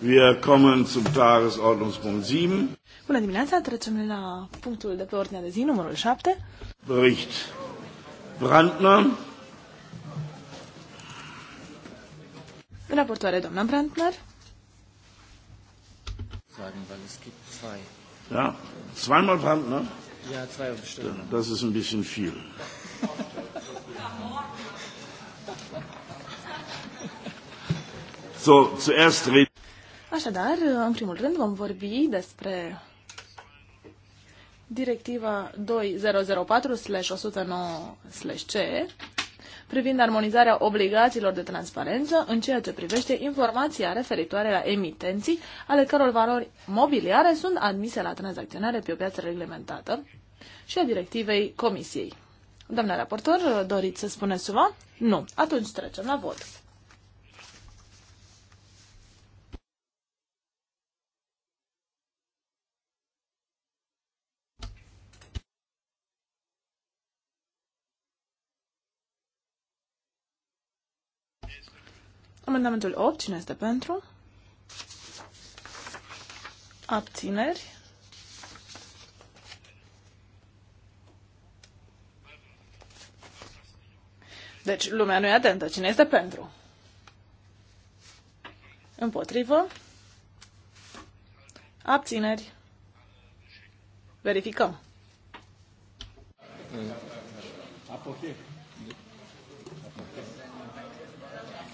Wir kommen zum Tagesordnungspunkt 7. Bună dimineața, trecem la punctul de pe ordinea de zi, numărul 7. Bericht Brandner. Raportoare doamna Brandner. Sagen, weil es gibt zwei. Ja, zweimal Brandner? Ja, zwei Umstände. Das ist ein bisschen viel. so, zuerst reden Așadar, în primul rând vom vorbi despre Directiva 2004/109/CE privind armonizarea obligațiilor de transparență în ceea ce privește informația referitoare la emitenții ale căror valori mobiliare sunt admise la tranzacționare pe o piață reglementată și a directivei Comisiei. Doamna raportor, doriți să spuneți ceva? Nu. Atunci trecem la vot. Amendamentul 8, cine este pentru? Abțineri. Deci lumea nu e atentă. Cine este pentru? Împotrivă. Abțineri. Verificăm. Apoche.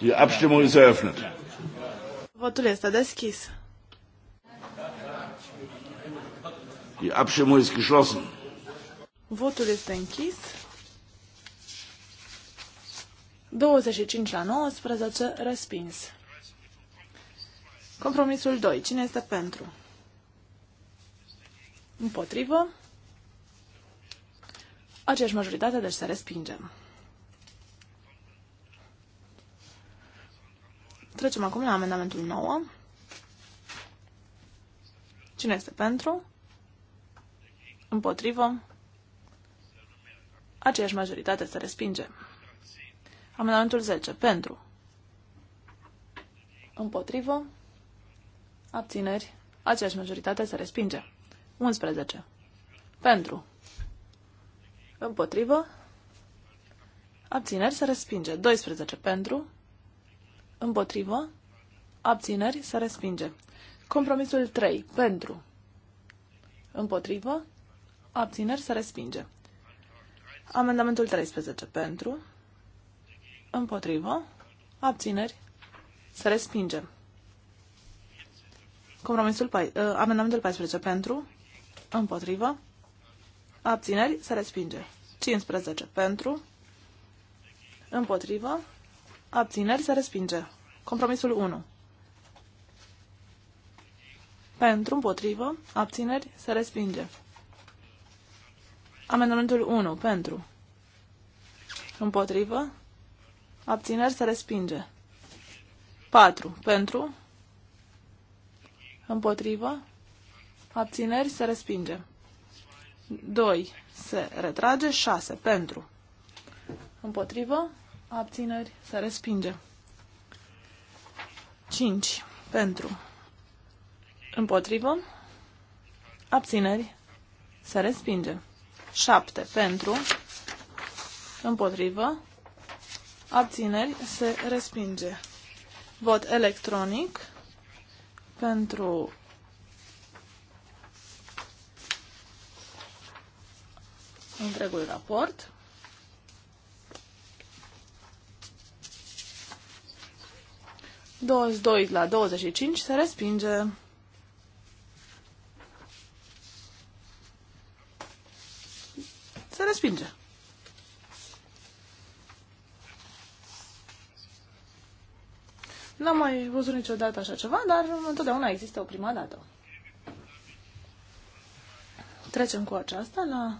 Die Abstimmung ist eröffnet. Votul este deschis. Die Abstimmung ist geschlossen. Votul este închis. 25 la 19, respins. Compromisul 2. Cine este pentru? Împotrivă. Aceeași majoritate, deci să respingem. Trecem acum la amendamentul 9. Cine este pentru? Împotrivă? Aceeași majoritate se respinge. Amendamentul 10. Pentru? Împotrivă? Abțineri? Aceeași majoritate se respinge. 11. Pentru? Împotrivă? Abțineri se respinge. 12 pentru. Împotrivă. Abțineri. Se respinge. Compromisul 3. Pentru. Împotrivă. Abțineri. Se respinge. Amendamentul 13. Pentru. Împotrivă. Abțineri. Se respinge. Compromisul, păi- uh, amendamentul 14. Pentru. Împotrivă. Abțineri. Se respinge. 15. Pentru. Împotrivă. Abțineri se respinge. Compromisul 1. Pentru, împotrivă, abțineri se respinge. Amendamentul 1. Pentru. Împotrivă. Abțineri se respinge. 4. Pentru. Împotrivă. Abțineri se respinge. 2. Se retrage. 6. Pentru. Împotrivă abțineri, se respinge. 5. Pentru. Împotrivă. Abțineri. Se respinge. 7. Pentru. Împotrivă. Abțineri. Se respinge. Vot electronic. Pentru. Întregul raport. 22 la 25 se respinge. Se respinge. N-am mai văzut niciodată așa ceva, dar întotdeauna există o prima dată. Trecem cu aceasta la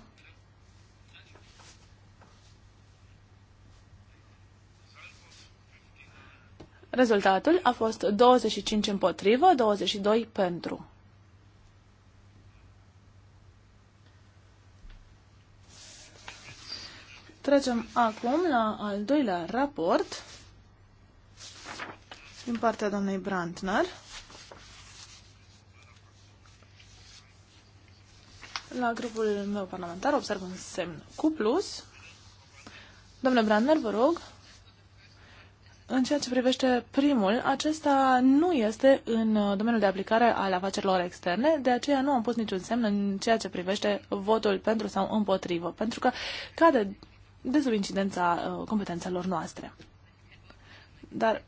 Rezultatul a fost 25 împotrivă, 22 pentru. Trecem acum la al doilea raport din partea doamnei Brantner. La grupul meu parlamentar observ un semn cu plus. Domnule Brandner, vă rog. În ceea ce privește primul, acesta nu este în uh, domeniul de aplicare al afacerilor externe, de aceea nu am pus niciun semn în ceea ce privește votul pentru sau împotrivă, pentru că cade de sub incidența uh, competențelor noastre. Dar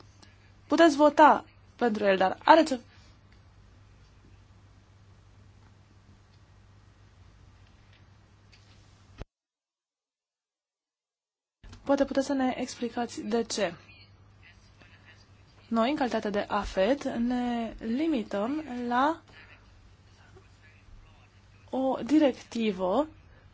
puteți vota pentru el, dar are ce... Poate puteți să ne explicați de ce. Noi, în calitate de AFET, ne limităm la o directivă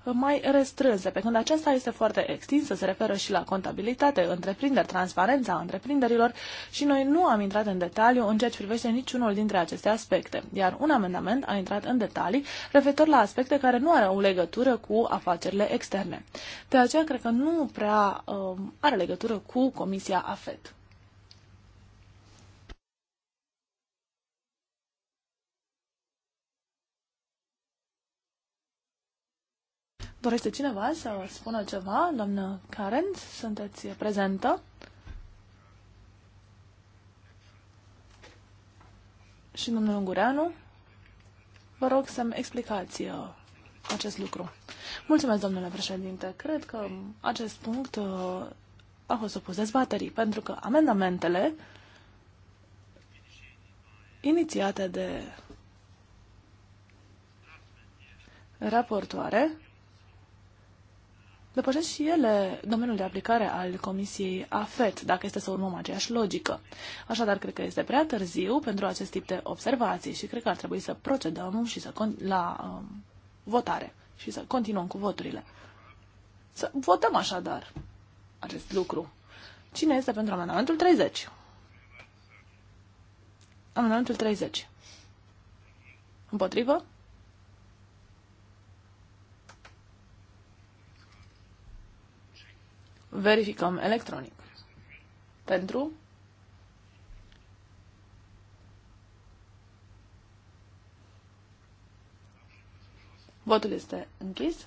mai restrânsă, pe când aceasta este foarte extinsă, se referă și la contabilitate, întreprinderi, transparența întreprinderilor și noi nu am intrat în detaliu în ceea ce privește niciunul dintre aceste aspecte, iar un amendament a intrat în detalii referitor la aspecte care nu au legătură cu afacerile externe. De aceea cred că nu prea um, are legătură cu Comisia AFET. Dorește cineva să spună ceva? Doamnă Karen, sunteți prezentă? Și domnul Ungureanu, vă rog să-mi explicați uh, acest lucru. Mulțumesc, domnule președinte. Cred că acest punct uh, a fost opus dezbaterii, pentru că amendamentele inițiate de raportoare depășesc și ele domeniul de aplicare al Comisiei AFET, dacă este să urmăm aceeași logică. Așadar, cred că este prea târziu pentru acest tip de observații și cred că ar trebui să procedăm și să la um, votare și să continuăm cu voturile. Să votăm așadar acest lucru. Cine este pentru amendamentul 30? Amendamentul 30. Împotrivă? Verificăm electronic. Pentru? Votul este închis.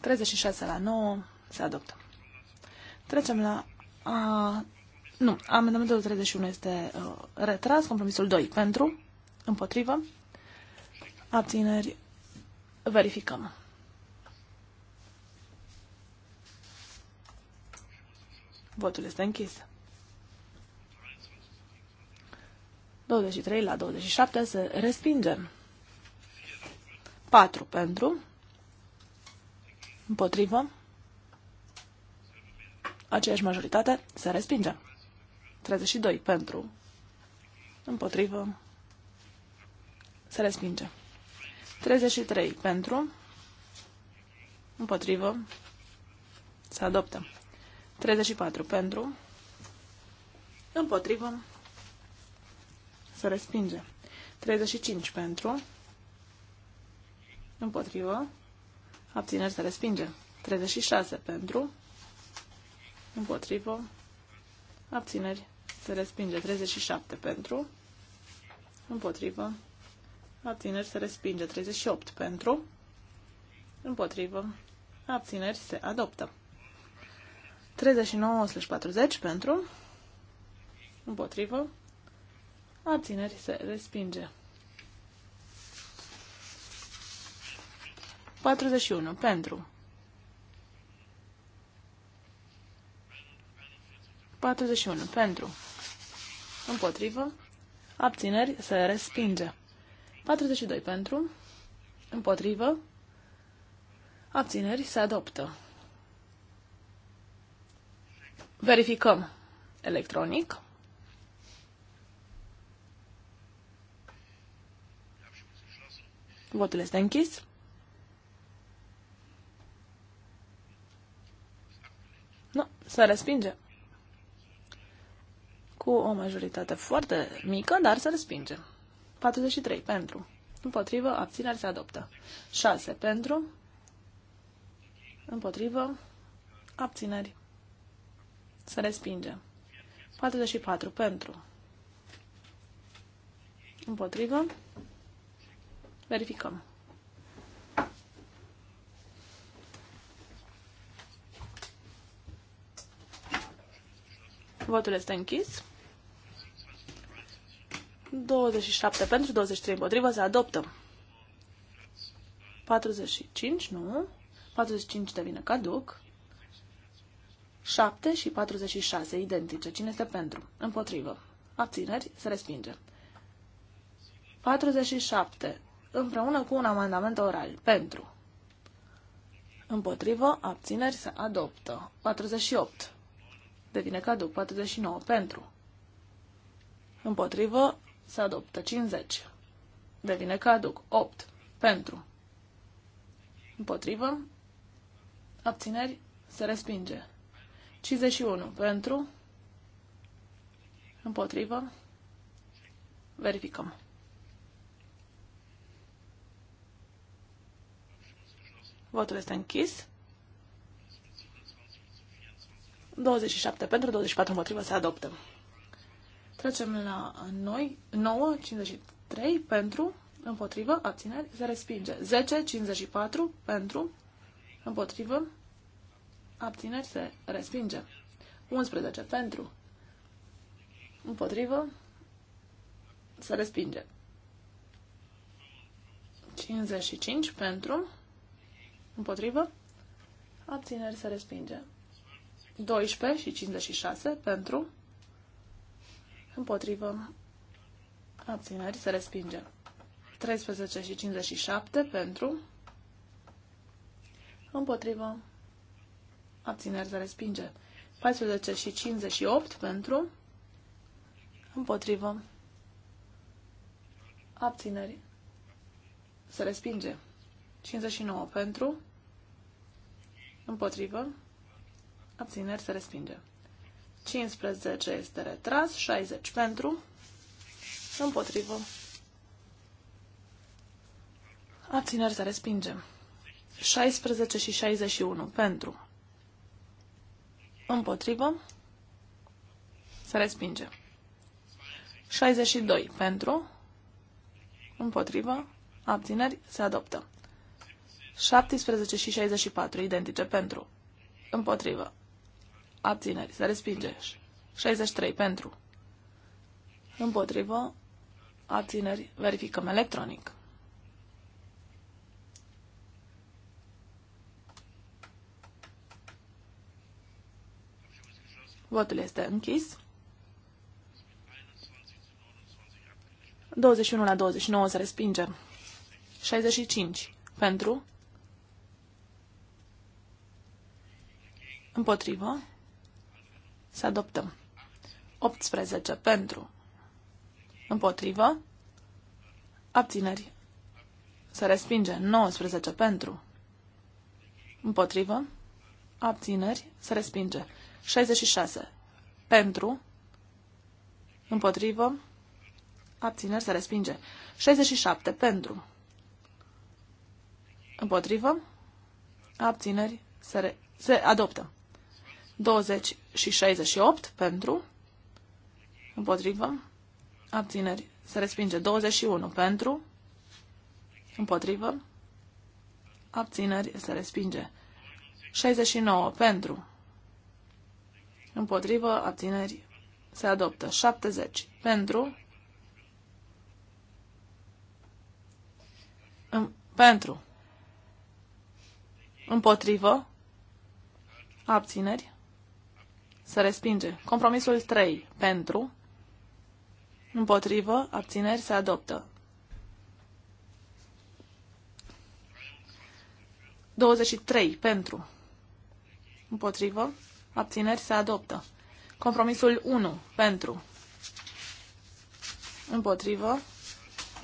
36 la 9 se adoptă. Trecem la... A, nu, amendamentul 31 este uh, retras, compromisul 2 pentru, împotrivă, abțineri, verificăm. Votul este închis. 23 la 27 se respinge. 4 pentru. Împotrivă. Aceeași majoritate se respinge. 32 pentru. Împotrivă. Se respinge. 33 pentru. Împotrivă. Se adoptă. 34 pentru, împotrivă, se respinge. 35 pentru, împotrivă, abțineri se respinge. 36 pentru, împotrivă, abțineri se respinge. 37 pentru, împotrivă, abțineri se respinge. 38 pentru, împotrivă, abțineri se adoptă. 39-40 pentru, împotrivă, abțineri se respinge. 41 pentru. 41 pentru. Împotrivă. Abțineri se respinge. 42 pentru. Împotrivă. Abțineri se adoptă. Verificăm electronic. Votul este închis. Nu, se respinge. Cu o majoritate foarte mică, dar se respinge. 43 pentru. Împotrivă, abțineri se adoptă. 6 pentru. Împotrivă, abțineri. Să respinge. 44 pentru. Împotrivă. Verificăm. Votul este închis. 27 pentru, 23 împotrivă, se adoptă. 45, nu. 45 devine caduc. 7 și 46, identice. Cine este pentru? Împotrivă. Abțineri? Se respinge. 47. Împreună cu un amendament oral. Pentru. Împotrivă. Abțineri? Se adoptă. 48. Devine caduc. 49. Pentru. Împotrivă. Se adoptă. 50. Devine caduc. 8. Pentru. Împotrivă. Abțineri? Se respinge. 51 pentru, împotrivă, verificăm. Votul este închis. 27 pentru, 24 împotrivă, se adoptă. Trecem la noi, 9, 53 pentru, împotrivă, abțineri, se respinge. 10, 54 pentru, împotrivă, abțineri se respinge. 11 pentru, împotrivă, se respinge. 55 pentru, împotrivă, abțineri se respinge. 12 și 56 pentru, împotrivă, abțineri se respinge. 13 și 57 pentru, împotrivă, abțineri de respinge. 14 și 58 pentru, împotrivă, abțineri se respinge. 59 pentru, împotrivă, abțineri se respinge. 15 este retras, 60 pentru, împotrivă, abțineri se respinge. 16 și 61 pentru, Împotrivă. Se respinge. 62 pentru. Împotrivă. Abțineri. Se adoptă. 17 și 64 identice pentru. Împotrivă. Abțineri. Se respinge. 63 pentru. Împotrivă. Abțineri. Verificăm electronic. Votul este închis. 21 la 29 se respinge. 65 pentru. Împotrivă. Se adoptă. 18 pentru. Împotrivă. Abțineri. Se respinge. 19 pentru. Împotrivă. Abțineri. Se respinge. 66. Pentru, împotrivă, abțineri se respinge. 67. Pentru, împotrivă, abțineri se, re se adoptă. 20 și 68 pentru, împotrivă, abțineri se respinge. 21 pentru, împotrivă, abțineri se respinge. 69 pentru, Împotrivă, abțineri, se adoptă. 70. Pentru. pentru. Împotrivă. Abțineri. Se respinge. Compromisul 3. Pentru. Împotrivă. Abțineri. Se adoptă. 23. Pentru. Împotrivă. Abțineri se adoptă. Compromisul 1. Pentru. Împotrivă.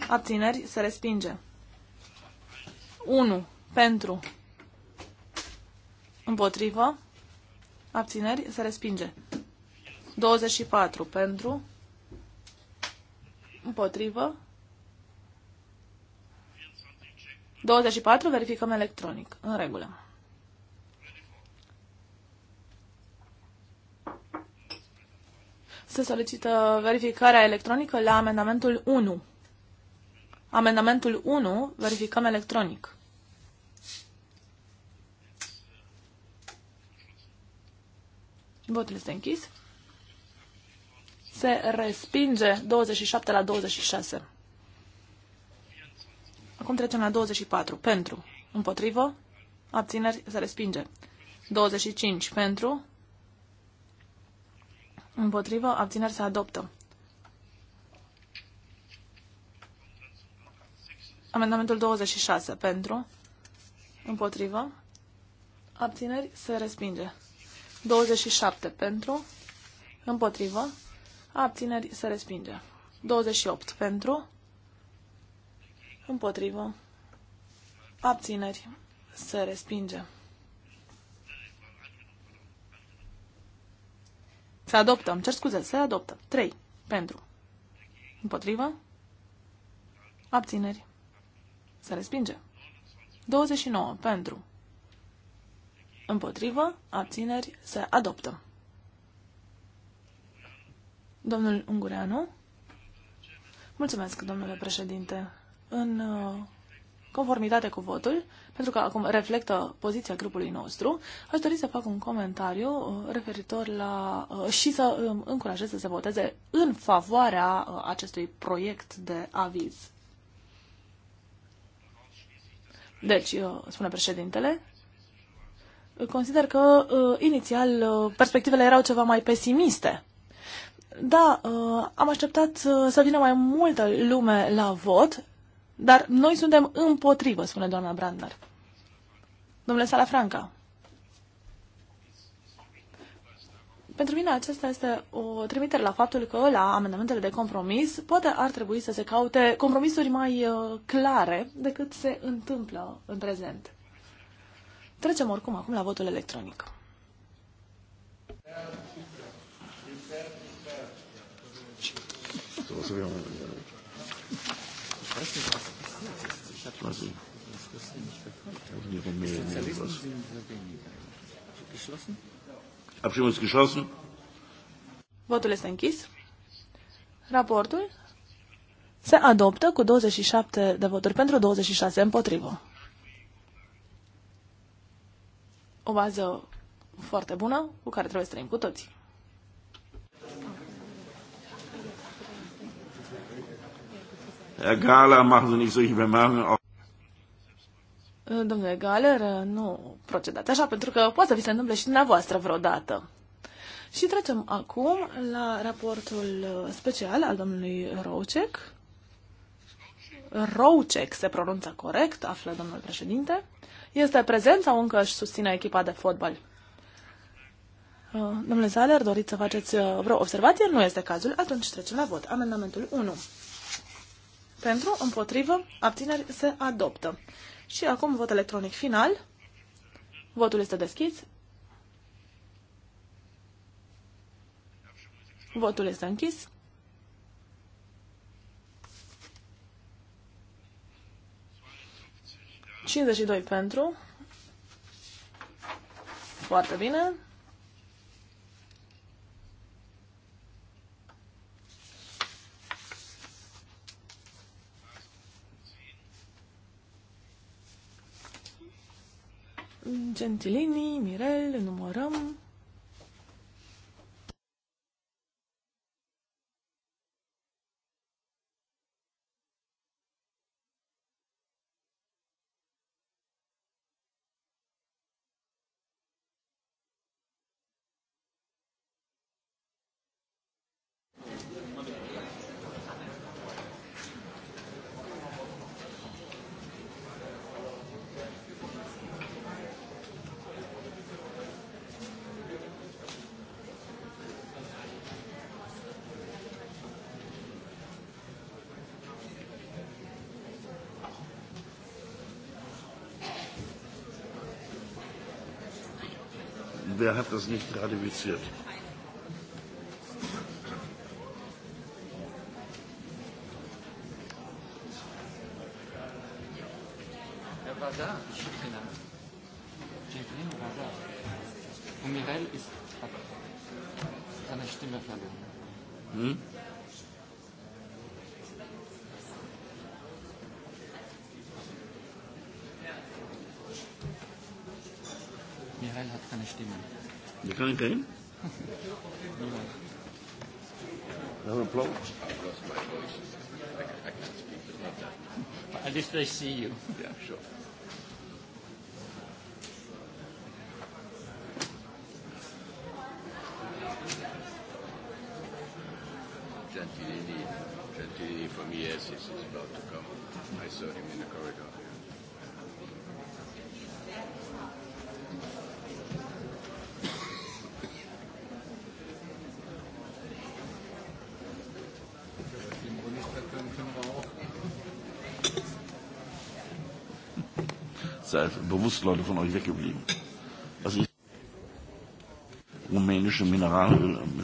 Abțineri se respinge. 1. Pentru. Împotrivă. Abțineri se respinge. 24. Pentru. Împotrivă. 24. Verificăm electronic. În regulă. Se solicită verificarea electronică la amendamentul 1. Amendamentul 1 verificăm electronic. Votul este închis. Se respinge 27 la 26. Acum trecem la 24. Pentru. Împotrivă. Abțineri. Se respinge. 25. Pentru. Împotrivă, abțineri se adoptă. Amendamentul 26. Pentru. Împotrivă. Abțineri se respinge. 27. Pentru. Împotrivă. Abțineri se respinge. 28. Pentru. Împotrivă. Abțineri se respinge. Se adoptă, îmi cer scuze, se adoptă. 3. Pentru. Împotrivă. Abțineri. Se respinge. 29. Pentru. Împotrivă. Abțineri. Se adoptă. Domnul Ungureanu. Mulțumesc, domnule președinte. În uh, conformitate cu votul, pentru că acum reflectă poziția grupului nostru, aș dori să fac un comentariu uh, referitor la uh, și să um, încurajez să se voteze în favoarea uh, acestui proiect de aviz. Deci, spune președintele, consider că inițial perspectivele erau ceva mai pesimiste. Da, am așteptat să vină mai multă lume la vot dar noi suntem împotrivă, spune doamna Brandner. Domnule Salafranca, Pentru mine aceasta este o trimitere la faptul că la amendamentele de compromis poate ar trebui să se caute compromisuri mai uh, clare decât se întâmplă în prezent. Trecem oricum acum la votul electronic. Să also, Abstimmung ist geschlossen. Votul este închis. Raportul se adoptă cu 27 de voturi pentru 26 împotrivă. O bază foarte bună cu care trebuie să trăim cu toții. Herr Gala, machen Sie nicht solche Bemerkungen. Eh, domnule Galer, eh, nu procedați așa, pentru că poate să vi se întâmple și dumneavoastră vreodată. Și trecem acum la raportul eh, special al domnului Roucek. Roucek se pronunță corect, află domnul președinte. Este prezent sau încă își susține echipa de fotbal? Domnule Zaler, doriți să faceți vreo observație? Nu este cazul. Atunci trecem la vot. Amendamentul 1. Pentru, împotrivă, abțineri se adoptă. Și acum vot electronic final. Votul este deschis. Votul este închis. Cincizeci pentru. Foarte bine. Gentilini, Mirel, numărăm. Wer hat das nicht ratifiziert. Er war da, ich schicke ihn an. war da. Und Mirel ist, seine Stimme verloren. Hm? Mirel hat keine Stimme. Kranke? No applause. At least they see you. Yeah, sure. Gentilini, Gentilini for me, yes, he's about to come. I saw him in the corridor. bewusst Leute von euch weggeblieben. Also ich rumänische Mineralöl ähm,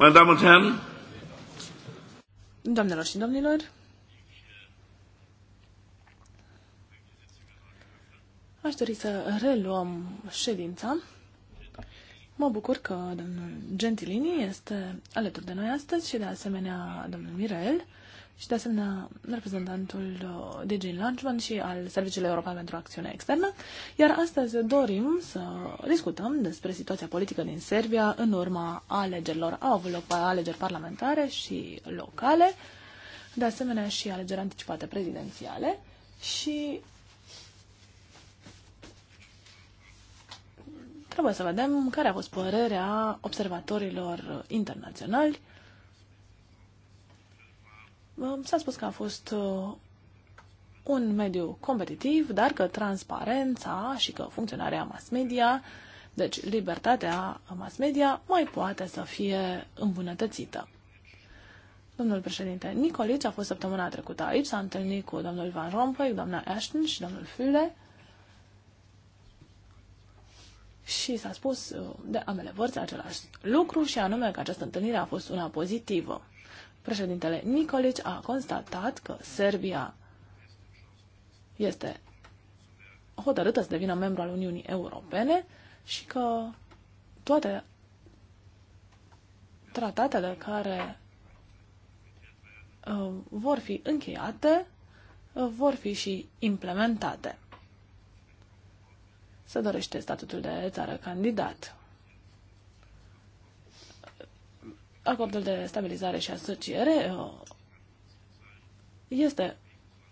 Meine Damen und Herren, Doamnelor și domnilor, aș dori să reluăm ședința. Mă bucur că domnul Gentilini este alături de noi astăzi și de asemenea domnul Mirel și de asemenea reprezentantul uh, DG Lunchman și al Serviciului European pentru Acțiune Externă, iar astăzi dorim să discutăm despre situația politică din Serbia în urma alegerilor. Au avut loc alegeri parlamentare și locale, de asemenea și alegeri anticipate prezidențiale și trebuie să vedem care a fost părerea observatorilor internaționali S-a spus că a fost uh, un mediu competitiv, dar că transparența și că funcționarea mass media, deci libertatea mass media, mai poate să fie îmbunătățită. Domnul președinte Nicolici a fost săptămâna trecută aici, s-a întâlnit cu domnul Van Rompuy, doamna Ashton și domnul Füle și s-a spus uh, de ambele părți același lucru și anume că această întâlnire a fost una pozitivă. Președintele Nicolici a constatat că Serbia este hotărâtă să devină membru al Uniunii Europene și că toate tratatele care uh, vor fi încheiate uh, vor fi și implementate. Se dorește statutul de țară candidat. acordul de stabilizare și asociere uh, este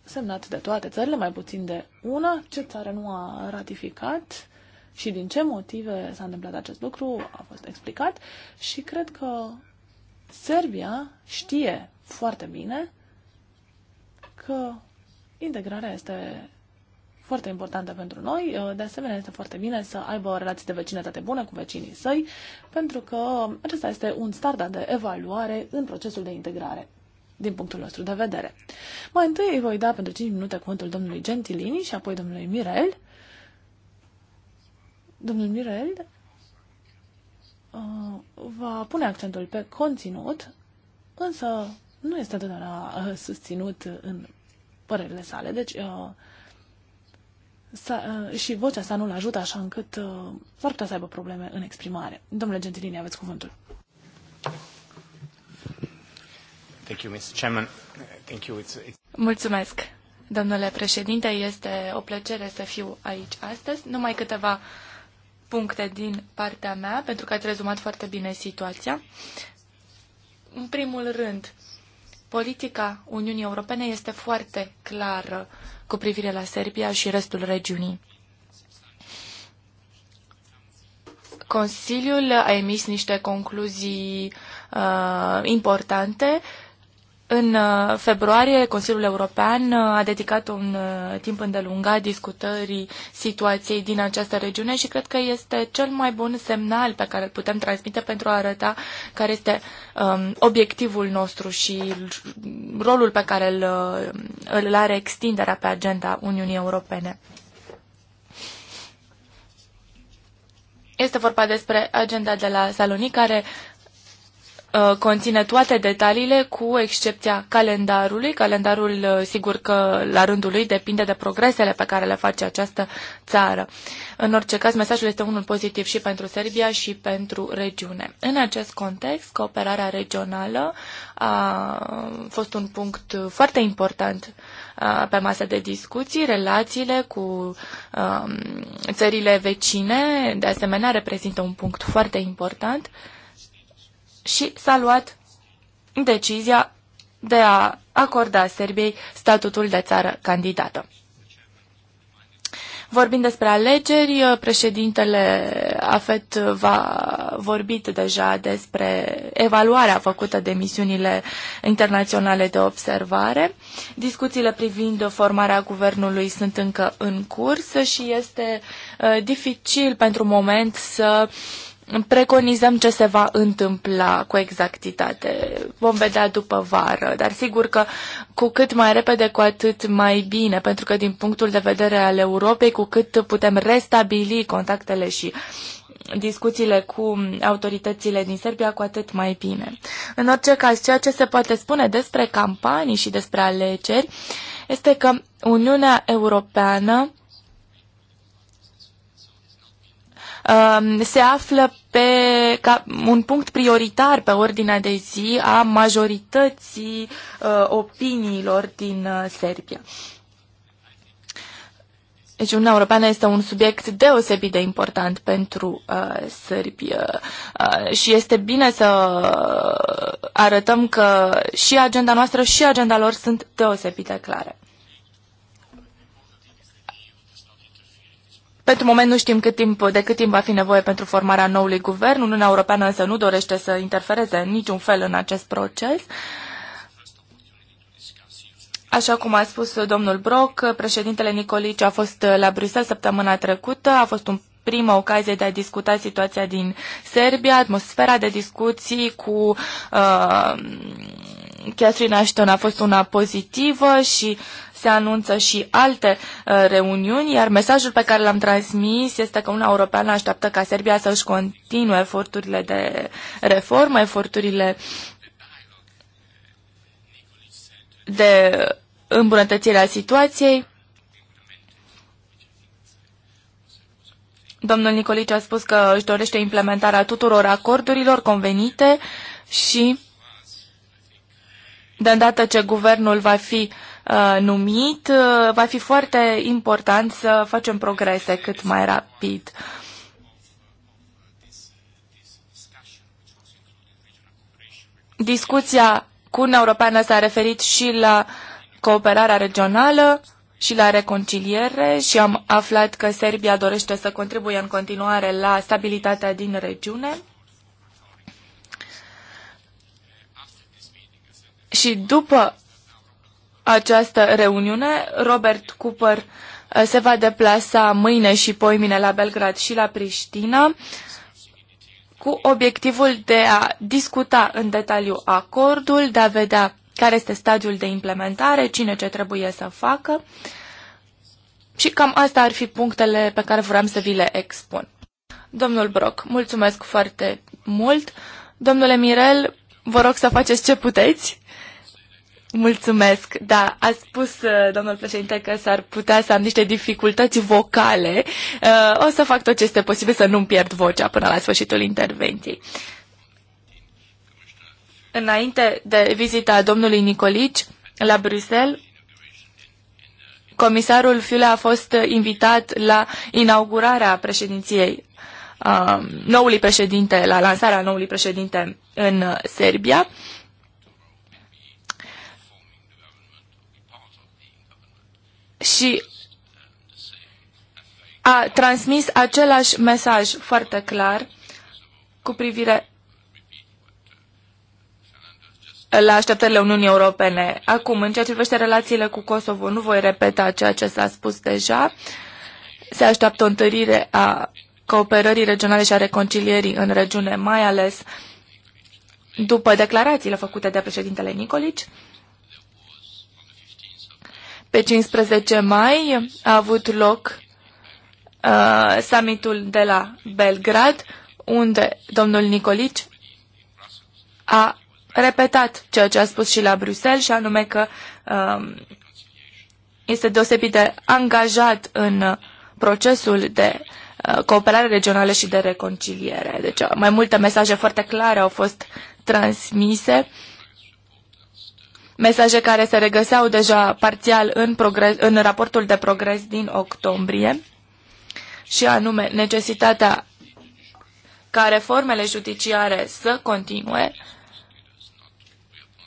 semnat de toate țările, mai puțin de una. Ce țară nu a ratificat și din ce motive s-a întâmplat acest lucru a fost explicat și cred că Serbia știe foarte bine că integrarea este foarte importantă pentru noi. Uh, de asemenea, este foarte bine să aibă o relație de vecinătate bună cu vecinii săi, pentru că acesta este un standard de evaluare în procesul de integrare din punctul nostru de vedere. Mai întâi îi voi da pentru 5 minute cuvântul domnului Gentilini și apoi domnului Mirel. Domnul Mirel uh, va pune accentul pe conținut, însă nu este totdeauna uh, susținut în părerile sale. Deci, uh, Uh, și vocea sa nu-l ajută așa încât uh, s-ar putea să aibă probleme în exprimare. Domnule Gentilini, aveți cuvântul. Thank you, Mr. Chairman. Thank you. It's, it's... Mulțumesc, domnule președinte. Este o plăcere să fiu aici astăzi. Numai câteva puncte din partea mea, pentru că ați rezumat foarte bine situația. În primul rând, politica Uniunii Europene este foarte clară cu privire la Serbia și restul regiunii. Consiliul a emis niște concluzii uh, importante în uh, februarie, Consiliul European uh, a dedicat un uh, timp îndelungat discutării situației din această regiune și cred că este cel mai bun semnal pe care îl putem transmite pentru a arăta care este um, obiectivul nostru și rolul pe care îl, îl are extinderea pe agenda Uniunii Europene. Este vorba despre agenda de la Saloni care Uh, conține toate detaliile, cu excepția calendarului. Calendarul, uh, sigur că la rândul lui depinde de progresele pe care le face această țară. În orice caz, mesajul este unul pozitiv și pentru Serbia și pentru regiune. În acest context, cooperarea regională a fost un punct foarte important uh, pe masă de discuții. Relațiile cu um, țările vecine, de asemenea, reprezintă un punct foarte important și s-a luat decizia de a acorda Serbiei statutul de țară candidată. Vorbind despre alegeri, președintele AFET va vorbit deja despre evaluarea făcută de misiunile internaționale de observare. Discuțiile privind formarea guvernului sunt încă în curs și este uh, dificil pentru moment să uh, preconizăm ce se va întâmpla cu exactitate. Vom vedea după vară, dar sigur că cu cât mai repede, cu atât mai bine, pentru că din punctul de vedere al Europei, cu cât putem restabili contactele și discuțiile cu autoritățile din Serbia, cu atât mai bine. În orice caz, ceea ce se poate spune despre campanii și despre alegeri este că Uniunea Europeană Um, se află pe ca un punct prioritar pe ordinea de zi a majorității uh, opiniilor din uh, Serbia. Deci Uniunea Europeană este un subiect deosebit de important pentru uh, Serbia uh, și este bine să arătăm că și agenda noastră și agenda lor sunt deosebit de clare. Pentru moment nu știm cât timp, de cât timp va fi nevoie pentru formarea noului guvern. Uniunea Europeană însă nu dorește să interfereze în niciun fel în acest proces. Așa cum a spus domnul Brock, președintele Nicolici a fost la Bruxelles săptămâna trecută, a fost un prima ocazie de a discuta situația din Serbia, atmosfera de discuții cu uh, Catherine Ashton a fost una pozitivă și se anunță și alte uh, reuniuni, iar mesajul pe care l-am transmis este că Uniunea Europeană așteaptă ca Serbia să-și continue eforturile de reformă, eforturile de îmbunătățire a situației. Domnul Nicolici a spus că își dorește implementarea tuturor acordurilor convenite și de îndată ce guvernul va fi Uh, numit, uh, va fi foarte important să facem progrese cât mai rapid. Discuția cu Uniunea Europeană s-a referit și la cooperarea regională și la reconciliere și am aflat că Serbia dorește să contribuie în continuare la stabilitatea din regiune. Și după această reuniune. Robert Cooper uh, se va deplasa mâine și poimine la Belgrad și la Priștina cu obiectivul de a discuta în detaliu acordul, de a vedea care este stadiul de implementare, cine ce trebuie să facă și cam asta ar fi punctele pe care vreau să vi le expun. Domnul Brock, mulțumesc foarte mult. Domnule Mirel, vă rog să faceți ce puteți. Mulțumesc, da, a spus uh, domnul președinte că s-ar putea să am niște dificultăți vocale. Uh, o să fac tot ce este posibil să nu-mi pierd vocea până la sfârșitul intervenției. Înainte de vizita domnului Nicolici la Bruxelles, comisarul Fiule a fost invitat la inaugurarea președinției um, noului președinte, la lansarea noului președinte în Serbia. și a transmis același mesaj foarte clar cu privire la așteptările Uniunii Europene. Acum, în ceea ce privește relațiile cu Kosovo, nu voi repeta ceea ce s-a spus deja. Se așteaptă o întărire a cooperării regionale și a reconcilierii în regiune, mai ales după declarațiile făcute de președintele Nicolici. Pe 15 mai a avut loc uh, summitul de la Belgrad, unde domnul Nicolici a repetat ceea ce a spus și la Bruxelles, și anume că uh, este deosebit de angajat în procesul de uh, cooperare regională și de reconciliere. Deci mai multe mesaje foarte clare au fost transmise uh, mesaje care se regăseau deja parțial în, progres, în raportul de progres din octombrie, și anume necesitatea ca reformele judiciare să continue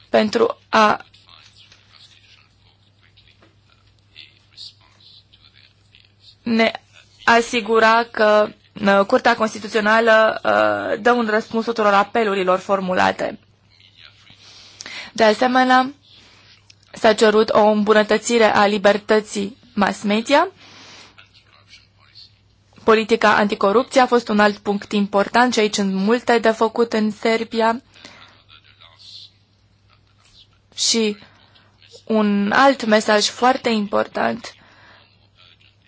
pentru a ne asigura că uh, Curtea Constituțională uh, dă un răspuns tuturor apelurilor formulate. De asemenea, S-a cerut o îmbunătățire a libertății mass media. Politica anticorupție a fost un alt punct important și aici sunt multe de făcut în Serbia. Și un alt mesaj foarte important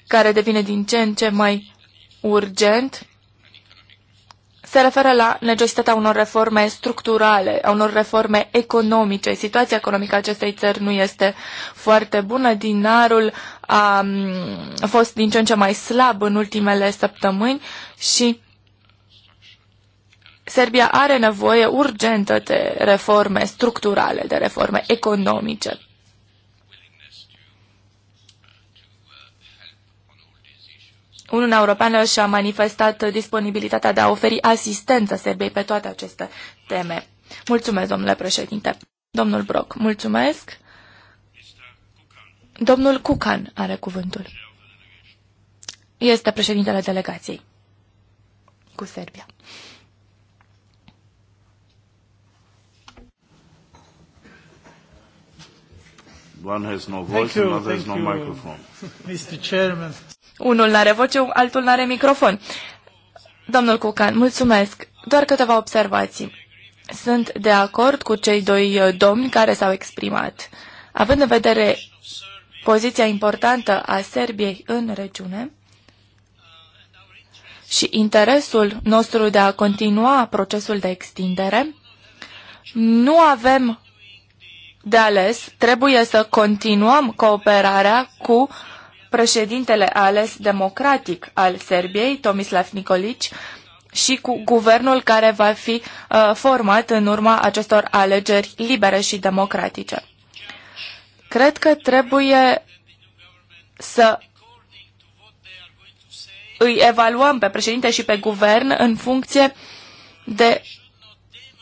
care devine din ce în ce mai urgent se referă la necesitatea unor reforme structurale, a unor reforme economice. Situația economică a acestei țări nu este foarte bună. Dinarul a fost din ce în ce mai slab în ultimele săptămâni și Serbia are nevoie urgentă de reforme structurale, de reforme economice. Uniunea Europeană și-a manifestat disponibilitatea de a oferi asistență Serbiei pe toate aceste teme. Mulțumesc, domnule președinte. Domnul Brock, mulțumesc. Domnul Cucan are cuvântul. Este președintele delegației cu Serbia. One has no voice, another has no microphone. Mr. Chairman. Unul n-are voce, altul n-are microfon. Domnul Cucan, mulțumesc. Doar câteva observații. Sunt de acord cu cei doi uh, domni care s-au exprimat. Având în vedere poziția importantă a Serbiei în regiune și interesul nostru de a continua procesul de extindere, nu avem de ales, trebuie să continuăm cooperarea cu președintele ales democratic al Serbiei, Tomislav Nikolic, și cu guvernul care va fi uh, format în urma acestor alegeri libere și democratice. Cred că trebuie să îi evaluăm pe președinte și pe guvern în funcție de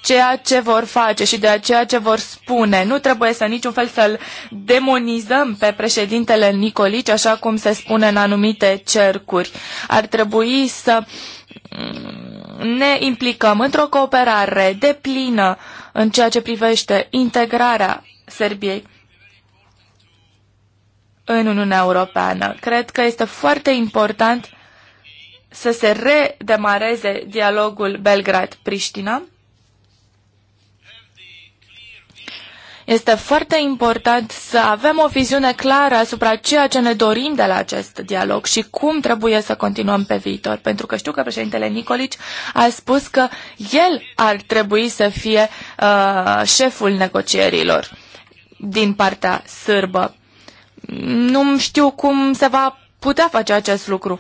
ceea ce vor face și de ceea ce vor spune. Nu trebuie să niciun fel să-l demonizăm pe președintele Nicolici, așa cum se spune în anumite cercuri. Ar trebui să mm, ne implicăm într-o cooperare deplină în ceea ce privește integrarea Serbiei în Uniunea Europeană. Cred că este foarte important să se redemareze dialogul Belgrad-Priștina Este foarte important să avem o viziune clară asupra ceea ce ne dorim de la acest dialog și cum trebuie să continuăm pe viitor, pentru că știu că președintele Nicolici a spus că el ar trebui să fie uh, șeful negocierilor din partea sârbă. Nu știu cum se va putea face acest lucru.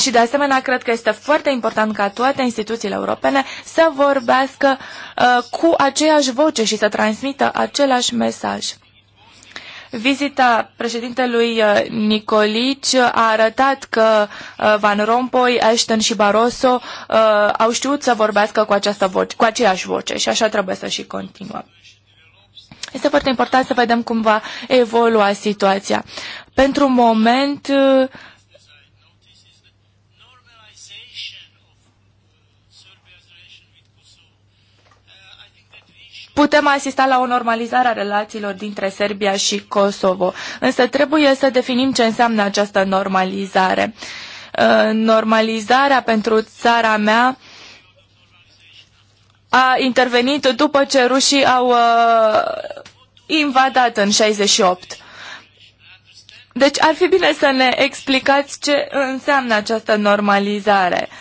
Și de asemenea, cred că este foarte important ca toate instituțiile europene să vorbească uh, cu aceeași voce și să transmită același mesaj. Vizita președintelui uh, Nicolici a arătat că uh, Van Rompuy, Ashton și Barroso uh, au știut să vorbească cu, această voce, cu aceeași voce și așa trebuie să și continuăm. Este foarte important să vedem cum va evolua situația. Pentru moment, uh, putem asista la o normalizare a relațiilor dintre Serbia și Kosovo. Însă trebuie să definim ce înseamnă această normalizare. Uh, normalizarea pentru țara mea a intervenit după ce rușii au uh, invadat în 68. Deci ar fi bine să ne explicați ce înseamnă această normalizare. Uh,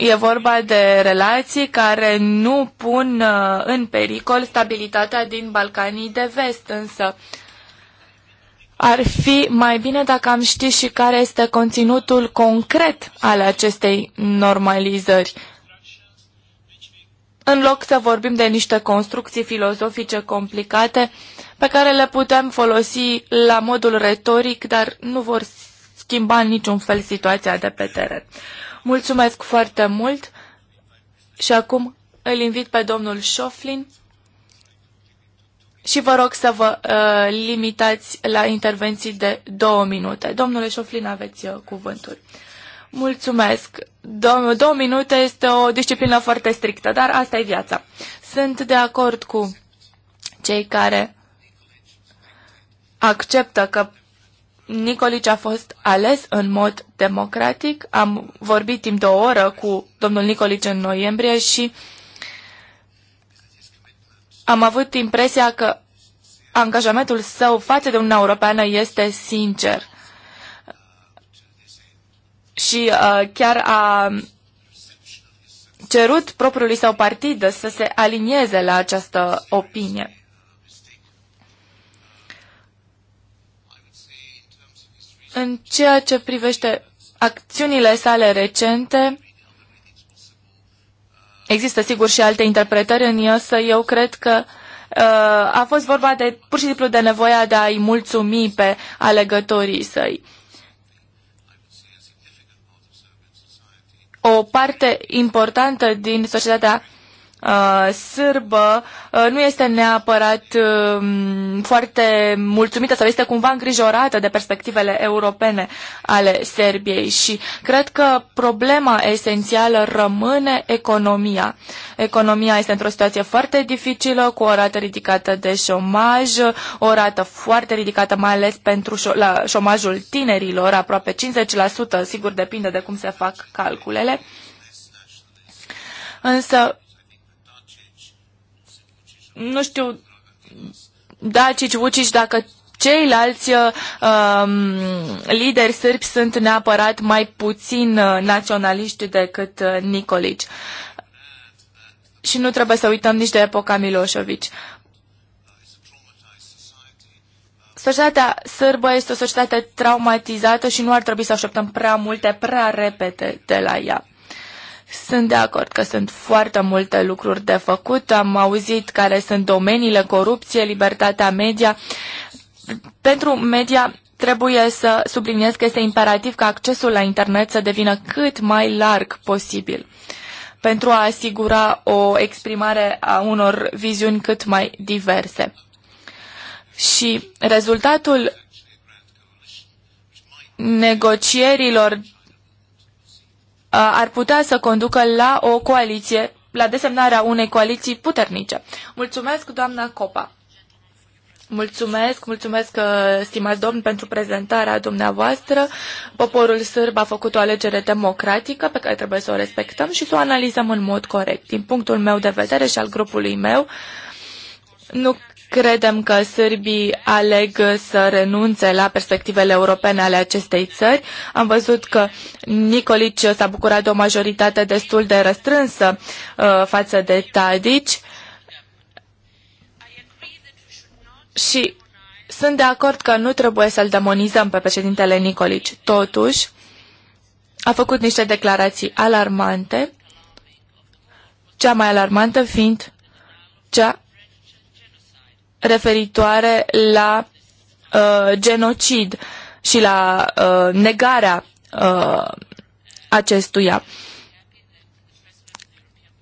E vorba de relații care nu pun uh, în pericol stabilitatea din Balcanii de vest, însă ar fi mai bine dacă am ști și care este conținutul concret al acestei normalizări. În loc să vorbim de niște construcții filozofice complicate pe care le putem folosi la modul retoric, dar nu vor schimba în niciun fel situația de pe teren. Mulțumesc foarte mult și acum îl invit pe domnul Șoflin și vă rog să vă uh, limitați la intervenții de două minute. Domnule Șoflin, aveți uh, cuvântul. Mulțumesc. Dou- două minute este o disciplină foarte strictă, dar asta e viața. Sunt de acord cu cei care acceptă că Nicolici a fost ales în mod democratic. Am vorbit timp de o oră cu domnul Nicolici în noiembrie și am avut impresia că angajamentul său față de Uniunea Europeană este sincer. Și uh, chiar a cerut propriului său partid să se alinieze la această opinie. În ceea ce privește acțiunile sale recente, există sigur și alte interpretări în el, eu cred că uh, a fost vorba de pur și simplu de nevoia de a-i mulțumi pe alegătorii săi. O parte importantă din societatea Uh, sârbă uh, nu este neapărat um, foarte mulțumită sau este cumva îngrijorată de perspectivele europene ale Serbiei și cred că problema esențială rămâne economia. Economia este într-o situație foarte dificilă, cu o rată ridicată de șomaj, o rată foarte ridicată mai ales pentru șo- la șomajul tinerilor, aproape 50%, sigur depinde de cum se fac calculele. Însă nu știu, da, Cici Vucici, dacă ceilalți uh, um, lideri sârbi sunt neapărat mai puțin uh, naționaliști decât uh, Nicolici. Și nu trebuie să uităm nici de epoca Milošević. Societatea sârbă este o societate traumatizată și nu ar trebui să așteptăm prea multe, prea repede de la ea. Sunt de acord că sunt foarte multe lucruri de făcut. Am auzit care sunt domeniile corupție, libertatea media. Pentru media trebuie să subliniez că este imperativ ca accesul la internet să devină cât mai larg posibil pentru a asigura o exprimare a unor viziuni cât mai diverse. Și rezultatul negocierilor Uh, ar putea să conducă la o coaliție, la desemnarea unei coaliții puternice. Mulțumesc, doamna Copa. Mulțumesc, mulțumesc, uh, stimați domn, pentru prezentarea dumneavoastră. Poporul sârb a făcut o alegere democratică pe care trebuie să o respectăm și să o analizăm în mod corect. Din punctul meu de vedere și al grupului meu, nu Credem că sârbii aleg să renunțe la perspectivele europene ale acestei țări. Am văzut că Nicolici s-a bucurat de o majoritate destul de răstrânsă uh, față de Tadici. Și sunt de acord că nu trebuie să-l demonizăm pe președintele Nicolici. Totuși, a făcut niște declarații alarmante, cea mai alarmantă fiind cea referitoare la uh, genocid și la uh, negarea uh, acestuia.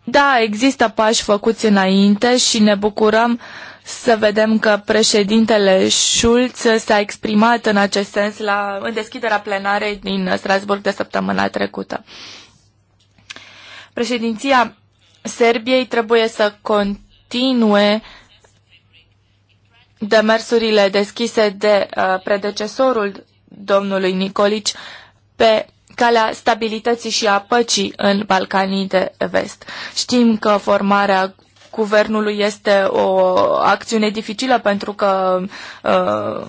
Da, există pași făcuți înainte și ne bucurăm să vedem că președintele Schulz s-a exprimat în acest sens la, în deschiderea plenarei din Strasburg de săptămâna trecută. Președinția Serbiei trebuie să continue demersurile deschise de uh, predecesorul domnului Nicolici pe calea stabilității și a păcii în Balcanii de vest. Știm că formarea guvernului este o acțiune dificilă pentru că uh,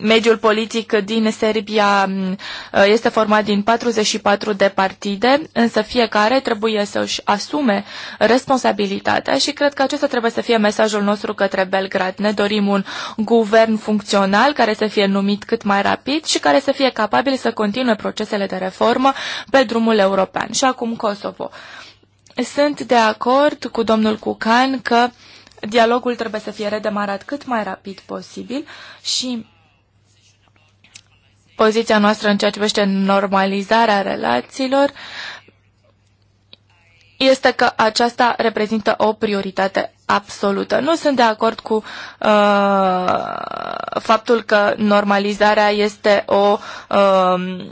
mediul politic din Serbia uh, este format din 44 de partide, însă fiecare trebuie să-și asume responsabilitatea și cred că acesta trebuie să fie mesajul nostru către Belgrad. Ne dorim un guvern funcțional care să fie numit cât mai rapid și care să fie capabil să continue procesele de reformă pe drumul european. Și acum Kosovo. Uh, sunt de acord cu domnul Cucan că dialogul trebuie să fie redemarat cât mai rapid posibil și poziția noastră în ceea ce privește normalizarea relațiilor este că aceasta reprezintă o prioritate absolută. Nu sunt de acord cu uh, faptul că normalizarea este o uh,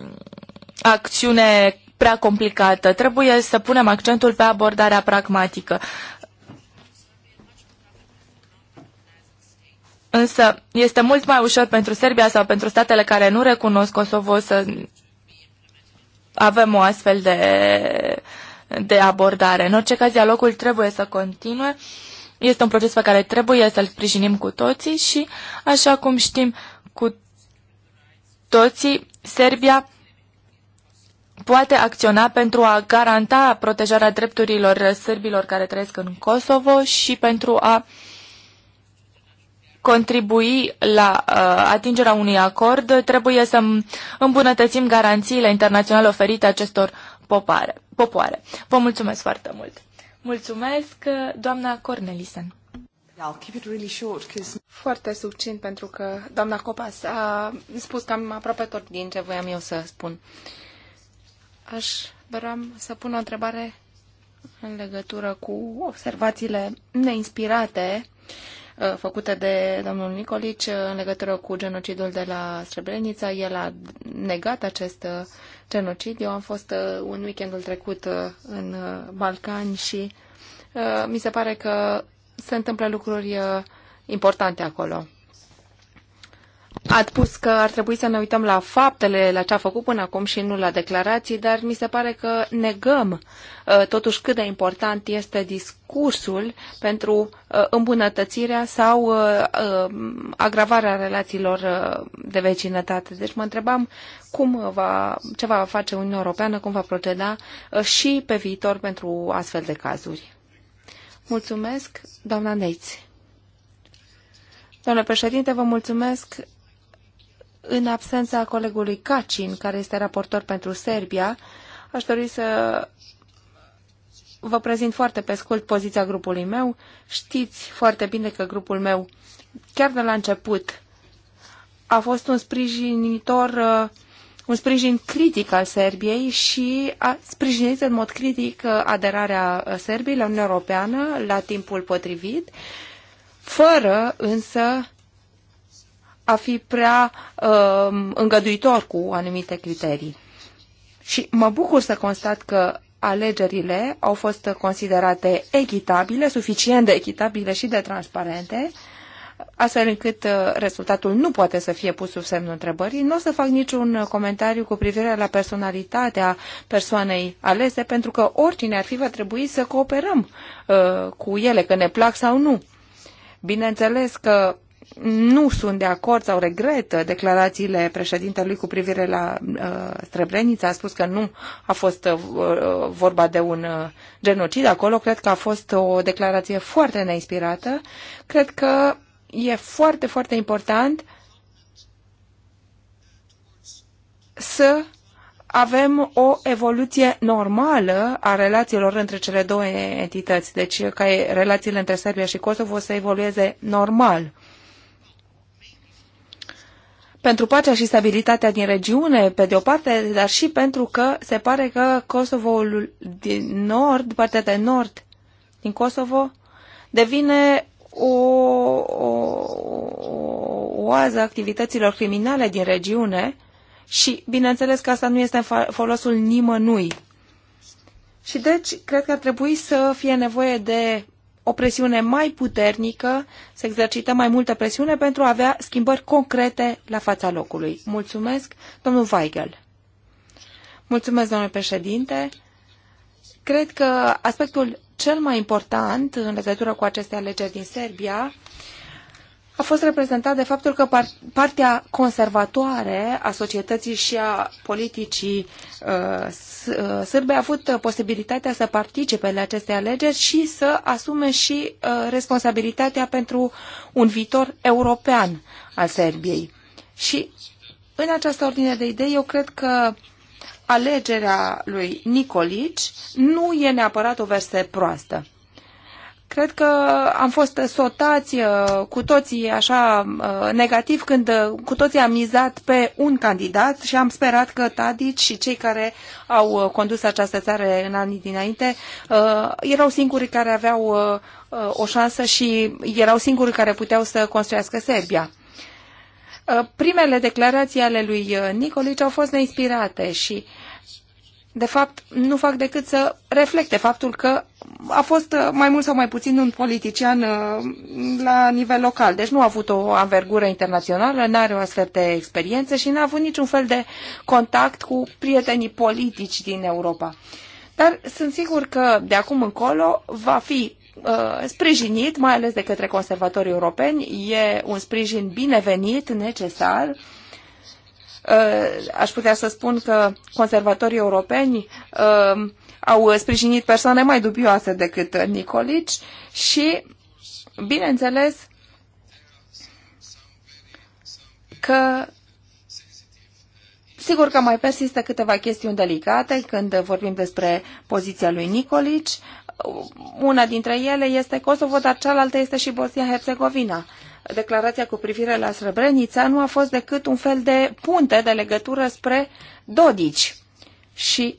acțiune prea complicată. Trebuie să punem accentul pe abordarea pragmatică. Însă este mult mai ușor pentru Serbia sau pentru statele care nu recunosc Kosovo să avem o astfel de, de abordare. În orice caz, dialogul trebuie să continue. Este un proces pe care trebuie să-l sprijinim cu toții și, așa cum știm cu toții, Serbia poate acționa pentru a garanta protejarea drepturilor sârbilor care trăiesc în Kosovo și pentru a contribui la uh, atingerea unui acord, trebuie să îmbunătățim garanțiile internaționale oferite acestor popoare. Vă mulțumesc foarte mult! Mulțumesc, doamna Cornelisen! I'll keep it really short, Foarte succint, pentru că doamna Copas a spus cam aproape tot din ce voiam eu să spun. Uh, Aș vrea să pun o întrebare în legătură cu observațiile neinspirate uh, făcute de domnul Nicolici uh, în legătură cu genocidul de la Srebrenica. El a negat acest uh, genocid. Eu am fost un weekendul trecut în Balcani și mi se pare că se întâmplă lucruri importante acolo. Ați spus că ar trebui să ne uităm la faptele, la ce a făcut până acum și nu la declarații, dar mi se pare că negăm ă, totuși cât de important este discursul pentru ă, îmbunătățirea sau ă, agravarea relațiilor de vecinătate. Deci mă întrebam cum va, ce va face Uniunea Europeană, cum va proceda și pe viitor pentru astfel de cazuri. Mulțumesc, doamna Neiți. Domnule președinte, vă mulțumesc. În absența colegului Cacin, care este raportor pentru Serbia, aș dori să vă prezint foarte pe scurt poziția grupului meu. Știți foarte bine că grupul meu, chiar de la început, a fost un sprijinitor, uh, un sprijin critic al Serbiei și a sprijinit în mod critic uh, aderarea uh, Serbiei la Uniunea Europeană la timpul potrivit, fără însă a fi prea uh, îngăduitor cu anumite criterii. Și mă bucur să constat că alegerile au fost considerate echitabile, suficient de echitabile și de transparente, astfel încât uh, rezultatul nu poate să fie pus sub semnul întrebării. Nu o să fac niciun uh, comentariu cu privire la personalitatea persoanei alese, pentru că oricine ar fi va trebui să cooperăm uh, cu ele, că ne plac sau nu. Bineînțeles că nu sunt de acord sau regretă declarațiile președintelui cu privire la uh, Srebrenica. A spus că nu a fost uh, uh, vorba de un uh, genocid acolo. Cred că a fost o declarație foarte neinspirată. Cred că e foarte, foarte important să avem o evoluție normală a relațiilor între cele două entități, deci ca relațiile între Serbia și Kosovo să evolueze normal pentru pacea și stabilitatea din regiune, pe de o parte, dar și pentru că se pare că Kosovo din nord, partea de nord din Kosovo, devine o, o, o oază activităților criminale din regiune și, bineînțeles, că asta nu este în folosul nimănui. Și deci, cred că ar trebui să fie nevoie de o presiune mai puternică, să exercităm mai multă presiune pentru a avea schimbări concrete la fața locului. Mulțumesc, domnul Weigel. Mulțumesc, domnule președinte. Cred că aspectul cel mai important în legătură cu aceste alegeri din Serbia a fost reprezentat de faptul că par partea conservatoare a societății și a politicii uh, uh, sârbe a avut posibilitatea să participe la aceste alegeri și să asume și uh, responsabilitatea pentru un viitor european al Serbiei. Și în această ordine de idei, eu cred că alegerea lui Nicolici nu e neapărat o verse proastă. Cred că am fost sotați uh, cu toții așa uh, negativ când uh, cu toții am mizat pe un candidat și am sperat că Tadici și cei care au condus această țară în anii dinainte erau singurii care aveau o șansă și erau singurii care puteau să construiască Serbia. Primele declarații ale lui Nicolici au fost neinspirate și uh, de fapt, nu fac decât să reflecte faptul că a fost uh, mai mult sau mai puțin un politician uh, la nivel local. Deci nu a avut o anvergură internațională, nu are o astfel de experiență și n-a avut niciun fel de contact cu prietenii politici din Europa. Dar sunt sigur că de acum încolo va fi uh, sprijinit, mai ales de către conservatorii europeni. E un sprijin binevenit, necesar Uh, aș putea să spun că conservatorii europeni uh, au sprijinit persoane mai dubioase decât Nicolici și, bineînțeles, că Sigur că mai persistă câteva chestiuni delicate când vorbim despre poziția lui Nicolici. Una dintre ele este Kosovo, dar cealaltă este și Bosnia-Herzegovina declarația cu privire la Srebrenica nu a fost decât un fel de punte de legătură spre Dodici. Și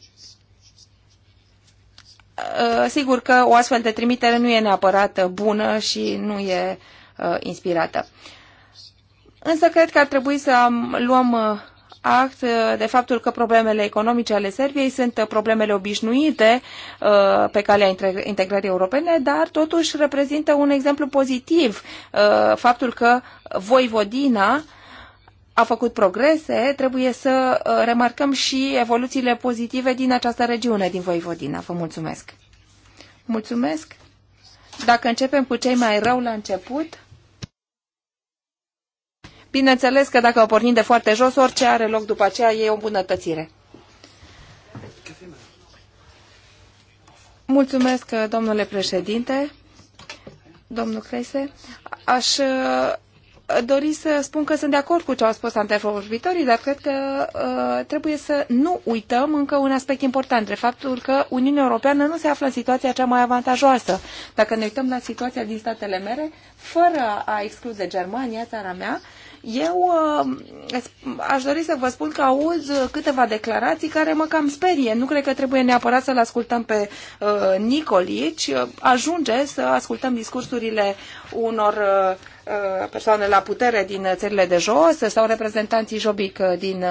uh, sigur că o astfel de trimitere nu e neapărat bună și nu e uh, inspirată. Însă cred că ar trebui să luăm uh, act uh, de faptul că problemele economice ale Serbiei sunt uh, problemele obișnuite uh, pe calea integrării europene, dar totuși reprezintă un exemplu pozitiv faptul că Voivodina a făcut progrese, trebuie să remarcăm și evoluțiile pozitive din această regiune, din Voivodina. Vă mulțumesc! Mulțumesc! Dacă începem cu cei mai rău la început, Bineînțeles că dacă o pornim de foarte jos, orice are loc după aceea e o bunătățire. Mulțumesc, domnule președinte. Domnul Crese, aș uh, dori să spun că sunt de acord cu ce au spus antevorbitorii, dar cred că uh, trebuie să nu uităm încă un aspect important, de faptul că Uniunea Europeană nu se află în situația cea mai avantajoasă. Dacă ne uităm la situația din statele mere, fără a exclude Germania, țara mea, eu uh, aș dori să vă spun că auz câteva declarații care mă cam sperie. Nu cred că trebuie neapărat să-l ascultăm pe uh, Nicolici. Ajunge să ascultăm discursurile unor uh, persoane la putere din țările de jos sau reprezentanții Jobic din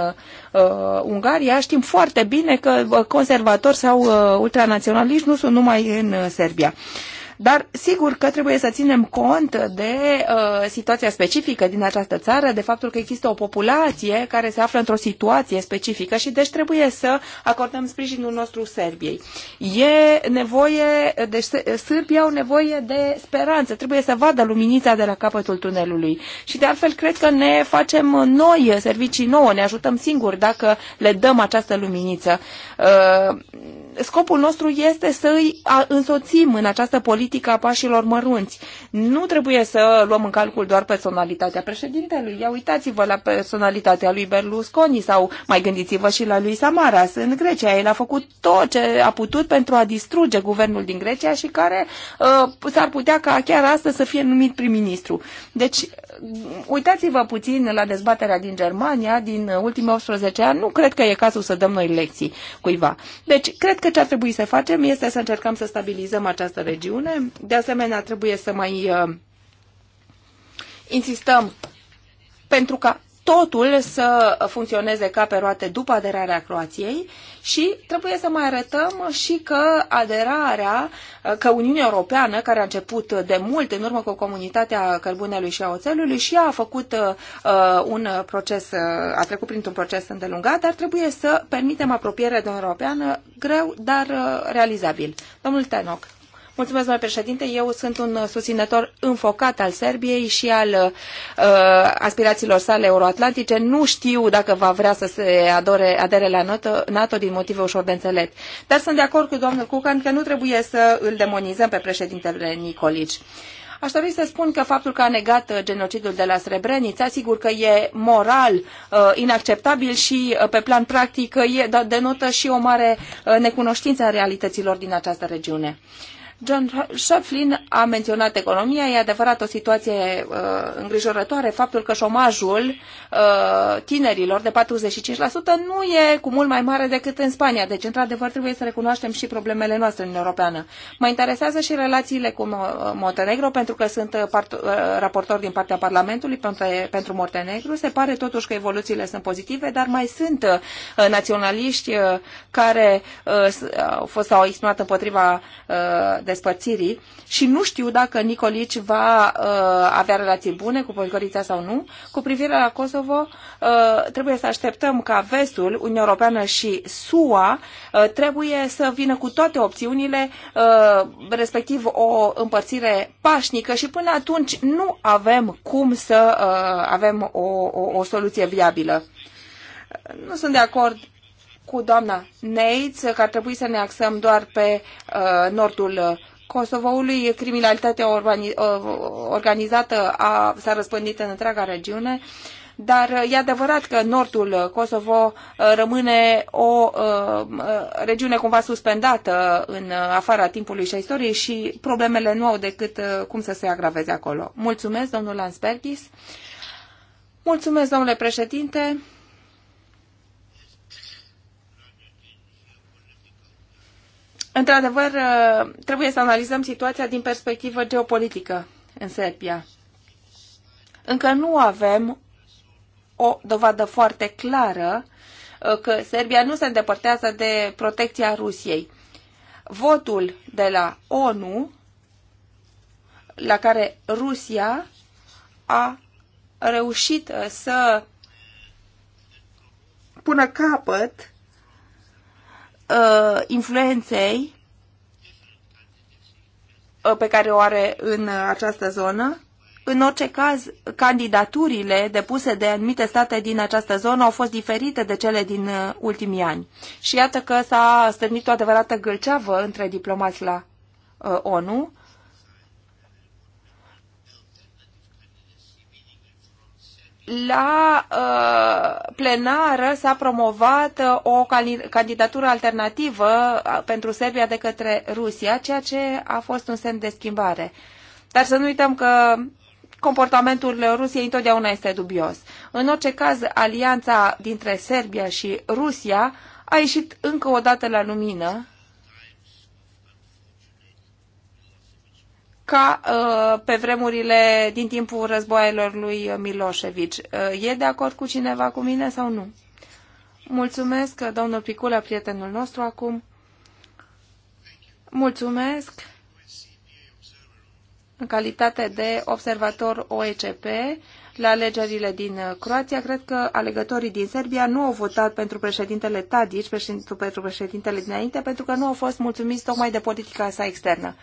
uh, Ungaria. Știm foarte bine că conservatori sau uh, ultranaționaliști nu sunt numai în Serbia. Uh, dar sigur că trebuie să ținem cont de uh, situația specifică din această țară, de faptul că există o populație care se află într-o situație specifică și deci trebuie să acordăm sprijinul nostru Serbiei. E nevoie, deci Sârbii au nevoie de speranță, trebuie să vadă luminița de la capătul tunelului. Și de altfel cred că ne facem noi servicii nouă, ne ajutăm singuri dacă le dăm această luminiță. Uh, scopul nostru este să îi însoțim în această politică politică a pașilor mărunți. Nu trebuie să luăm în calcul doar personalitatea președintelui. Ia uitați-vă la personalitatea lui Berlusconi sau mai gândiți-vă și la lui Samaras în Grecia. El a făcut tot ce a putut pentru a distruge guvernul din Grecia și care uh, s-ar putea ca chiar astăzi să fie numit prim-ministru. Deci uitați-vă puțin la dezbaterea din Germania din ultimii 18 ani. Nu cred că e cazul să dăm noi lecții cuiva. Deci, cred că ce ar trebui să facem este să încercăm să stabilizăm această regiune. De asemenea, trebuie să mai uh, insistăm pentru ca totul să funcționeze ca pe roate după aderarea Croației și trebuie să mai arătăm și că aderarea, că Uniunea Europeană, care a început de mult în urmă cu comunitatea cărbunelui și a oțelului și a făcut uh, un proces, uh, a trecut printr-un proces îndelungat, dar trebuie să permitem apropierea de Europeană greu, dar uh, realizabil. Domnul Tenoc. Mulțumesc, domnule președinte. Eu sunt un susținător înfocat al Serbiei și al uh, aspirațiilor sale euroatlantice. Nu știu dacă va vrea să se adore, adere la NATO, NATO din motive ușor de înțeles. Dar sunt de acord cu domnul Cucan că nu trebuie să îl demonizăm pe președintele Nicolici. Aș dori să spun că faptul că a negat genocidul de la Srebrenica, sigur că e moral uh, inacceptabil și uh, pe plan practic uh, e, da, denotă și o mare necunoștință a realităților din această regiune. John Shufflin a menționat economia. E adevărat o situație uh, îngrijorătoare faptul că șomajul uh, tinerilor de 45% nu e cu mult mai mare decât în Spania. Deci, într-adevăr, trebuie să recunoaștem și problemele noastre în Europeană. Mă interesează și relațiile cu Montenegro, pentru că sunt uh, part- uh, raportor din partea Parlamentului pentru, pentru Montenegro. Se pare totuși că evoluțiile sunt pozitive, dar mai sunt uh, naționaliști uh, care uh, au fost au exprimat împotriva uh, despărțirii și nu știu dacă Nicolici va uh, avea relații bune cu Podgorița sau nu. Cu privire la Kosovo, uh, trebuie să așteptăm ca Vestul, Uniunea Europeană și SUA uh, trebuie să vină cu toate opțiunile, uh, respectiv o împărțire pașnică și până atunci nu avem cum să uh, avem o, o, o soluție viabilă. Nu sunt de acord cu doamna Neitz că ar trebui să ne axăm doar pe uh, nordul Kosovoului. Criminalitatea organi uh, organizată a, s-a răspândit în întreaga regiune. dar uh, e adevărat că nordul Kosovo uh, rămâne o regiune cumva suspendată în afara timpului și a istoriei și problemele nu au decât cum să se agraveze acolo. Mulțumesc, domnul Lansbergis. Mulțumesc, domnule președinte. Într-adevăr, uh, trebuie să analizăm situația din perspectivă geopolitică în Serbia. Încă nu avem o dovadă foarte clară uh, că Serbia nu se îndepărtează de protecția Rusiei. Votul de la ONU, la care Rusia a reușit uh, să pună capăt uh, influenței uh, pe care o are în uh, această zonă. În orice caz, candidaturile depuse de anumite state din această zonă au fost diferite de cele din uh, ultimii ani. Și iată că s-a stârnit o adevărată gâlceavă între diplomați la uh, ONU. Uh, la uh, plenară s-a promovat uh, o candidatură alternativă uh, pentru Serbia de către Rusia, ceea ce a fost un semn de schimbare. Dar să nu uităm că comportamentul Rusiei întotdeauna este dubios. În orice caz, alianța dintre Serbia și Rusia a ieșit încă o dată la lumină ca uh, pe vremurile din timpul războaielor lui uh, Milosevic. Uh, e de acord cu cineva cu mine sau nu? Mulțumesc, domnul Picula, prietenul nostru acum. Mulțumesc. În calitate de observator OECP la alegerile din Croația, cred că alegătorii din Serbia nu au votat pentru președintele Tadic, pentru președintele dinainte, pentru că nu au fost mulțumiți tocmai de politica sa externă.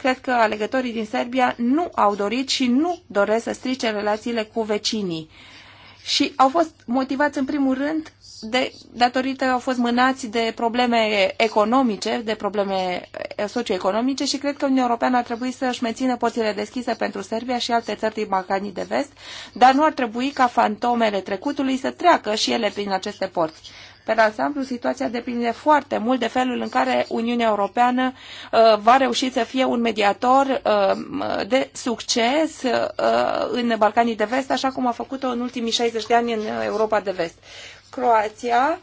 Cred că alegătorii din Serbia nu au dorit și nu doresc să strice relațiile cu vecinii. Și au fost motivați în primul rând de, datorită au fost mânați de probleme economice, de probleme eh, socioeconomice și cred că Uniunea Europeană ar trebui să-și mențină porțile deschise pentru Serbia și alte țări din Balcanii de Vest, dar nu ar trebui ca fantomele trecutului să treacă și ele prin aceste porți de ansamblu, situația depinde foarte mult de felul în care Uniunea Europeană uh, va reuși să fie un mediator uh, de succes uh, în Balcanii de Vest, așa cum a făcut-o în ultimii 60 de ani în Europa de Vest. Croația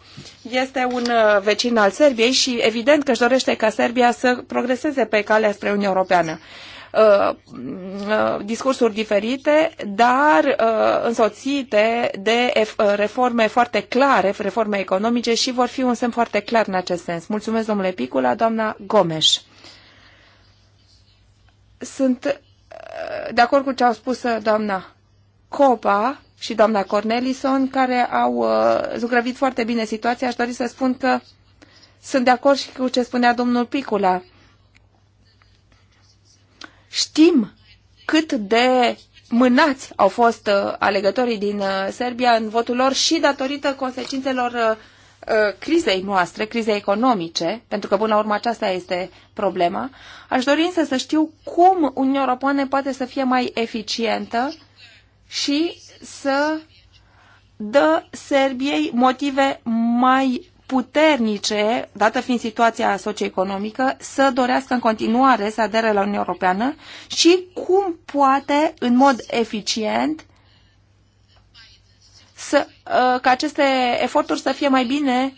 este un vecin al Serbiei și evident că își dorește ca Serbia să progreseze pe calea spre Uniunea Europeană. Uh, uh, discursuri diferite, dar uh, însoțite de uh, reforme foarte clare, reforme economice și vor fi un semn foarte clar în acest sens. Mulțumesc, domnule Picula, doamna Gomes. Sunt de acord cu ce au spus doamna Copa și doamna Cornelison, care au zugrăvit foarte bine situația. Aș dori să spun că sunt de acord și cu ce spunea domnul Picula Știm cât de mânați au fost uh, alegătorii din uh, Serbia în votul lor și datorită consecințelor uh, crizei noastre, crizei economice, pentru că până la urmă aceasta este problema, aș dori însă să știu cum Uniunea Europeană poate să fie mai eficientă și să dă Serbiei motive mai puternice, dată fiind situația socioeconomică, să dorească în continuare să adere la Uniunea Europeană și cum poate, în mod eficient, să, uh, ca aceste eforturi să fie mai bine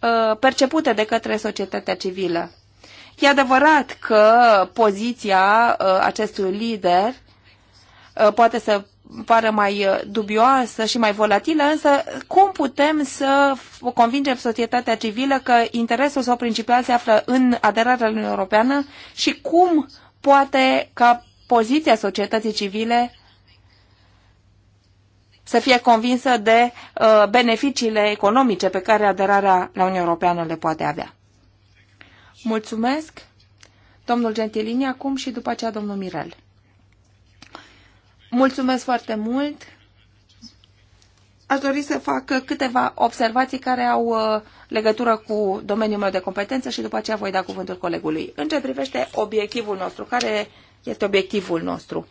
uh, percepute de către societatea civilă. E adevărat că poziția uh, acestui lider poate să pară mai uh, dubioasă și mai volatilă, însă cum putem să convingem societatea civilă că interesul sau principal se află în aderarea Uniunii Europeană și cum poate ca poziția societății civile să fie convinsă de uh, beneficiile economice pe care aderarea la Uniunea Europeană le poate avea. Mulțumesc, domnul Gentilini, acum și după aceea domnul Mirel. Mulțumesc foarte mult. Aș dori să fac câteva observații care au uh, legătură cu domeniul meu de competență și după aceea voi da cuvântul colegului. În ce privește obiectivul nostru, care este obiectivul nostru?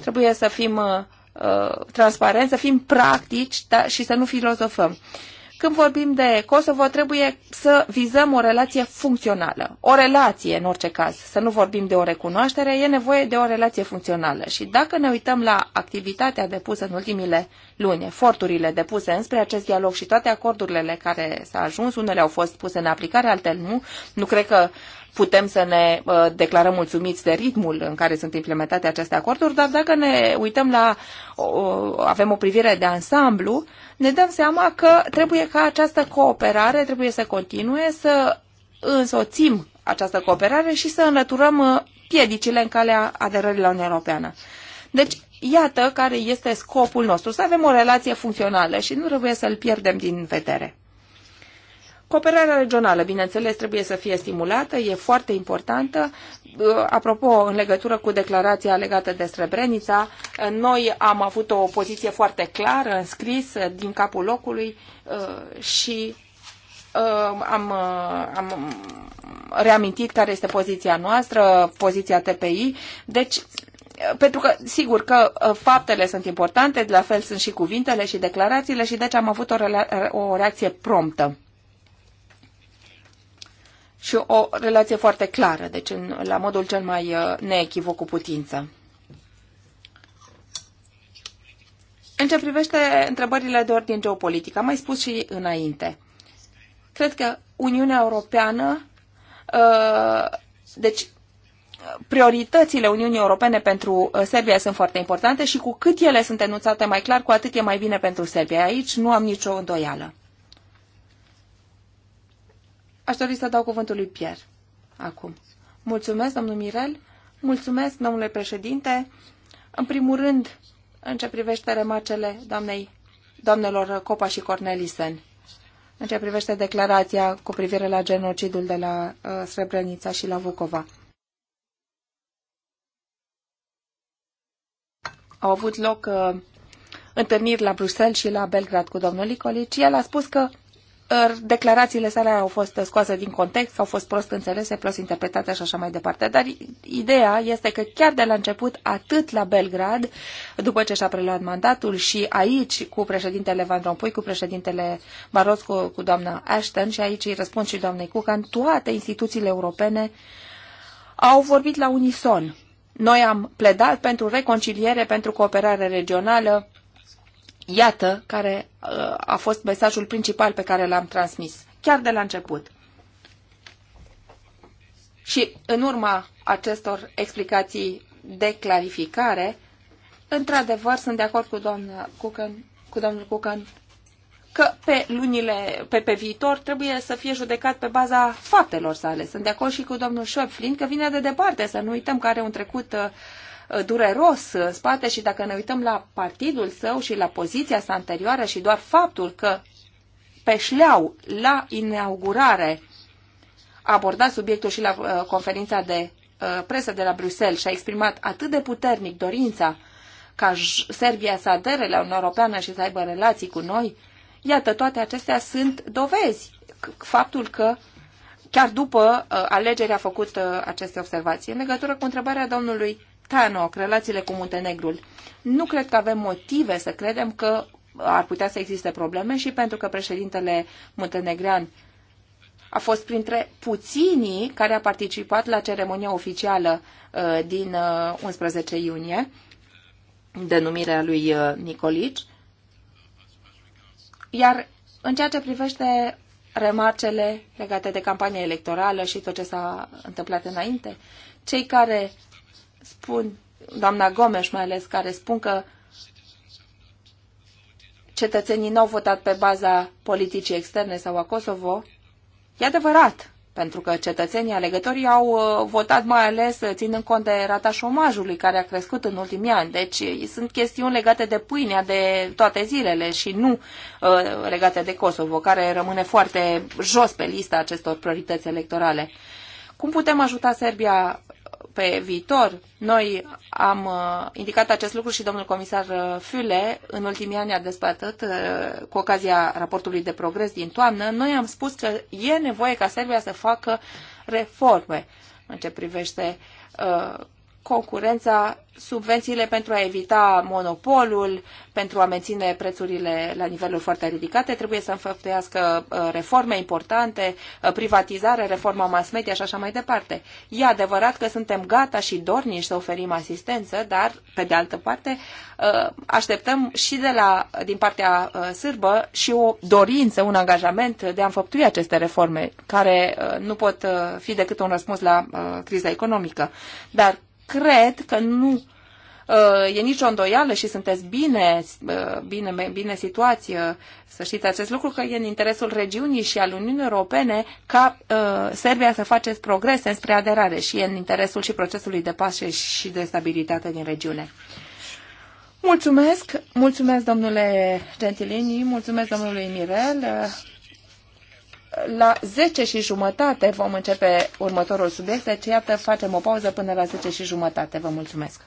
Trebuie să fim uh, uh, transparenți, să fim practici și să nu filozofăm. Uh, când vorbim de Kosovo, trebuie să vizăm o relație funcțională. O relație, în orice caz, să nu vorbim de o recunoaștere, e nevoie de o relație funcțională. Și dacă ne uităm la activitatea depusă în ultimile luni, eforturile depuse înspre acest dialog și toate acordurile care s-a ajuns, unele au fost puse în aplicare, altele nu, nu cred că putem să ne uh, declarăm mulțumiți de ritmul în care sunt implementate aceste acorduri, dar dacă ne uităm la, avem o privire de ansamblu, ne dăm seama că trebuie ca această cooperare, trebuie să continue, să însoțim această cooperare și să înlăturăm uh, piedicile în calea aderării la Uniunea Europeană. Deci, iată care este scopul nostru, să avem o relație funcțională și nu trebuie să-l pierdem din vedere. Cooperarea regională, bineînțeles, trebuie să fie stimulată, e foarte importantă. Uh, apropo, în legătură cu declarația legată de Srebrenica, uh, noi am avut o poziție foarte clară, înscris, uh, din capul locului și am, am reamintit care este poziția noastră, poziția TPI. Deci, pentru că, sigur că faptele sunt importante, de la fel sunt și cuvintele și declarațiile și deci am avut o, o reacție promptă și o relație foarte clară, deci în, la modul cel mai uh, neechivoc cu putință. În ce privește întrebările de ordine geopolitică, am mai spus și înainte. Cred că Uniunea Europeană, uh, deci prioritățile Uniunii Europene pentru uh, Serbia sunt foarte importante și cu cât ele sunt enunțate mai clar, cu atât e mai bine pentru Serbia. Aici nu am nicio îndoială. Aș dori să dau cuvântul lui Pierre acum. Mulțumesc, domnul Mirel. Mulțumesc, domnule președinte. În primul rând, în ce privește remarcele doamnei, doamnelor Copa și Cornelisen, în ce privește declarația cu privire la genocidul de la uh, Srebrenica și la Vukova. Au avut loc uh, întâlniri la Bruxelles și la Belgrad cu domnul Licolici. El a spus că declarațiile sale au fost scoase din context, au fost prost înțelese, prost interpretate și așa mai departe. Dar ideea este că chiar de la început, atât la Belgrad, după ce și-a preluat mandatul și aici cu președintele Van Rompuy, cu președintele Barroso, cu, cu doamna Ashton și aici îi răspund și doamnei Cucan, toate instituțiile europene au vorbit la unison. Noi am pledat pentru reconciliere, pentru cooperare regională, Iată care uh, a fost mesajul principal pe care l-am transmis, chiar de la început. Și în urma acestor explicații de clarificare, într-adevăr sunt de acord cu, doamna Cucan, cu domnul Cucan că pe lunile, pe, pe viitor, trebuie să fie judecat pe baza faptelor sale. Sunt de acord și cu domnul Șoflin că vine de departe, să nu uităm că are un trecut uh, Uh, dureros uh, spate și dacă ne uităm la partidul său și la poziția sa anterioară și doar faptul că peșleau la inaugurare a abordat subiectul și la uh, conferința de presă de la Bruxelles și a exprimat atât de puternic dorința ca Serbia să adere la Uniunea Europeană și să aibă relații cu noi, iată, toate acestea sunt dovezi. Faptul că chiar după alegerea a făcut aceste observații. În legătură cu întrebarea domnului Tanoc, relațiile cu Muntenegrul. Nu cred că avem motive să credem că ar putea să existe probleme și pentru că președintele muntenegrean a fost printre puținii care a participat la ceremonia oficială uh, din 11 uh, iunie, denumirea lui uh, Nicolici. Iar în ceea ce privește remarcele legate de campania electorală și tot ce s-a întâmplat înainte, cei care spun, doamna Gomes mai ales, care spun că cetățenii n-au votat pe baza politicii externe sau a Kosovo, e adevărat, pentru că cetățenii alegătorii au uh, votat mai ales uh, ținând cont de rata șomajului care a crescut în ultimii ani. Deci uh, sunt chestiuni legate de pâinea de toate zilele și nu legate de Kosovo, care rămâne foarte jos pe lista acestor priorități electorale. Cum putem ajuta Serbia pe viitor. Noi am uh, indicat acest lucru și domnul comisar uh, Füle în ultimii ani a dezbătut uh, cu ocazia raportului de progres din toamnă. Noi am spus că e nevoie ca Serbia să facă reforme în ce privește concurența, subvențiile pentru a evita monopolul, pentru a menține prețurile la niveluri foarte ridicate, trebuie să înfăptuiască uh, reforme importante, uh, privatizare, reforma mass media și așa mai departe. E adevărat că suntem gata și dorniși să oferim asistență, dar, pe de altă parte, uh, așteptăm și de la, din partea sârbă și o dorință, un angajament de a înfăptui aceste reforme, care nu pot fi decât un răspuns la criza economică. Dar cred că nu uh, e nicio îndoială și sunteți bine, uh, bine, bine situație uh, să știți acest lucru, că e în interesul regiunii și al Uniunii Europene ca uh, Serbia să faceți progrese spre aderare și e în interesul și procesului de pace și de stabilitate din regiune. Mulțumesc, mulțumesc domnule Gentilini, mulțumesc domnului Mirel la 10 și jumătate vom începe următorul subiect, deci iată, facem o pauză până la 10 și jumătate. Vă mulțumesc!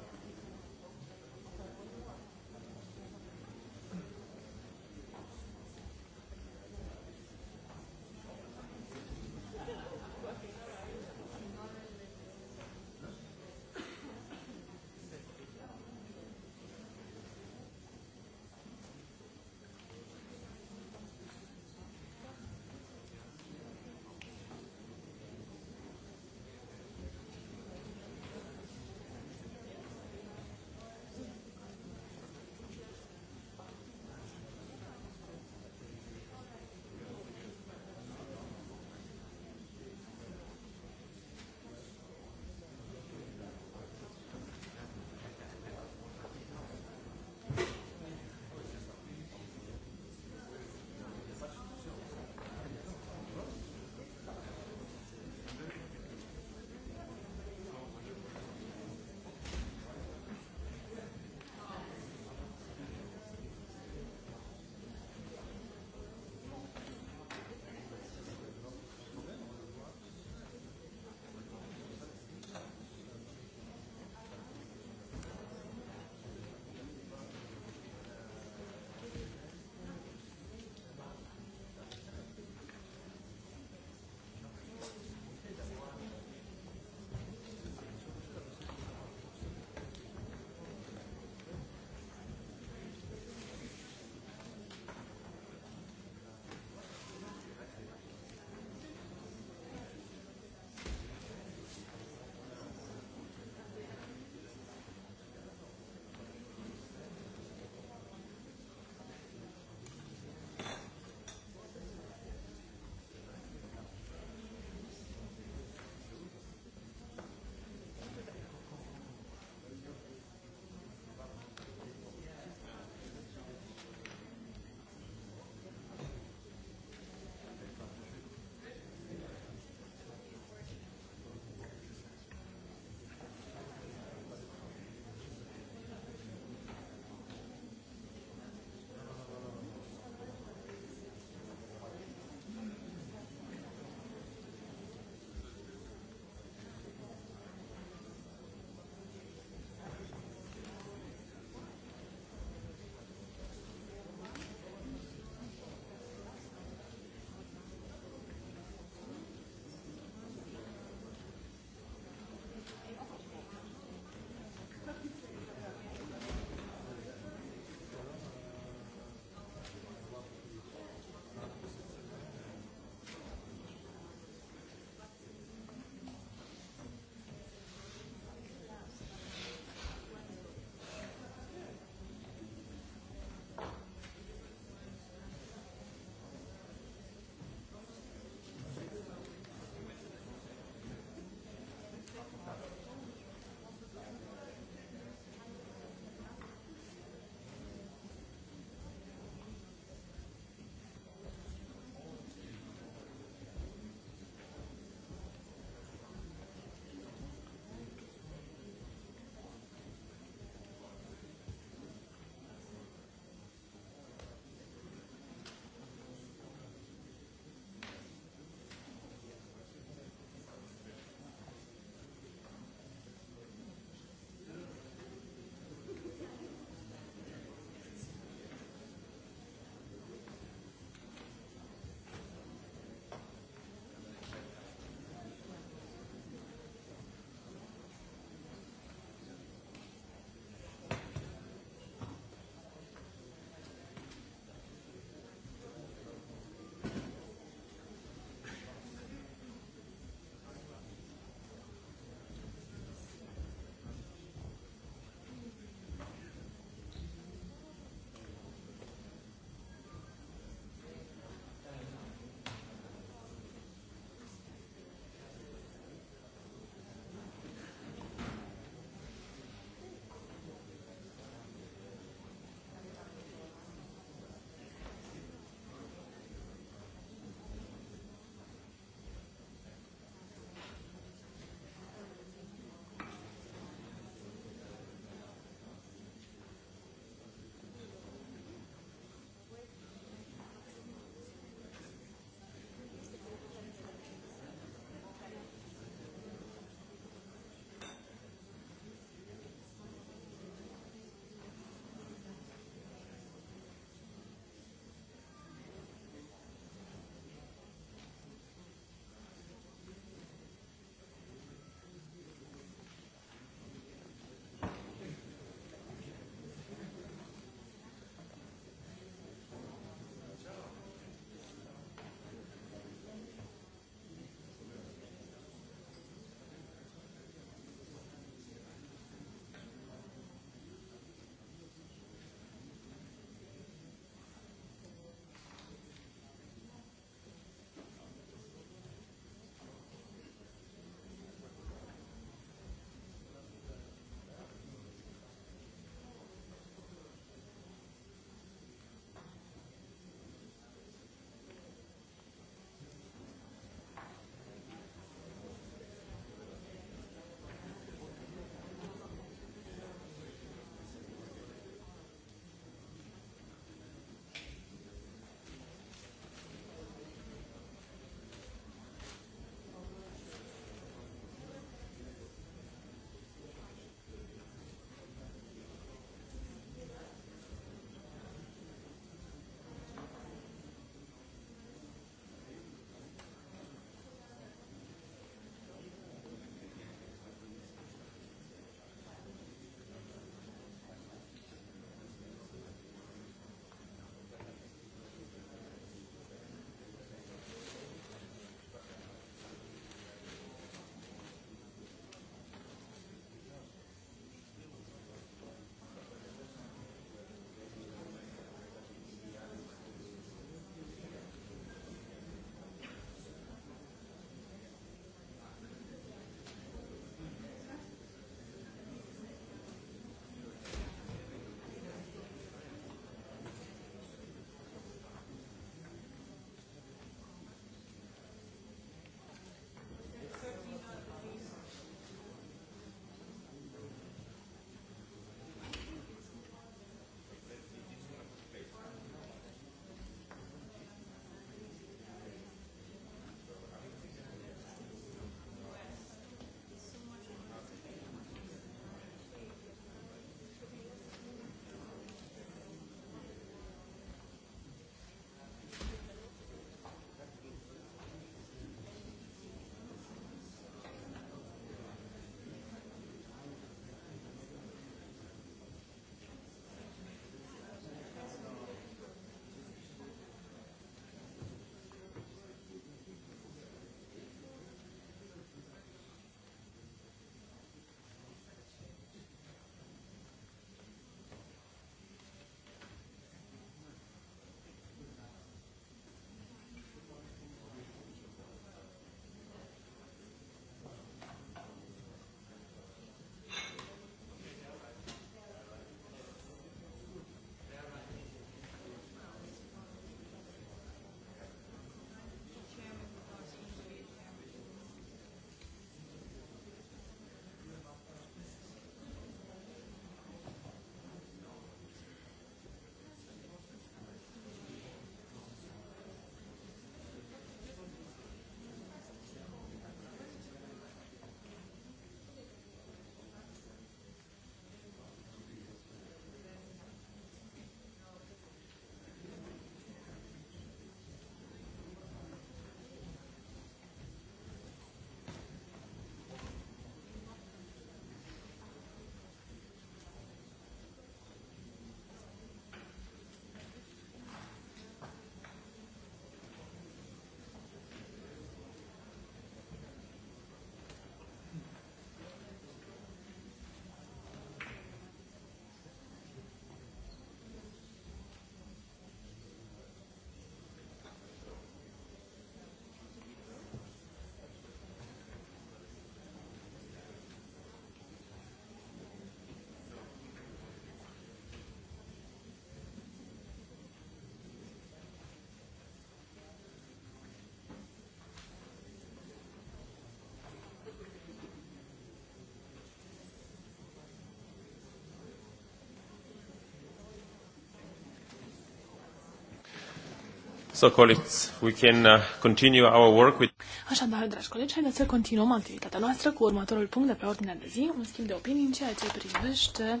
So, colleagues, we can uh, continue our work with... Așadar, dragi colegi, haideți să continuăm activitatea noastră cu următorul punct de pe ordinea de zi, un schimb de opinii în ceea ce privește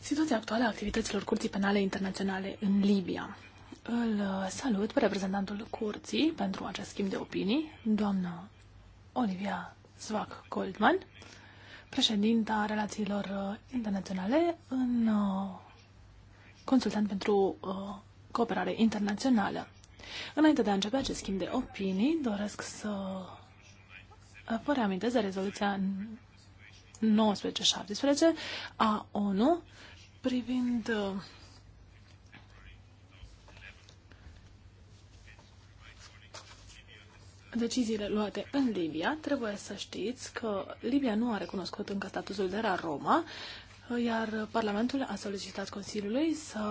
situația actuală a activităților Curții Penale Internaționale în Libia. Îl uh, salut pe reprezentantul Curții pentru acest schimb de opinii, doamna Olivia Zvac Goldman, președinta relațiilor uh, internaționale în consultant pentru uh, cooperare internațională. Înainte de a începe acest schimb de opinii, doresc să vă reamintesc de rezoluția 1917 a ONU privind uh, deciziile luate în Libia. Trebuie să știți că Libia nu a recunoscut încă statutul de la Roma, iar Parlamentul a solicitat Consiliului să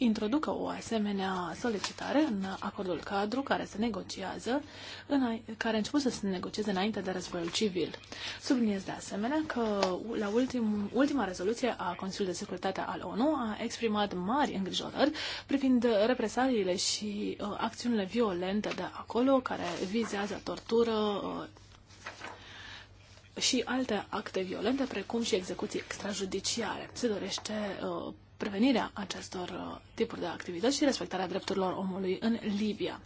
introducă o asemenea solicitare în acordul cadru care se negociază, în, care a început să se negocieze înainte de războiul civil. Subliniez de asemenea că la ultim, ultima rezoluție a Consiliului de Securitate al ONU a exprimat mari îngrijorări privind represaliile și uh, acțiunile violente de acolo care vizează tortură, uh, și alte acte violente, precum și execuții extrajudiciare. Se dorește uh, prevenirea acestor uh, tipuri de activități și respectarea drepturilor omului în Libia.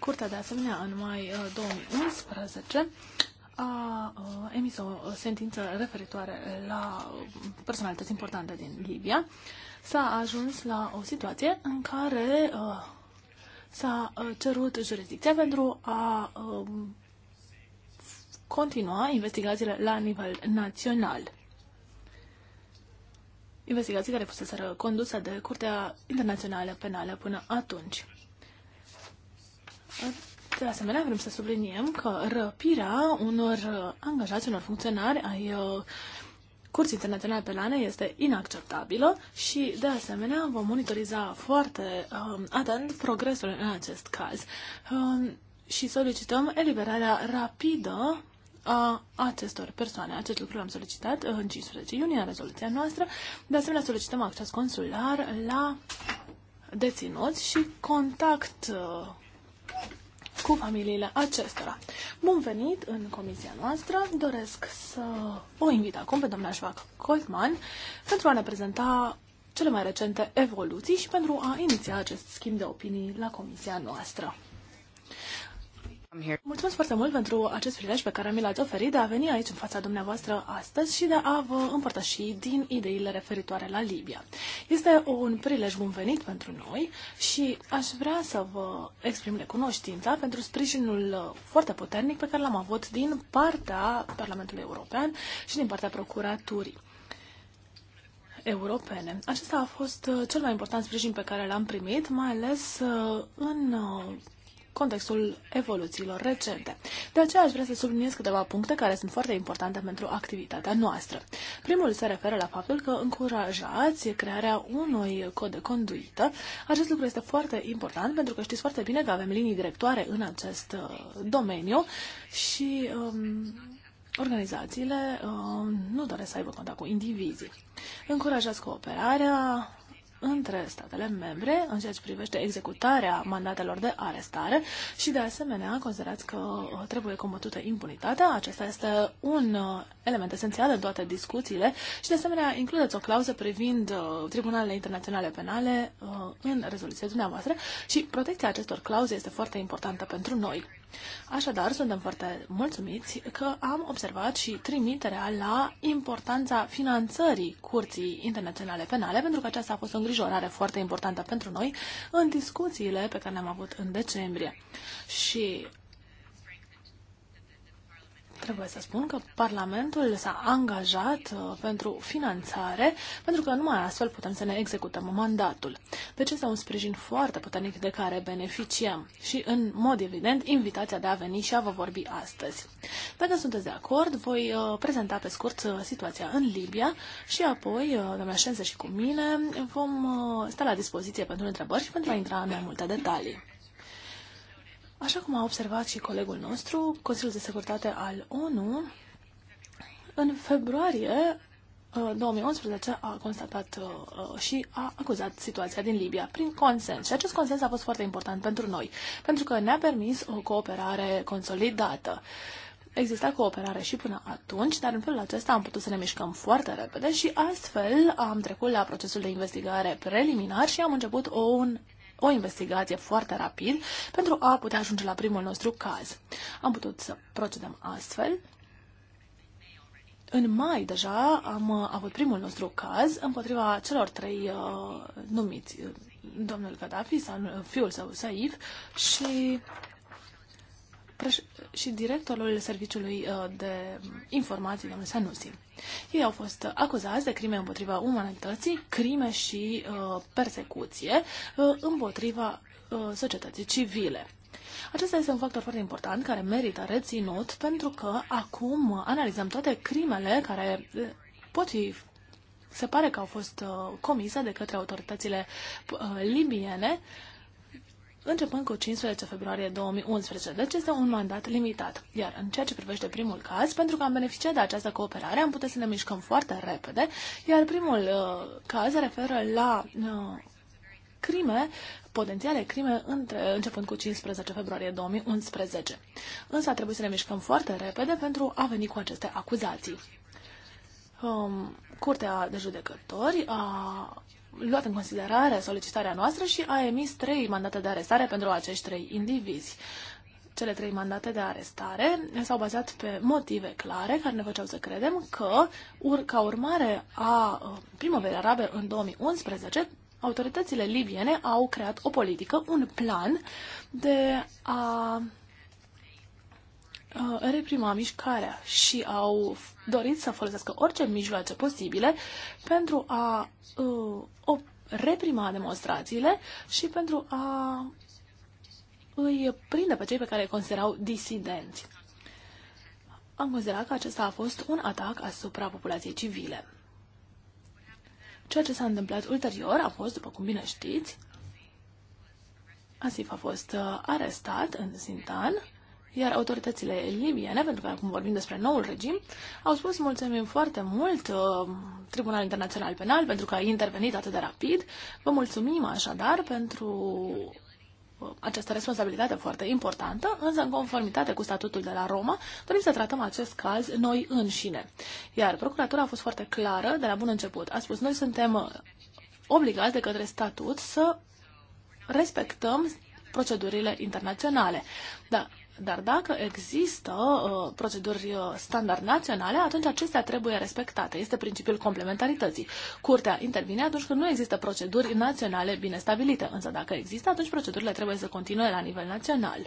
Curtea, de asemenea, în mai 2011 uh, a uh, emis o sentință referitoare la personalități importante din Libia. S-a ajuns la o situație în care s-a cerut jurisdicția pentru a continua investigațiile la nivel național. Investigații care fusese condusă de Curtea Internațională Penală până atunci. De asemenea, vrem să subliniem că răpirea unor angajați, unor funcționari ai uh, Curții Internaționale Penale este inacceptabilă și, de asemenea, vom monitoriza foarte um, atent progresul în acest caz um, și solicităm eliberarea rapidă a acestor persoane. Acest lucru l-am solicitat uh, în 15 iunie în rezoluția noastră. De asemenea, solicităm acces consular la deținuți și contact uh, cu familiile acestora. Bun venit în comisia noastră. Doresc să o invit acum pe doamna Șvac Coltman pentru a ne prezenta cele mai recente evoluții și pentru a iniția acest schimb de opinii la comisia noastră. Mulțumesc foarte mult pentru acest prilej pe care mi l-ați oferit de a veni aici în fața dumneavoastră astăzi și de a vă împărtăși din ideile referitoare la Libia. Este un prilej bun venit pentru noi și aș vrea să vă exprim recunoștința pentru sprijinul foarte puternic pe care l-am avut din partea Parlamentului European și din partea Procuraturii europene. Acesta a fost cel mai important sprijin pe care l-am primit, mai ales uh, în uh, contextul evoluțiilor recente. De aceea aș vrea să subliniez câteva puncte care sunt foarte importante pentru activitatea noastră. Primul se referă la faptul că încurajați crearea unui cod de conduită. Acest lucru este foarte important pentru că știți foarte bine că avem linii directoare în acest uh, domeniu și um, organizațiile um, nu doresc să aibă contact cu indivizii. Încurajați cooperarea, între statele membre în ceea ce privește executarea mandatelor de arestare și, de asemenea, considerați că uh, trebuie combătută impunitatea. Acesta este un uh, element esențial în toate discuțiile și, de asemenea, includeți o clauză privind uh, tribunalele internaționale penale în rezoluția dumneavoastră și protecția acestor clauze este foarte importantă pentru noi. Așadar, suntem foarte mulțumiți că am observat și trimiterea la importanța finanțării Curții Internaționale Penale, pentru că aceasta a fost o îngrijorare foarte importantă pentru noi în discuțiile pe care le-am avut în decembrie. Și Trebuie să spun că Parlamentul s-a angajat uh, pentru finanțare, pentru că numai astfel putem să ne executăm mandatul. Deci este un sprijin foarte puternic de care beneficiem și, în mod evident, invitația de a veni și a vă vorbi astăzi. Dacă sunteți de acord, voi uh, prezenta pe scurt uh, situația în Libia și apoi, doamna Șense și cu mine, vom sta la dispoziție pentru întrebări și pentru a intra în mai multe detalii. Așa cum a observat și colegul nostru, Consiliul de Securitate al ONU, în februarie 2011 uh, a constatat uh, uh, și a acuzat situația din Libia prin consens. Și acest consens a fost foarte important pentru noi, pentru că ne-a permis o cooperare consolidată. Exista cooperare și până atunci, dar în felul acesta am putut să ne mișcăm foarte repede și astfel am trecut la procesul de investigare preliminar și am început un o investigație foarte rapid pentru a putea ajunge la primul nostru caz. Am putut să procedăm astfel. În mai deja am avut primul nostru caz împotriva celor trei uh, numiți, uh, domnul Gaddafi, uh, fiul său Saif și și directorul Serviciului uh, de Informații, domnul Sanusi. Ei au fost acuzați de crime împotriva umanității, crime și uh, persecuție uh, împotriva uh, societății civile. Acesta este un factor foarte important care merită reținut pentru că acum analizăm toate crimele care uh, pot fi se pare că au fost uh, comise de către autoritățile uh, libiene începând cu 15 februarie 2011, deci este un mandat limitat. Iar în ceea ce privește primul caz, pentru că am beneficiat de această cooperare, am putut să ne mișcăm foarte repede, iar primul uh, caz referă la uh, crime, potențiale crime între, începând cu 15 februarie 2011. Însă a trebuit să ne mișcăm foarte repede pentru a veni cu aceste acuzații. Um, Curtea de Judecători a luat în considerare solicitarea noastră și a emis trei mandate de arestare pentru acești trei indivizi. Cele trei mandate de arestare s-au bazat pe motive clare care ne făceau să credem că, ur- ca urmare a uh, primăverii arabe în 2011, autoritățile libiene au creat o politică, un plan de a Uh, reprima mișcarea și au dorit să folosească orice mijloace posibile pentru a uh, reprima demonstrațiile și pentru a îi prinde pe cei pe care îi considerau disidenți. Am considerat că acesta a fost un atac asupra populației civile. Ceea ce s-a întâmplat ulterior a fost, după cum bine știți, Asif a fost uh, arestat în Sintan iar autoritățile libiene, pentru că acum vorbim despre noul regim, au spus mulțumim foarte mult uh, Tribunal Internațional Penal pentru că a intervenit atât de rapid. Vă mulțumim așadar pentru uh, această responsabilitate foarte importantă, însă în conformitate cu statutul de la Roma, dorim să tratăm acest caz noi înșine. Iar procuratura a fost foarte clară de la bun început. A spus, noi suntem obligați de către statut să respectăm procedurile internaționale. Da, dar dacă există uh, proceduri uh, standard naționale, atunci acestea trebuie respectate. Este principiul complementarității. Curtea intervine atunci când nu există proceduri naționale bine stabilite, însă dacă există, atunci procedurile trebuie să continue la nivel național.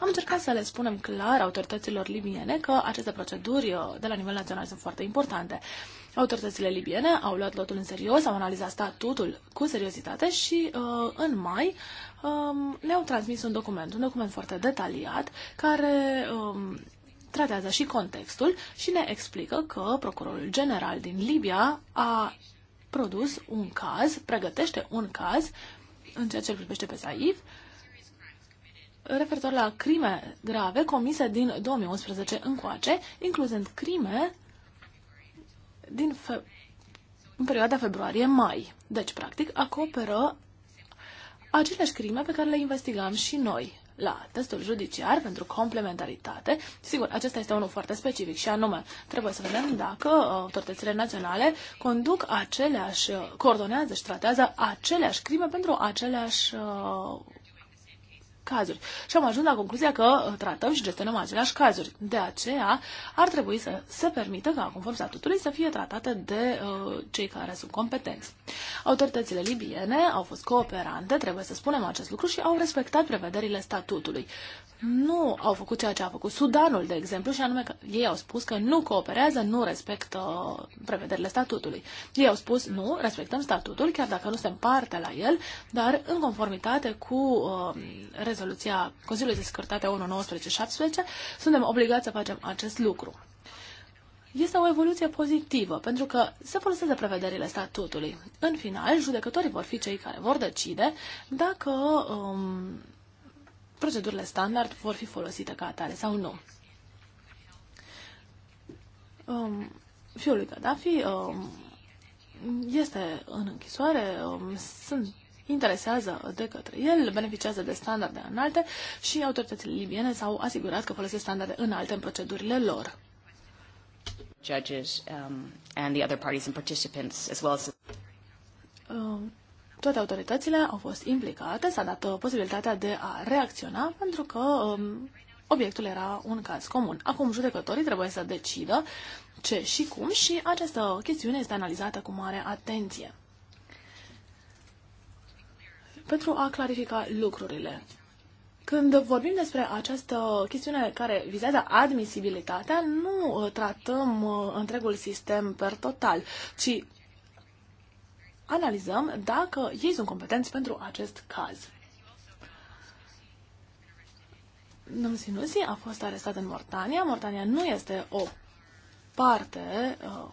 Am încercat să le spunem clar autorităților libiene că aceste proceduri uh, de la nivel național sunt foarte importante. Autoritățile libiene au luat lotul în serios, au analizat statutul cu seriozitate și uh, în mai uh, ne-au transmis un document, un document foarte detaliat care uh, tratează și contextul și ne explică că Procurorul General din Libia a produs un caz, pregătește un caz în ceea ce îl privește pe Saif, referitor la crime grave comise din 2011 încoace, incluzând crime din fe- în perioada februarie-mai. Deci, practic, acoperă aceleași crime pe care le investigam și noi la testul judiciar pentru complementaritate. Sigur, acesta este unul foarte specific și anume trebuie să vedem dacă uh, autoritățile naționale conduc aceleași, uh, coordonează și tratează aceleași crime pentru aceleași uh, cazuri. Și am ajuns la concluzia că uh, tratăm și gestionăm aceleași cazuri. De aceea, ar trebui să se permită ca, conform statutului, să fie tratate de uh, cei care sunt competenți. Autoritățile libiene au fost cooperante, trebuie să spunem acest lucru, și au respectat prevederile statutului. Nu au făcut ceea ce a făcut Sudanul, de exemplu, și anume că ei au spus că nu cooperează, nu respectă uh, prevederile statutului. Ei au spus nu, respectăm statutul, chiar dacă nu suntem parte la el, dar în conformitate cu uh, rezoluția Consiliului de Securitate 1917, suntem obligați să facem acest lucru. Este o evoluție pozitivă, pentru că se folosesc prevederile statutului. În final, judecătorii vor fi cei care vor decide dacă um, procedurile standard vor fi folosite ca atare sau nu. Um, fiul lui Gaddafi um, este în închisoare, um, sunt interesează de către el, beneficiază de standarde înalte și autoritățile libiene s-au asigurat că folosesc standarde înalte în procedurile lor. Judges um, and the other parties and participants as well as um, toate autoritățile au fost implicate, s-a dat uh, posibilitatea de a reacționa pentru că um, obiectul era un caz comun. Acum judecătorii trebuie să decidă ce și cum și această chestiune este analizată cu mare atenție pentru a clarifica lucrurile. Când vorbim despre această chestiune care vizează admisibilitatea, nu uh, tratăm uh, întregul sistem per total, ci analizăm dacă ei sunt competenți pentru acest caz. Domnul Sinusi a fost arestat în Mortania. Mortania nu este o parte uh,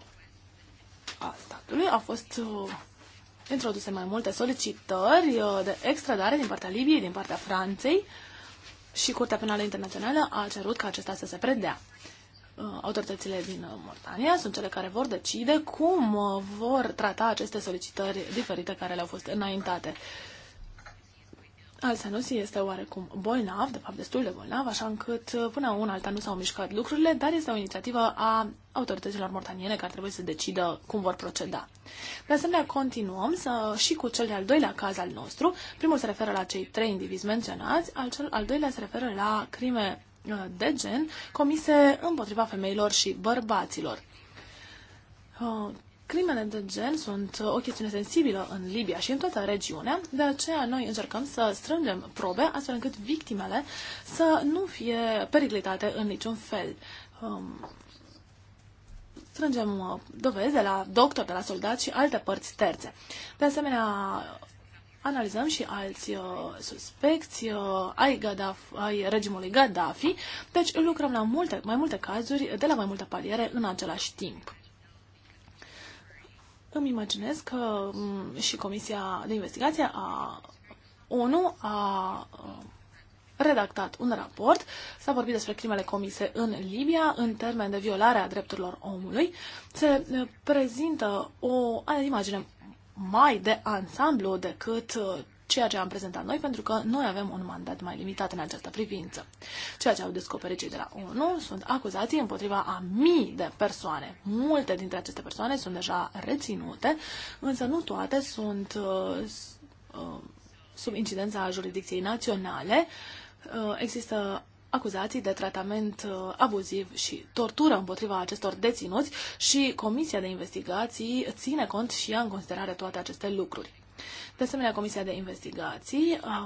a statului, a fost uh, introduse mai multe solicitări uh, de extradare din partea Libiei, din partea Franței și Curtea Penală Internațională a cerut ca acesta să se predea. Uh, autoritățile din uh, Mortania sunt cele care vor decide cum vor trata aceste solicitări diferite care le-au fost înaintate. Al-Sanusi este oarecum bolnav, de fapt destul de bolnav, așa încât uh, până un alta nu s-au mișcat lucrurile, dar este o inițiativă a autorităților mortaniene care trebuie să decidă cum vor proceda. De asemenea, continuăm să, și cu cel de-al doilea caz al nostru. Primul se referă la cei trei indivizi menționați, al, cel, al doilea se referă la crime uh, de gen comise împotriva femeilor și bărbaților. Uh, Crimele de gen sunt o chestiune sensibilă în Libia și în toată regiunea, de aceea noi încercăm să strângem probe astfel încât victimele să nu fie periclitate în niciun fel. Um, strângem uh, dovezi de la doctori, de la soldați și alte părți terțe. De asemenea, analizăm și alți uh, suspecți uh, ai, Gaddaf, ai regimului Gaddafi, deci lucrăm la multe, mai multe cazuri de la mai multe paliere în același timp. Îmi imaginez că și Comisia de Investigație a ONU a uh, redactat un raport, s-a vorbit despre crimele comise în Libia în termen de violare a drepturilor omului. Se uh, prezintă o imagine mai de ansamblu decât uh, ceea ce am prezentat noi, pentru că noi avem un mandat mai limitat în această privință. Ceea ce au descoperit cei de la ONU sunt acuzații împotriva a mii de persoane. Multe dintre aceste persoane sunt deja reținute, însă nu toate sunt uh, uh sub incidența jurisdicției naționale. Uh, există acuzații de tratament uh, abuziv și tortură împotriva acestor deținuți și Comisia de Investigații ține cont și ea în considerare toate aceste lucruri. De asemenea, Comisia de Investigații a,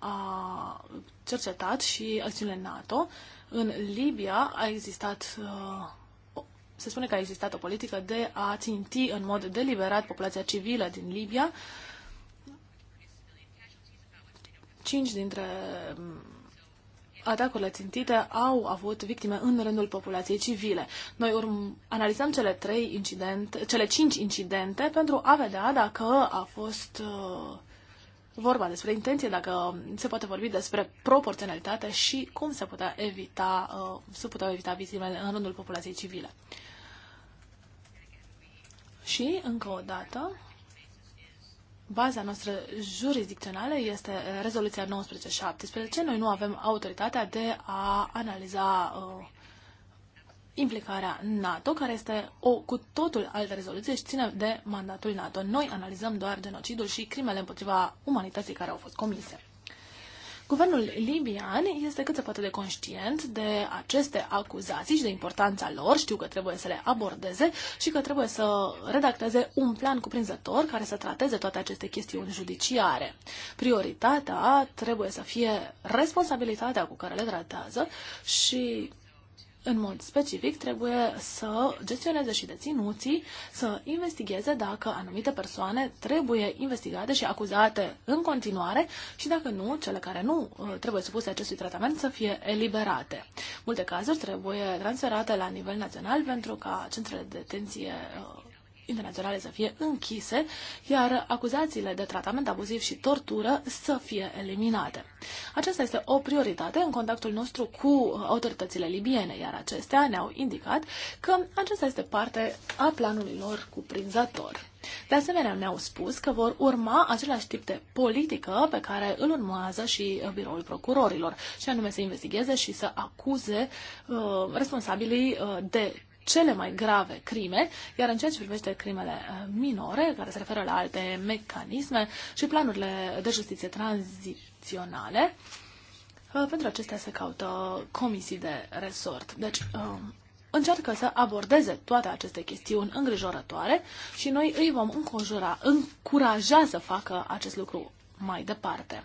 uh, a cercetat și acțiunile NATO. În Libia a existat, uh, se spune că a existat o politică de a ținti în mod deliberat populația civilă din Libia. Cinci dintre atacurile țintite au avut victime în rândul populației civile. Noi urm- analizăm cele, trei incidente, cele cinci incidente pentru a vedea dacă a fost uh, vorba despre intenție, dacă se poate vorbi despre proporționalitate și cum se, putea evita, uh, se puteau evita victimele în rândul populației civile. Și, încă o dată, baza noastră jurisdicțională este uh, rezoluția 1917. Noi nu avem autoritatea de a analiza uh, implicarea NATO, care este o cu totul altă rezoluție și ține de mandatul NATO. Noi analizăm doar genocidul și crimele împotriva umanității care au fost comise. Guvernul libian este cât se poate de conștient de aceste acuzații și de importanța lor, știu că trebuie să le abordeze și că trebuie să redacteze un plan cuprinzător care să trateze toate aceste chestiuni judiciare. Prioritatea trebuie să fie responsabilitatea cu care le tratează și în mod specific, trebuie să gestioneze și deținuții, să investigheze dacă anumite persoane trebuie investigate și acuzate în continuare și dacă nu, cele care nu uh, trebuie supuse acestui tratament să fie eliberate. Multe cazuri trebuie transferate la nivel național pentru ca centrele de detenție uh, internaționale să fie închise, iar acuzațiile de tratament abuziv și tortură să fie eliminate. Aceasta este o prioritate în contactul nostru cu autoritățile libiene, iar acestea ne-au indicat că acesta este parte a planului lor cuprinzător. De asemenea, ne-au spus că vor urma același tip de politică pe care îl urmează și biroul procurorilor, și anume să investigheze și să acuze uh, responsabilii uh, de cele mai grave crime, iar în ceea ce privește crimele uh, minore, care se referă la alte mecanisme și planurile de justiție tranziționale, uh, pentru acestea se caută comisii de resort. Deci, um, încearcă să abordeze toate aceste chestiuni îngrijorătoare și noi îi vom încurajura, încuraja să facă acest lucru mai departe.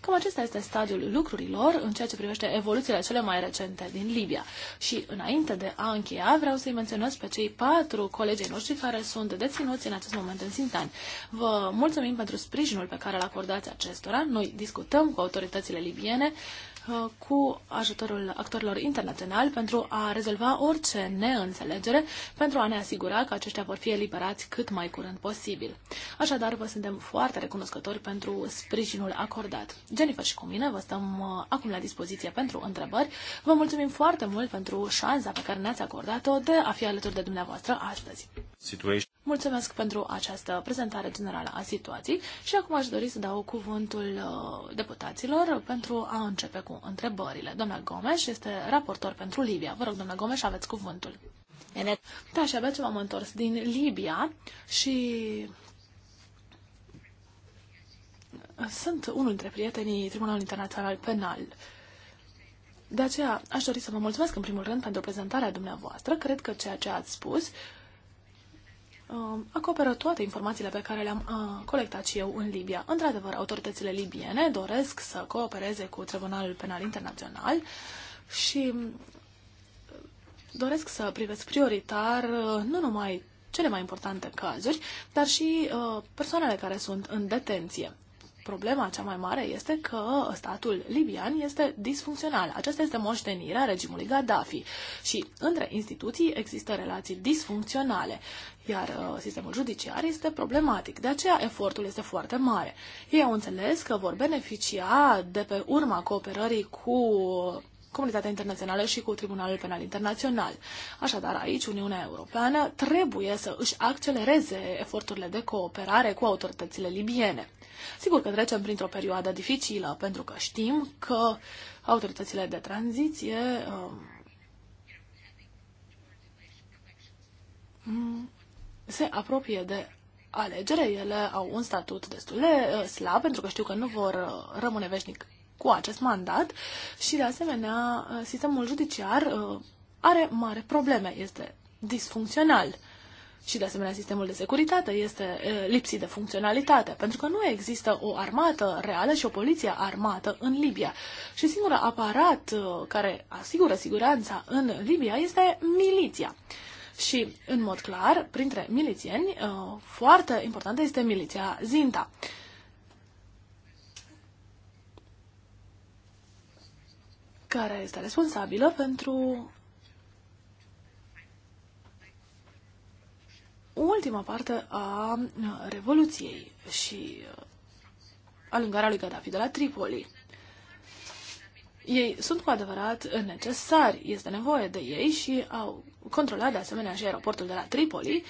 Cam acesta este stadiul lucrurilor în ceea ce privește evoluțiile cele mai recente din Libia. Și înainte de a încheia, vreau să-i menționez pe cei patru colegii noștri care sunt deținuți în acest moment în Sintan. Vă mulțumim pentru sprijinul pe care îl acordați acestora. Noi discutăm cu autoritățile libiene Uh, cu ajutorul actorilor internaționali pentru a rezolva orice neînțelegere, pentru a ne asigura că aceștia vor fi eliberați cât mai curând posibil. Așadar, vă suntem foarte recunoscători pentru sprijinul acordat. Jennifer și cu mine vă stăm uh, acum la dispoziție pentru întrebări. Vă mulțumim foarte mult pentru șansa pe care ne-ați acordat-o de a fi alături de dumneavoastră astăzi. Situation. Mulțumesc pentru această prezentare generală a situației și acum aș dori să dau cuvântul uh, deputaților pentru a începe cu întrebările. Doamna Gomes este raportor pentru Libia. Vă rog, doamna Gomes, aveți cuvântul. Da, și abia ce m-am întors din Libia și sunt unul dintre prietenii Tribunalului Internațional Penal. De aceea, aș dori să vă mulțumesc în primul rând pentru prezentarea dumneavoastră. Cred că ceea ce ați spus uh, Um, acoperă toate informațiile pe care le-am uh, colectat și eu în Libia. Într-adevăr, autoritățile libiene doresc să coopereze cu Tribunalul Penal Internațional și um, doresc să privesc prioritar uh, nu numai cele mai importante cazuri, dar și uh, persoanele care sunt în detenție. Problema cea mai mare este că statul libian este disfuncțional. Aceasta este moștenirea regimului Gaddafi și între instituții există relații disfuncționale. Iar uh, sistemul judiciar este problematic, de aceea efortul este foarte mare. Ei au înțeles că vor beneficia de pe urma cooperării cu comunitatea internațională și cu Tribunalul Penal Internațional. Așadar, aici Uniunea Europeană trebuie să își accelereze eforturile de cooperare cu autoritățile libiene. Sigur că trecem printr-o perioadă dificilă, pentru că știm că autoritățile de tranziție um, se apropie de alegere. Ele au un statut destul de uh, slab, pentru că știu că nu vor uh, rămâne veșnic cu acest mandat și, de asemenea, uh, sistemul judiciar are mare probleme, este disfuncțional. Și, de asemenea, sistemul de securitate este lipsit de funcționalitate, pentru că nu există o armată reală și o poliție armată în Libia. Și singurul aparat care asigură siguranța în Libia este miliția. Și, în mod clar, printre milițieni, uh, foarte importantă este miliția Zinta. care este responsabilă pentru ultima parte a uh, Revoluției și uh, alungarea lui Gaddafi de la Tripoli ei sunt cu adevărat necesari, este nevoie de ei și au controlat de asemenea și aeroportul de la Tripoli,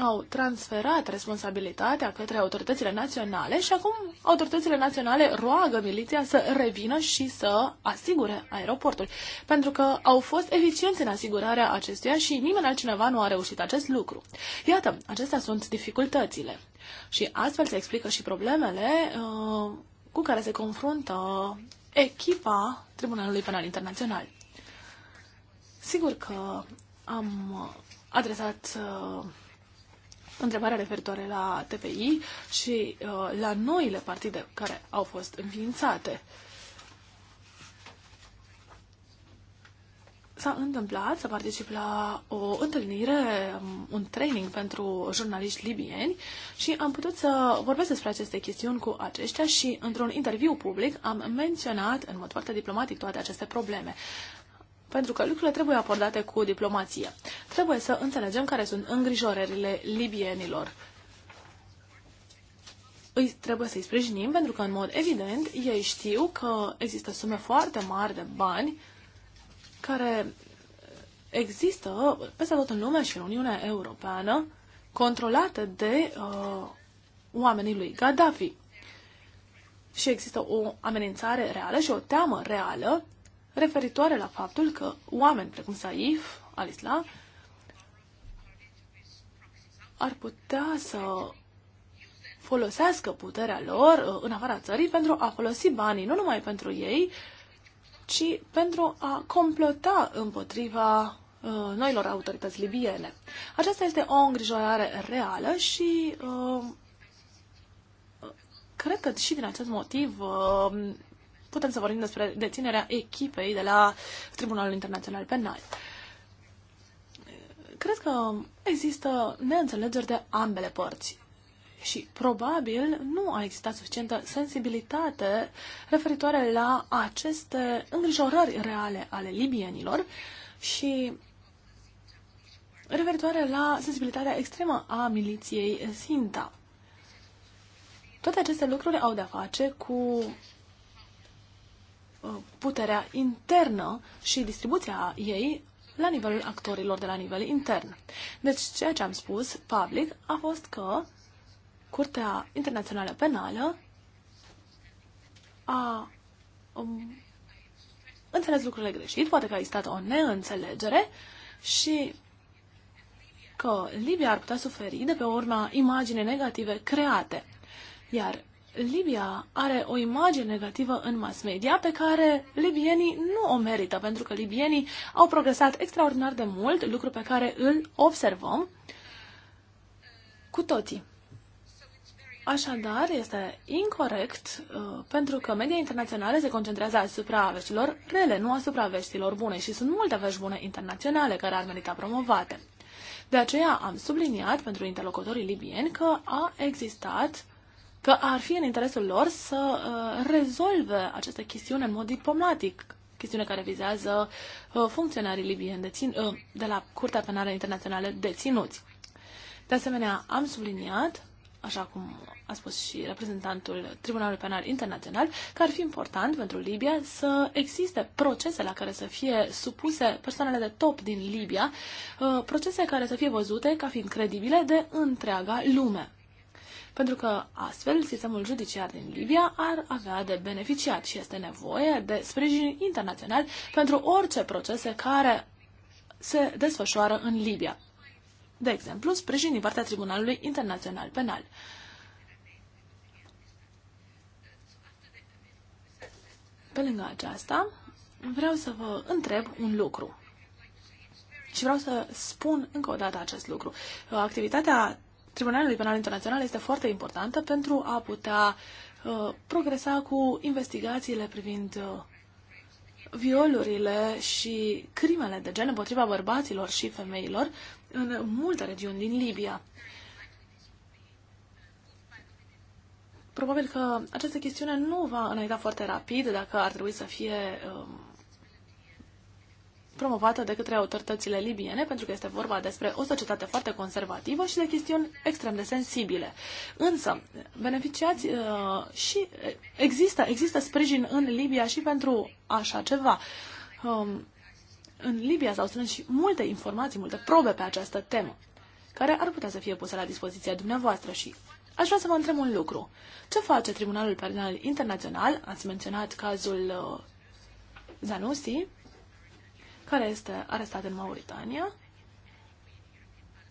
au transferat responsabilitatea către autoritățile naționale și acum autoritățile naționale roagă miliția să revină și să asigure aeroportul, pentru că au fost eficienți în asigurarea acestuia și nimeni altcineva nu a reușit acest lucru. Iată, acestea sunt dificultățile. Și astfel se explică și problemele uh, cu care se confruntă echipa Tribunalului Penal Internațional. Sigur că am adresat uh, întrebarea referitoare la TPI și uh, la noile partide care au fost înființate. Uh, s-a întâmplat să particip la o întâlnire, um, un training pentru jurnaliști libieni și am putut să vorbesc despre aceste chestiuni cu aceștia și într-un interviu public am menționat în mod foarte diplomatic toate aceste probleme. Pentru că lucrurile trebuie abordate cu diplomație. Trebuie să înțelegem care sunt îngrijorările libienilor. Îi trebuie să-i sprijinim pentru că, în mod evident, ei știu că există sume foarte mari de bani care există peste tot în lume și în Uniunea Europeană, controlate de uh, oamenii lui Gaddafi. Și există o amenințare reală și o teamă reală referitoare la faptul că oameni precum Saif, al-Islam, ar putea să folosească puterea lor uh, în afara țării pentru a folosi banii, nu numai pentru ei, uh, ci pentru a complota împotriva uh, noilor autorități libiene. Aceasta este o îngrijorare reală și uh, cred că și din acest motiv uh, putem să vorbim despre deținerea echipei de la Tribunalul Internațional Penal. Cred că există neînțelegeri de ambele părți și probabil nu a existat suficientă sensibilitate referitoare la aceste îngrijorări reale ale libienilor și referitoare la sensibilitatea extremă a miliției Sinta. Toate aceste lucruri au de-a face cu uh, puterea internă și distribuția ei la nivelul actorilor de la nivel intern. Deci, ceea ce am spus public a fost că Curtea Internațională Penală a um, înțeles lucrurile greșit, poate că a existat o neînțelegere și că Libia ar putea suferi de pe urma imagine negative create. Iar Libia are o imagine negativă în mass media pe care libienii nu o merită, pentru că libienii au progresat extraordinar de mult, lucru pe care îl observăm cu toții. Așadar, este incorrect uh, pentru că media internațională se concentrează asupra veștilor rele, nu asupra veștilor bune și sunt multe vești bune internaționale care ar merita promovate. De aceea am subliniat pentru interlocutorii libieni că a existat, că ar fi în interesul lor să uh, rezolve această chestiune în mod diplomatic, chestiune care vizează uh, funcționarii libieni uh, de la Curtea Penală Internațională deținuți. De asemenea, am subliniat așa cum a spus și reprezentantul Tribunalului Penal Internațional, că ar fi important pentru Libia să existe procese la care să fie supuse persoanele de top din Libia, uh, procese care să fie văzute ca fiind credibile de întreaga lume. Pentru că astfel sistemul judiciar din Libia ar avea de beneficiat și este nevoie de sprijin internațional pentru orice procese care se desfășoară în Libia de exemplu, sprijin din partea Tribunalului Internațional Penal. Pe lângă aceasta, vreau să vă întreb un lucru. Și vreau să spun încă o dată acest lucru. Activitatea Tribunalului Penal Internațional este foarte importantă pentru a putea uh, progresa cu investigațiile privind uh, violurile și crimele de gen împotriva bărbaților și femeilor în multe regiuni din Libia. Probabil că această chestiune nu va înainta foarte rapid dacă ar trebui să fie um, promovată de către autoritățile libiene, pentru că este vorba despre o societate foarte conservativă și de chestiuni extrem de sensibile. Însă, beneficiați uh, și există, există sprijin în Libia și pentru așa ceva. Um, în Libia s-au strâns și multe informații, multe probe pe această temă, care ar putea să fie puse la dispoziția dumneavoastră și Aș vrea să vă întreb un lucru. Ce face Tribunalul Penal Internațional? Ați menționat cazul uh, Zanussi, care este arestat în Mauritania.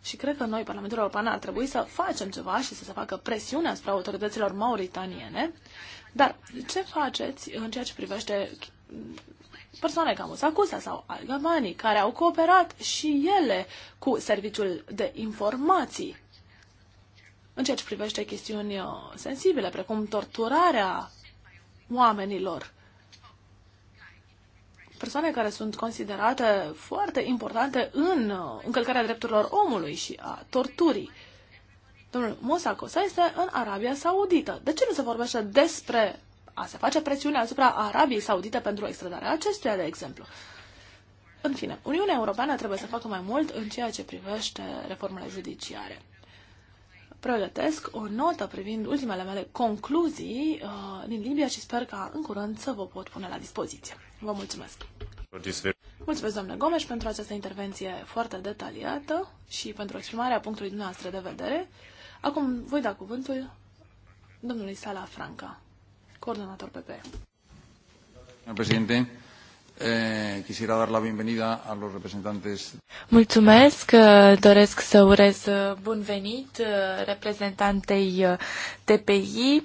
Și cred că noi, Parlamentul European, ar trebui să facem ceva și să se facă presiune asupra autorităților mauritaniene. Dar ce faceți în ceea ce privește persoane ca Musacusa sau Algamani, care au cooperat și ele cu serviciul de informații în ceea ce privește chestiuni uh, sensibile, precum torturarea oamenilor persoane care sunt considerate foarte importante în uh, încălcarea drepturilor omului și a torturii. Domnul Musa Cosa este în Arabia Saudită. De ce nu se vorbește despre a se face presiune asupra Arabiei Saudite pentru extradarea acestuia, de exemplu? În fine, Uniunea Europeană trebuie să facă mai mult în ceea ce privește reformele judiciare. Pregătesc o notă privind ultimele mele concluzii uh, din Libia și sper ca în curând să vă pot pune la dispoziție. Vă mulțumesc! Mulțumesc, doamnă Gomes, pentru această intervenție foarte detaliată și pentru exprimarea punctului dumneavoastră de vedere. Acum voi da cuvântul domnului Sala Franca, coordonator PP. Eh, la Mulțumesc, doresc să urez bun venit eh, reprezentantei eh, TPI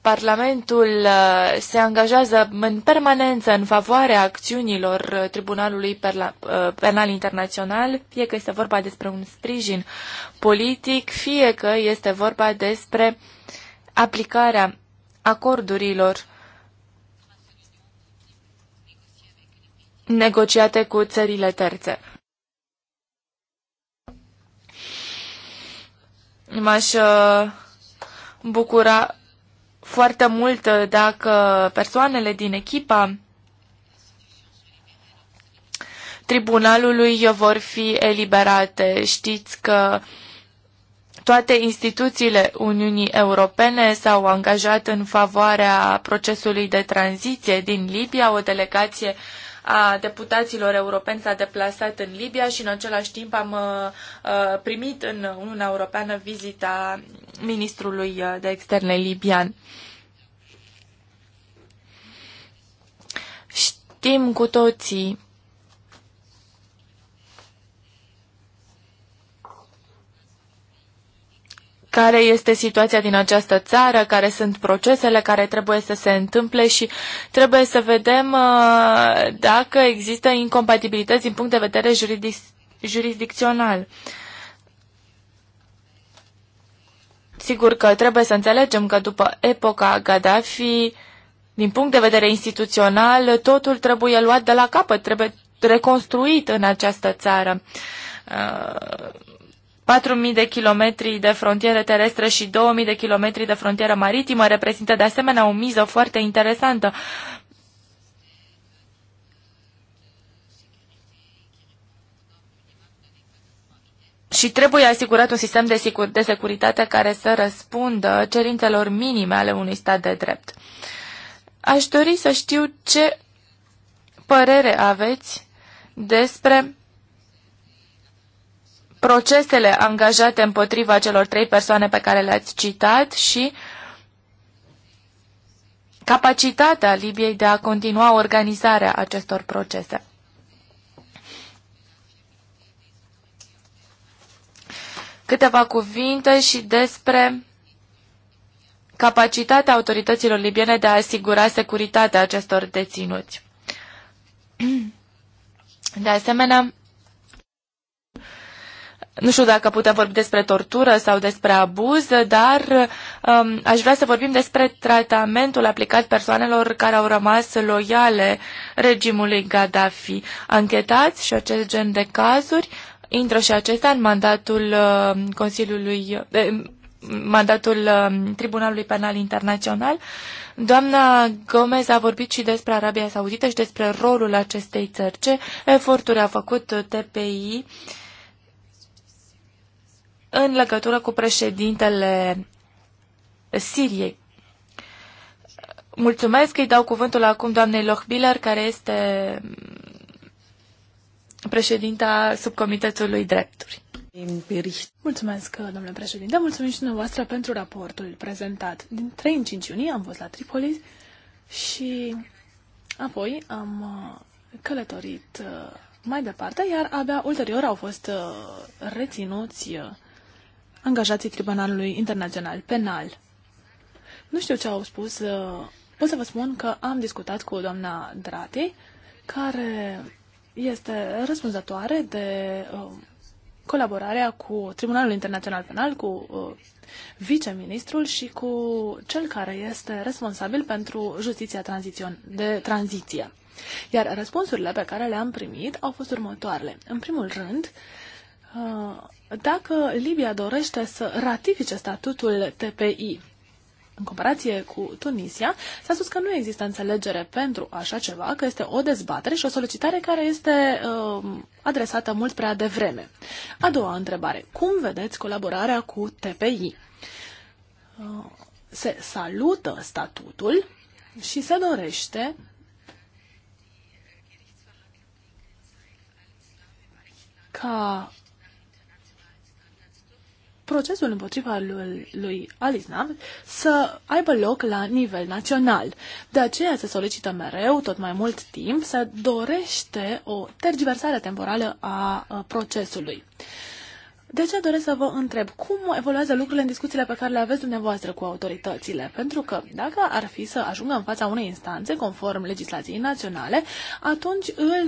Parlamentul uh, se angajează în permanență în favoarea acțiunilor uh, Tribunalului uh, Penal Internațional, fie că este vorba despre un sprijin politic, fie că este vorba despre aplicarea acordurilor negociate cu țările terțe. M-aș bucura foarte mult uh, dacă persoanele din echipa tribunalului vor fi eliberate. Știți că toate instituțiile Uniunii Europene s-au angajat în favoarea procesului de tranziție din Libia. O delegație a deputaților europeni s-a deplasat în Libia și în același timp am uh, uh, primit în Uniunea Europeană vizita ministrului uh, de externe libian. Știm cu toții care este situația din această țară, care sunt procesele care trebuie să se întâmple și trebuie să vedem uh, dacă există incompatibilități din punct de vedere juridic jurisdicțional. Sigur că trebuie să înțelegem că după epoca Gaddafi, din punct de vedere instituțional, totul trebuie luat de la capăt, trebuie reconstruit în această țară. Uh, 4.000 de kilometri de frontiere terestre și 2.000 de kilometri de frontieră maritimă reprezintă de asemenea o miză foarte interesantă. Și trebuie asigurat un sistem de, sigur, de securitate care să răspundă cerințelor minime ale unui stat de drept. Aș dori să știu ce părere aveți despre procesele angajate împotriva celor trei persoane pe care le-ați citat și capacitatea Libiei de a continua organizarea acestor procese. Câteva cuvinte și despre capacitatea autorităților libiene de a asigura securitatea acestor deținuți. De asemenea, nu știu dacă putem vorbi despre tortură sau despre abuz, dar um, aș vrea să vorbim despre tratamentul aplicat persoanelor care au rămas loiale regimului Gaddafi. Anchetați și acest gen de cazuri intră și acesta în mandatul uh, Consiliului, uh, mandatul uh, Tribunalului Penal Internațional. Doamna Gomez a vorbit și despre Arabia Saudită și despre rolul acestei țări. Ce eforturi a făcut TPI uh, în legătură cu președintele Siriei. Mulțumesc, îi dau cuvântul acum doamnei Lochbiller, care este președinta subcomitetului drepturi. Mulțumesc, domnule președinte. Mulțumim și dumneavoastră pentru raportul prezentat. Din 3 în 5 iunie am fost la Tripoli și apoi am uh, călătorit uh, mai departe, iar abia ulterior au fost uh, reținuți angajații Tribunalului Internațional Penal. Nu știu ce au spus. Uh, pot să vă spun că am discutat cu doamna Drati, care este răspunzătoare de uh, colaborarea cu Tribunalul Internațional Penal, cu uh, viceministrul și cu cel care este responsabil pentru justiția de tranziție. Iar răspunsurile pe care le-am primit au fost următoarele. În primul rând, dacă Libia dorește să ratifice statutul TPI. În comparație cu Tunisia, s-a spus că nu există înțelegere pentru așa ceva, că este o dezbatere și o solicitare care este uh, adresată mult prea devreme. A doua întrebare. Cum vedeți colaborarea cu TPI? Uh, se salută statutul și se dorește ca procesul împotriva lui, lui al să aibă loc la nivel național. De aceea se solicită mereu, tot mai mult timp, se dorește o tergiversare temporală a procesului. De aceea doresc să vă întreb cum evoluează lucrurile în discuțiile pe care le aveți dumneavoastră cu autoritățile, pentru că dacă ar fi să ajungă în fața unei instanțe conform legislației naționale, atunci îl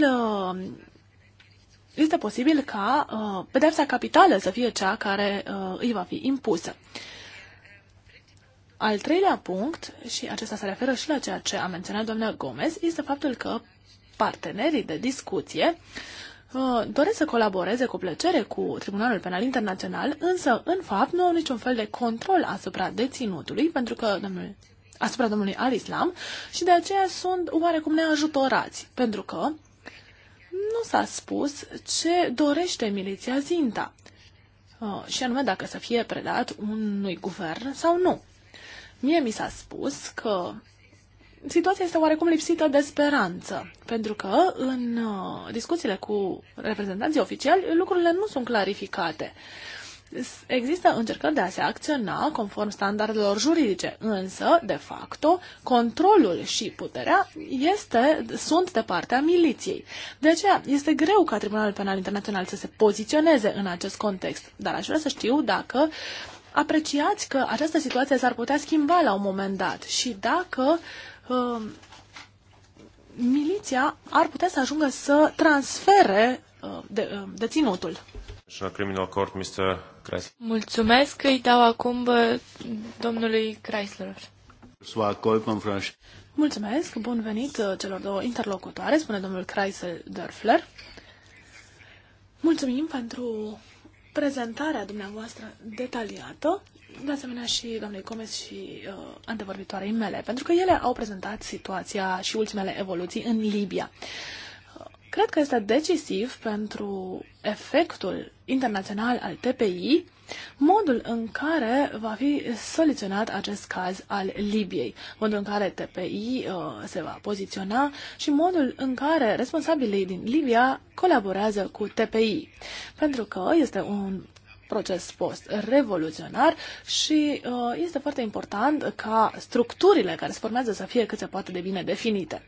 este posibil ca uh, pedepsa capitală să fie cea care uh, îi va fi impusă. Al treilea punct, și acesta se referă și la ceea ce a menționat doamna Gomez, este faptul că partenerii de discuție uh, doresc să colaboreze cu plăcere cu Tribunalul Penal Internațional, însă, în fapt, nu au niciun fel de control asupra deținutului, pentru că domnul, asupra domnului Al-Islam, și de aceea sunt oarecum neajutorați, pentru că nu s-a spus ce dorește miliția Zinta, uh, și anume dacă să fie predat unui guvern sau nu. Mie mi s-a spus că situația este oarecum lipsită de speranță, pentru că în uh, discuțiile cu reprezentanții oficiali lucrurile nu sunt clarificate. Există încercări de a se acționa conform standardelor juridice, însă, de facto, controlul și puterea este, sunt de partea miliției. De aceea, este greu ca Tribunalul Penal Internațional să se poziționeze în acest context, dar aș vrea să știu dacă apreciați că această situație s-ar putea schimba la un moment dat și dacă uh, miliția ar putea să ajungă să transfere uh, de, uh, deținutul. Criminal Court, Mr. Chrysler. Mulțumesc, îi dau acum domnului Chrysler. Mulțumesc, bun venit uh, celor două interlocutoare, spune domnul Chrysler Dörfler. Mulțumim pentru prezentarea dumneavoastră detaliată, de asemenea și domnului Comes și uh, antevorbitoarei mele, pentru că ele au prezentat situația și ultimele evoluții în Libia. Cred că este decisiv pentru efectul internațional al TPI modul în care va fi soluționat acest caz al Libiei, modul în care TPI uh, se va poziționa și modul în care responsabilii din Libia colaborează cu TPI. Pentru că este un proces post-revoluționar și uh, este foarte important ca structurile care se formează să fie cât se poate de bine definite.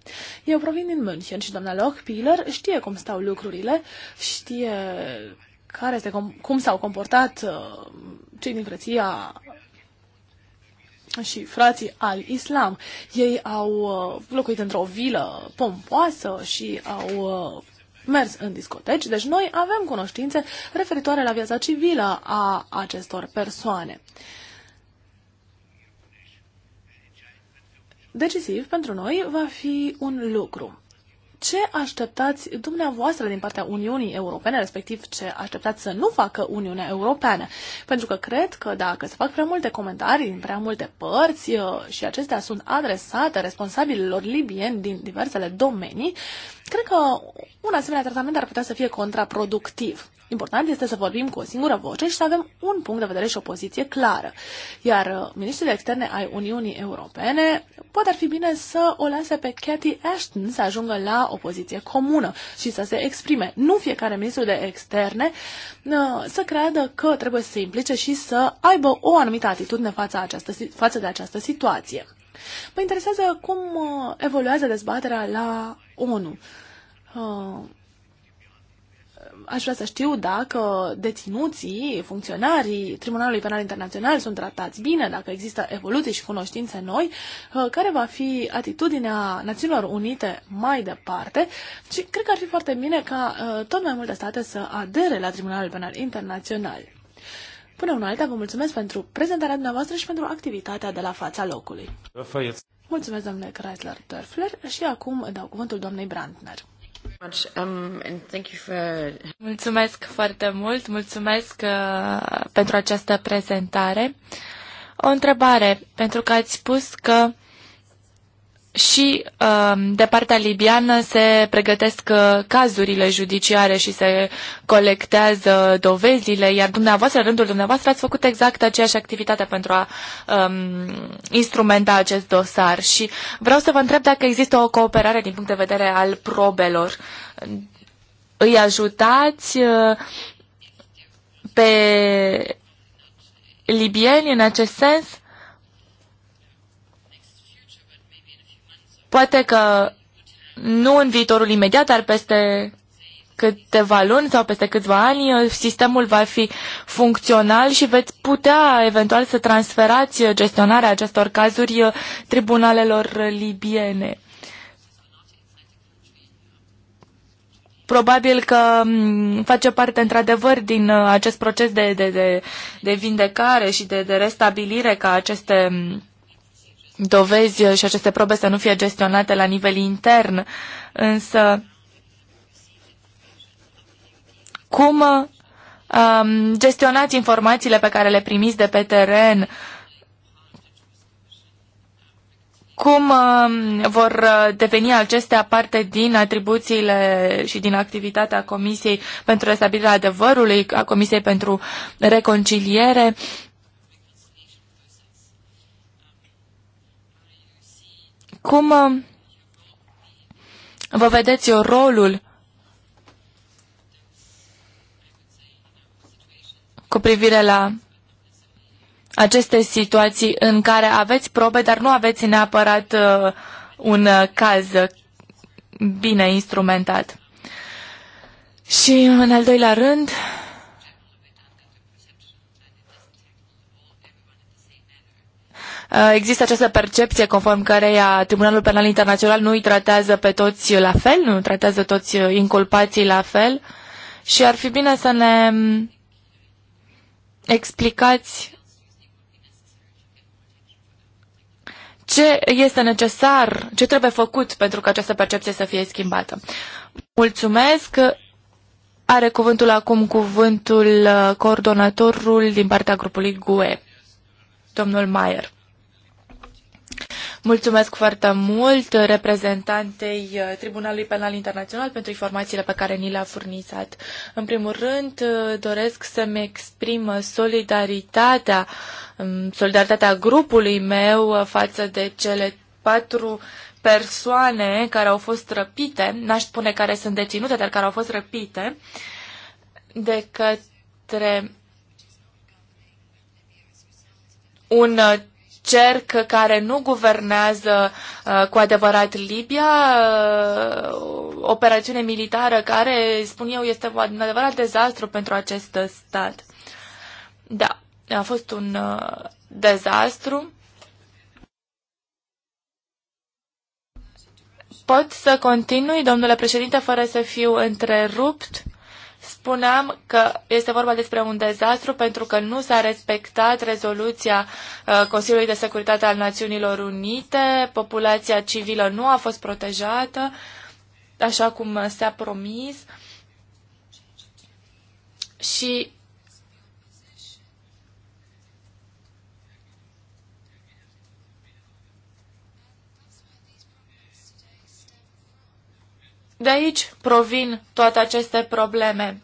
Eu provin din München și doamna Piller știe cum stau lucrurile, știe care este, cum s-au comportat uh, cei din frăția și frații al islam. Ei au uh, locuit într-o vilă pompoasă și au mers în discoteci, deci noi avem cunoștințe referitoare la viața civilă a acestor persoane. Decisiv pentru noi va fi un lucru. Ce așteptați dumneavoastră din partea Uniunii Europene, respectiv ce așteptați să nu facă Uniunea Europeană? Pentru că cred că dacă se fac prea multe comentarii din prea multe părți uh, și acestea sunt adresate responsabililor libieni din diversele domenii, Cred că un asemenea tratament ar putea să fie contraproductiv. Important este să vorbim cu o singură voce și să avem un punct de vedere și o poziție clară. Iar uh, ministrul externe ai Uniunii Europene poate ar fi bine să o lase pe Cathy Ashton să ajungă la o poziție comună și să se exprime. Nu fiecare ministru de externe uh, să creadă că trebuie să se implice și să aibă o anumită atitudine față, această, față de această situație. Mă interesează cum uh, evoluează dezbaterea la ONU. Uh, aș vrea să știu dacă deținuții, funcționarii Tribunalului Penal Internațional sunt tratați bine, dacă există evoluții și cunoștințe noi, uh, care va fi atitudinea Națiunilor Unite mai departe și cred că ar fi foarte bine ca uh, tot mai multe state să adere la Tribunalul Penal Internațional. Până una alta, vă mulțumesc pentru prezentarea dumneavoastră și pentru activitatea de la fața locului. Mulțumesc, domnule Kreisler Dörfler, și acum dau cuvântul doamnei Brandner. Um, mulțumesc foarte mult, mulțumesc uh, pentru această prezentare. O întrebare, pentru că ați spus că și um, de partea libiană se pregătesc uh, cazurile judiciare și se colectează dovezile, iar dumneavoastră, rândul dumneavoastră, ați făcut exact aceeași activitate pentru a um, instrumenta acest dosar. Și vreau să vă întreb dacă există o cooperare din punct de vedere al probelor. Îi ajutați uh, pe libieni în acest sens? Poate că nu în viitorul imediat, dar peste câteva luni sau peste câțiva ani uh, sistemul va fi funcțional și veți putea eventual să transferați uh, gestionarea acestor cazuri uh, tribunalelor libiene. Probabil că mm, face parte într-adevăr din acest proces de, de, de, de vindecare și de, de restabilire ca aceste mm, dovezi și aceste probe să nu fie gestionate la nivel intern, însă cum um, gestionați informațiile pe care le primiți de pe teren? Cum um, vor uh, deveni acestea parte din atribuțiile și din activitatea Comisiei pentru restabilirea adevărului, a Comisiei pentru reconciliere? Uh, Cum vă vedeți eu rolul cu privire la aceste situații în care aveți probe, dar nu aveți neapărat uh, un uh, caz uh, bine instrumentat. Și în al doilea rând, Uh, există această percepție conform căreia Tribunalul Penal Internațional nu îi tratează pe toți la fel, nu tratează toți uh, inculpații la fel și ar fi bine să ne um, explicați ce este necesar, ce trebuie făcut pentru ca această percepție să fie schimbată. Mulțumesc! Are cuvântul acum cuvântul uh, coordonatorul din partea grupului GUE, domnul Mayer. Mulțumesc foarte mult reprezentantei uh, Tribunalului Penal Internațional pentru informațiile pe care ni le-a furnizat. În primul rând, uh, doresc să-mi exprim solidaritatea, um, solidaritatea grupului meu uh, față de cele patru persoane care au fost răpite, n-aș spune care sunt deținute, dar care au fost răpite, de către un cerc care nu guvernează uh, cu adevărat Libia, uh, operațiune militară care, spun eu, este un adevărat dezastru pentru acest stat. Da, a fost un uh, dezastru. Pot să continui, domnule președinte, fără să fiu întrerupt? Spuneam că este vorba despre un dezastru pentru că nu s-a respectat rezoluția uh, Consiliului de Securitate al Națiunilor Unite, populația civilă nu a fost protejată, așa cum s-a promis. Și De aici provin toate aceste probleme.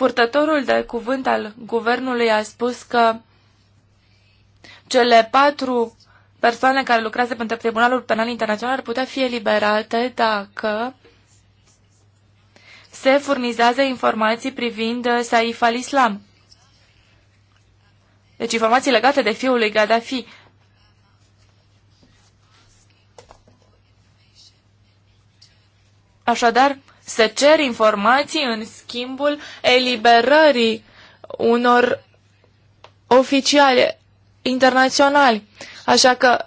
purtătorul de cuvânt al guvernului a spus că cele patru persoane care lucrează pentru Tribunalul Penal Internațional ar putea fi eliberate dacă se furnizează informații privind Saif al-Islam. Deci informații legate de fiul lui Gaddafi. Așadar, se cer informații în schimbul eliberării unor oficiale internaționali. Așa că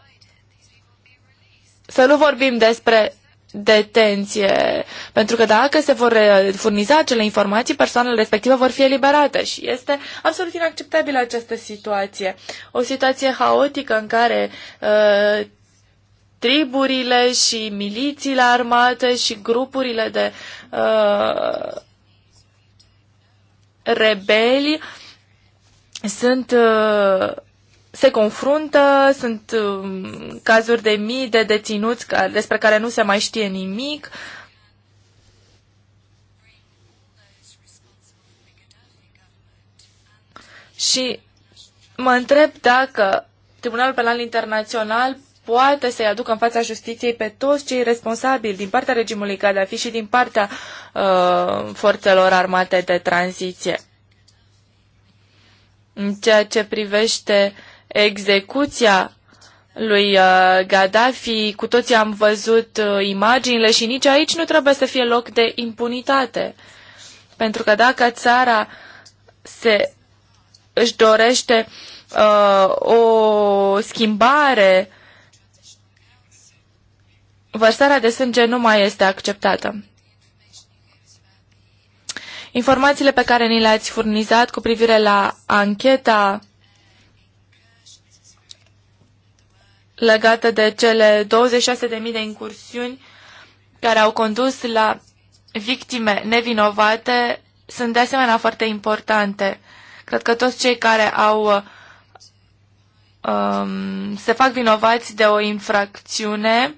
să nu vorbim despre detenție, pentru că dacă se vor eh, furniza acele informații, persoanele respective vor fi eliberate și este absolut inacceptabilă această situație. O situație haotică în care uh, triburile și milițiile armate și grupurile de uh, rebeli sunt uh, se confruntă, sunt uh, cazuri de mii de deținuți despre care nu se mai știe nimic. Și mă întreb dacă Tribunalul Penal Internațional poată să-i aducă în fața justiției pe toți cei responsabili din partea regimului Gaddafi și din partea uh, forțelor armate de tranziție. În ceea ce privește execuția lui uh, Gaddafi, cu toții am văzut uh, imaginile și nici aici nu trebuie să fie loc de impunitate. Pentru că dacă țara se, își dorește uh, o schimbare vărsarea de sânge nu mai este acceptată. Informațiile pe care ni le-ați furnizat cu privire la ancheta legată de cele 26.000 de incursiuni care au condus la victime nevinovate sunt de asemenea foarte importante. Cred că toți cei care au um, se fac vinovați de o infracțiune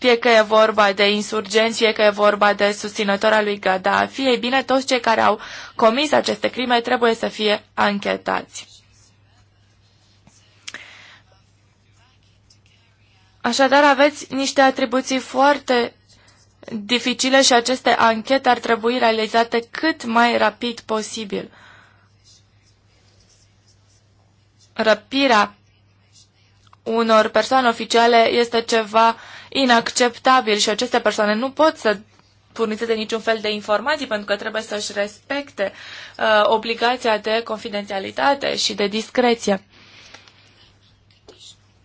fie că e vorba de insurgenți, fie că e vorba de al lui Gaddafi, ei bine, toți cei care au comis aceste crime trebuie să fie anchetați. Așadar, aveți niște atribuții foarte dificile și aceste anchete ar trebui realizate cât mai rapid posibil. Răpirea unor persoane oficiale este ceva inacceptabil și aceste persoane nu pot să furnizeze niciun fel de informații pentru că trebuie să-și respecte uh, obligația de confidențialitate și de discreție.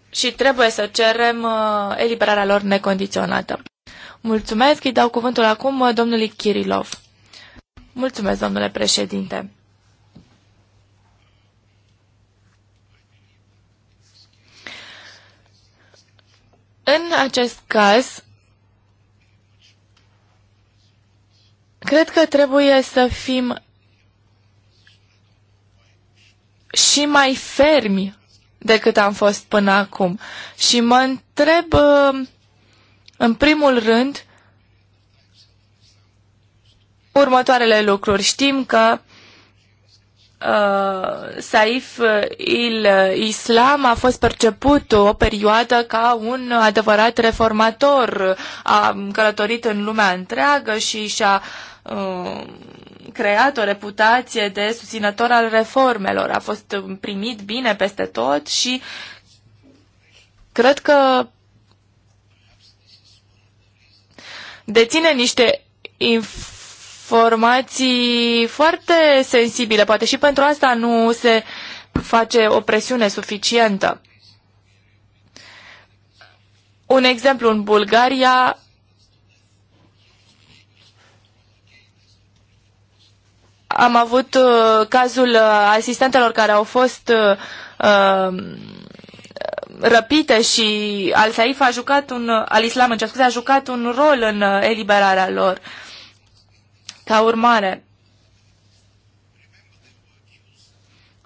Și trebuie să cerem uh, eliberarea lor necondiționată. Mulțumesc, îi dau cuvântul acum uh, domnului Kirilov. Mulțumesc, domnule președinte. În acest caz, cred că trebuie să fim și mai fermi decât am fost până acum. Și mă întreb, uh, în primul rând, următoarele lucruri. Știm că uh, Saif uh, il uh, Islam a fost perceput o perioadă ca un adevărat reformator. A călătorit în lumea întreagă și și-a uh, creat o reputație de susținător al reformelor. A fost primit bine peste tot și cred că deține niște informații informații foarte sensibile. Poate și pentru asta nu se face o presiune suficientă. Un exemplu, în Bulgaria am avut uh, cazul uh, asistentelor care au fost uh, uh răpite și Al-Saif a jucat un, al-Islam, a jucat un rol în uh, eliberarea lor. Uh, ca urmare,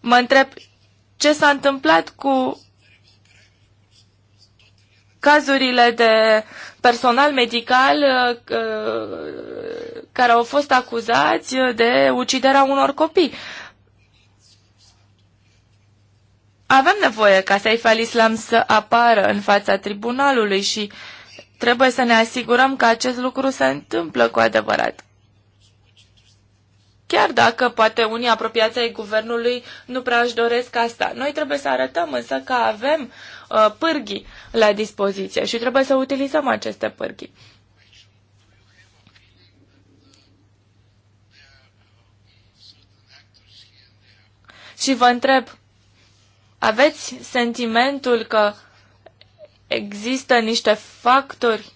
mă întreb ce s-a întâmplat cu cazurile de personal medical uh, care au fost acuzați de uciderea unor copii. Avem nevoie ca Saif al-Islam să apară în fața tribunalului și trebuie să ne asigurăm că acest lucru se întâmplă cu adevărat. Chiar dacă poate unii apropiați ai guvernului nu prea își doresc asta. Noi trebuie să arătăm însă că avem uh, pârghii la dispoziție și trebuie să utilizăm aceste pârghii. Și vă întreb, aveți sentimentul că există niște factori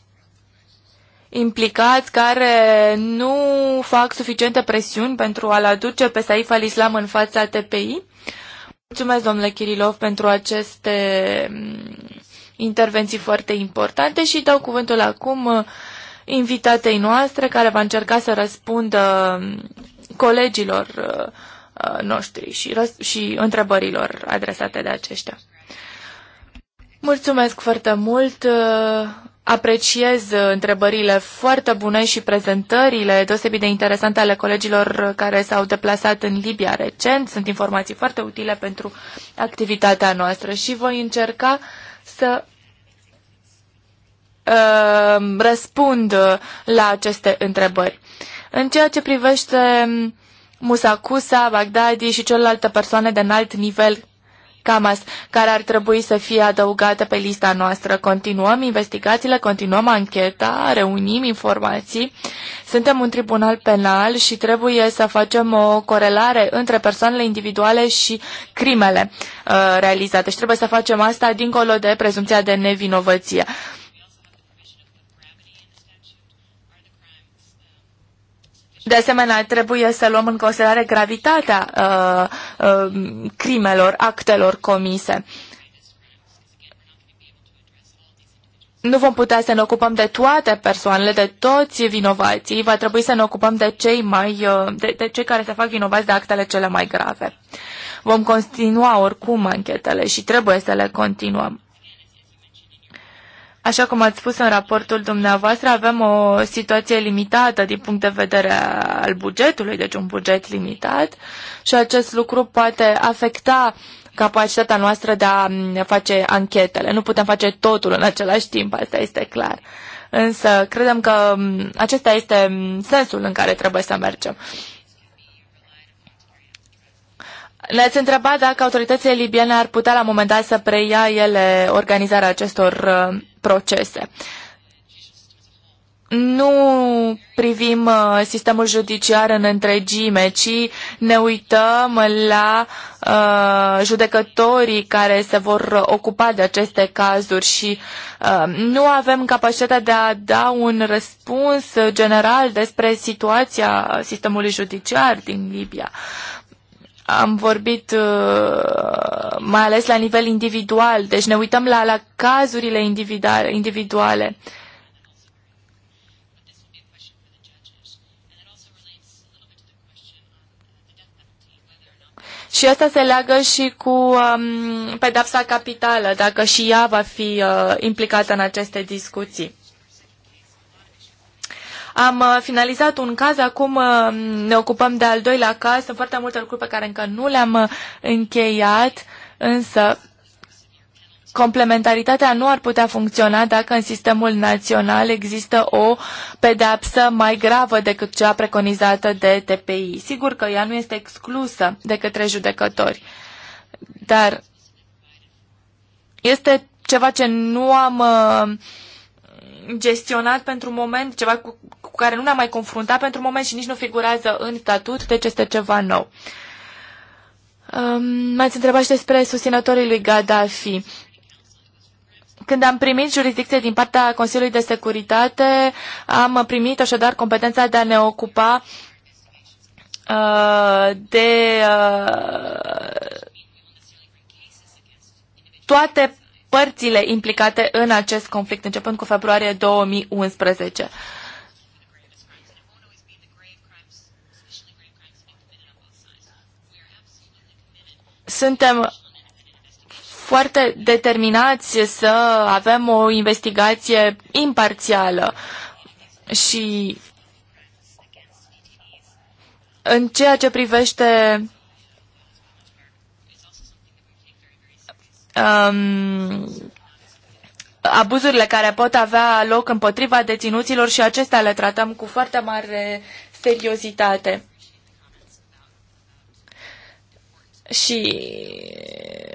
implicați care nu fac suficiente presiuni pentru a-l aduce pe Saif al-Islam în fața TPI. Mulțumesc, domnule Kirilov, pentru aceste mm, intervenții foarte importante și dau cuvântul acum uh, invitatei noastre care va încerca să răspundă mm, colegilor uh, uh, noștri și, și întrebărilor adresate de aceștia. Mulțumesc foarte mult Apreciez uh, întrebările foarte bune și prezentările deosebit de interesante ale colegilor uh, care s-au deplasat în Libia recent. Sunt informații foarte utile pentru activitatea noastră și voi încerca să uh, răspund uh, la aceste întrebări. În ceea ce privește um, Musacusa, Bagdadi și celelalte persoane de înalt nivel CAMAS care ar trebui să fie adăugate pe lista noastră. Continuăm investigațiile, continuăm ancheta, reunim informații. Suntem un tribunal penal și trebuie să facem o corelare între persoanele individuale și crimele uh, realizate și trebuie să facem asta dincolo de prezumția de nevinovăție. Uh, De asemenea, trebuie să luăm în considerare gravitatea uh, uh, crimelor, actelor comise. Nu vom putea să ne ocupăm de toate persoanele, de toți vinovații. Va trebui să ne ocupăm de cei, mai, uh, de, de cei care se fac vinovați de actele cele mai grave. Vom continua oricum anchetele și trebuie să le continuăm. Așa cum ați spus în raportul dumneavoastră, avem o situație limitată din punct de vedere al bugetului, deci un buget limitat și acest lucru poate afecta capacitatea noastră de a mm, face anchetele. Nu putem face totul în același timp, asta este clar. Însă credem că mm, acesta este mm, sensul în care trebuie să mergem. Ne-ați întrebat dacă autoritățile libiene ar putea la un moment dat să preia ele organizarea acestor procese. Nu privim uh, sistemul judiciar în întregime, ci ne uităm la uh, judecătorii care se vor ocupa de aceste cazuri și uh, nu avem capacitatea de a da un răspuns general despre situația sistemului judiciar din Libia am vorbit uh, mai ales la nivel individual, deci ne uităm la, la cazurile individuale. individuale. Și asta se leagă și cu um, pedapsa capitală, dacă și ea va fi uh, implicată în aceste discuții. Am uh, finalizat un caz, acum uh, ne ocupăm de al doilea caz. Sunt foarte multe lucruri pe care încă nu le-am uh, încheiat, însă complementaritatea nu ar putea funcționa dacă în sistemul național există o pedapsă mai gravă decât cea preconizată de TPI. Sigur că ea nu este exclusă de către judecători, dar este ceva ce nu am gestionat pentru moment, ceva cu care nu ne-am mai confruntat pentru moment și nici nu figurează în statut, deci este ceva nou. Um, m-ați întrebat și despre susținătorii lui Gaddafi. Când am primit jurisdicție din partea Consiliului de Securitate, am primit așadar competența de a ne ocupa uh, de uh, toate părțile implicate în acest conflict, începând cu februarie 2011. Suntem foarte determinați să avem o investigație imparțială și în ceea ce privește um, abuzurile care pot avea loc împotriva deținuților și acestea le tratăm cu foarte mare seriozitate. și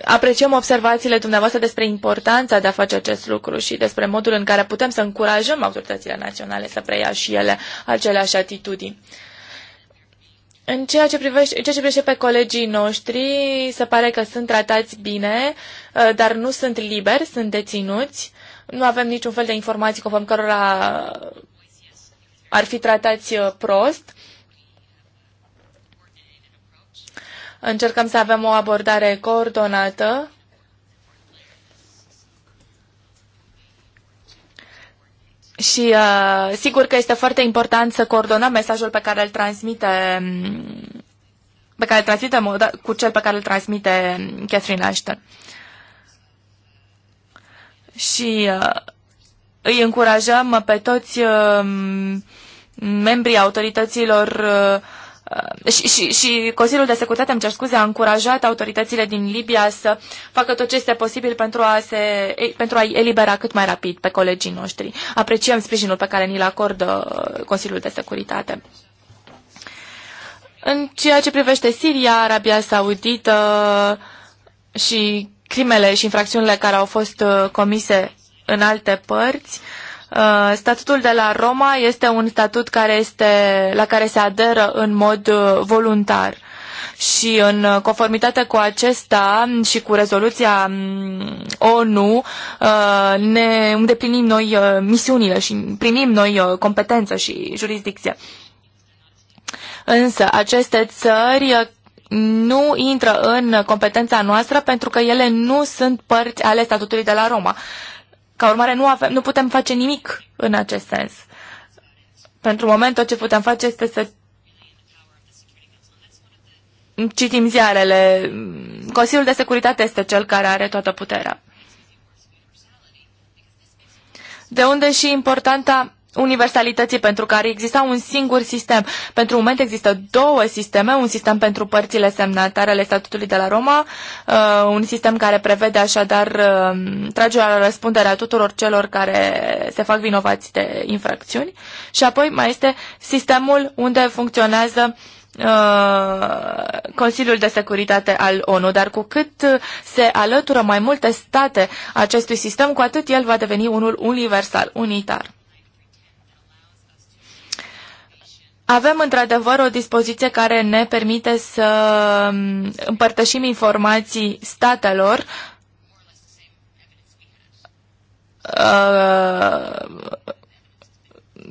apreciem observațiile dumneavoastră despre importanța de a face acest lucru și despre modul în care putem să încurajăm autoritățile naționale să preia și ele aceleași atitudini. În ceea ce privește, ceea ce privește pe colegii noștri, se pare că sunt tratați bine, uh, dar nu sunt liberi, sunt deținuți. Nu avem niciun fel de informații conform cărora ar fi tratați uh, prost. Uh, Încercăm să avem o abordare coordonată Și uh, sigur că este foarte important să coordonăm mesajul pe care îl transmite pe care îl transmite cu cel pe care îl transmite Catherine Ashton. Și uh, îi încurajăm pe toți uh, membrii autorităților uh, Uh, și, și, și Consiliul de Securitate, îmi cer scuze, a încurajat autoritățile din Libia să facă tot ce este posibil pentru a se, pentru a elibera cât mai rapid pe colegii noștri. Apreciem sprijinul pe care ni-l acordă Consiliul de Securitate. În ceea ce privește Siria, Arabia Saudită și crimele și infracțiunile care au fost uh, comise în alte părți, Uh, statutul de la Roma este un statut care este, la care se aderă în mod uh, voluntar și în conformitate cu acesta și cu rezoluția mm, ONU uh, ne îndeplinim noi misiunile și primim noi competență și jurisdicție. Însă aceste țări nu intră în competența noastră pentru că ele nu sunt părți ale statutului de la Roma. Ca urmare, nu, avem, nu putem face nimic în acest sens. Pentru moment, tot ce putem face este să citim ziarele. Consiliul de Securitate este cel care are toată puterea. De unde și importanta universalității, pentru care exista un singur sistem. Pentru moment există două sisteme, un sistem pentru părțile semnatare ale statutului de la Roma, uh, un sistem care prevede așadar uh, tragerea la a tuturor celor care se fac vinovați de infracțiuni și apoi mai este sistemul unde funcționează uh, Consiliul de Securitate al ONU, dar cu cât se alătură mai multe state acestui sistem, cu atât el va deveni unul universal, unitar. Avem într-adevăr o dispoziție care ne permite să mm, împărtășim informații statelor uh,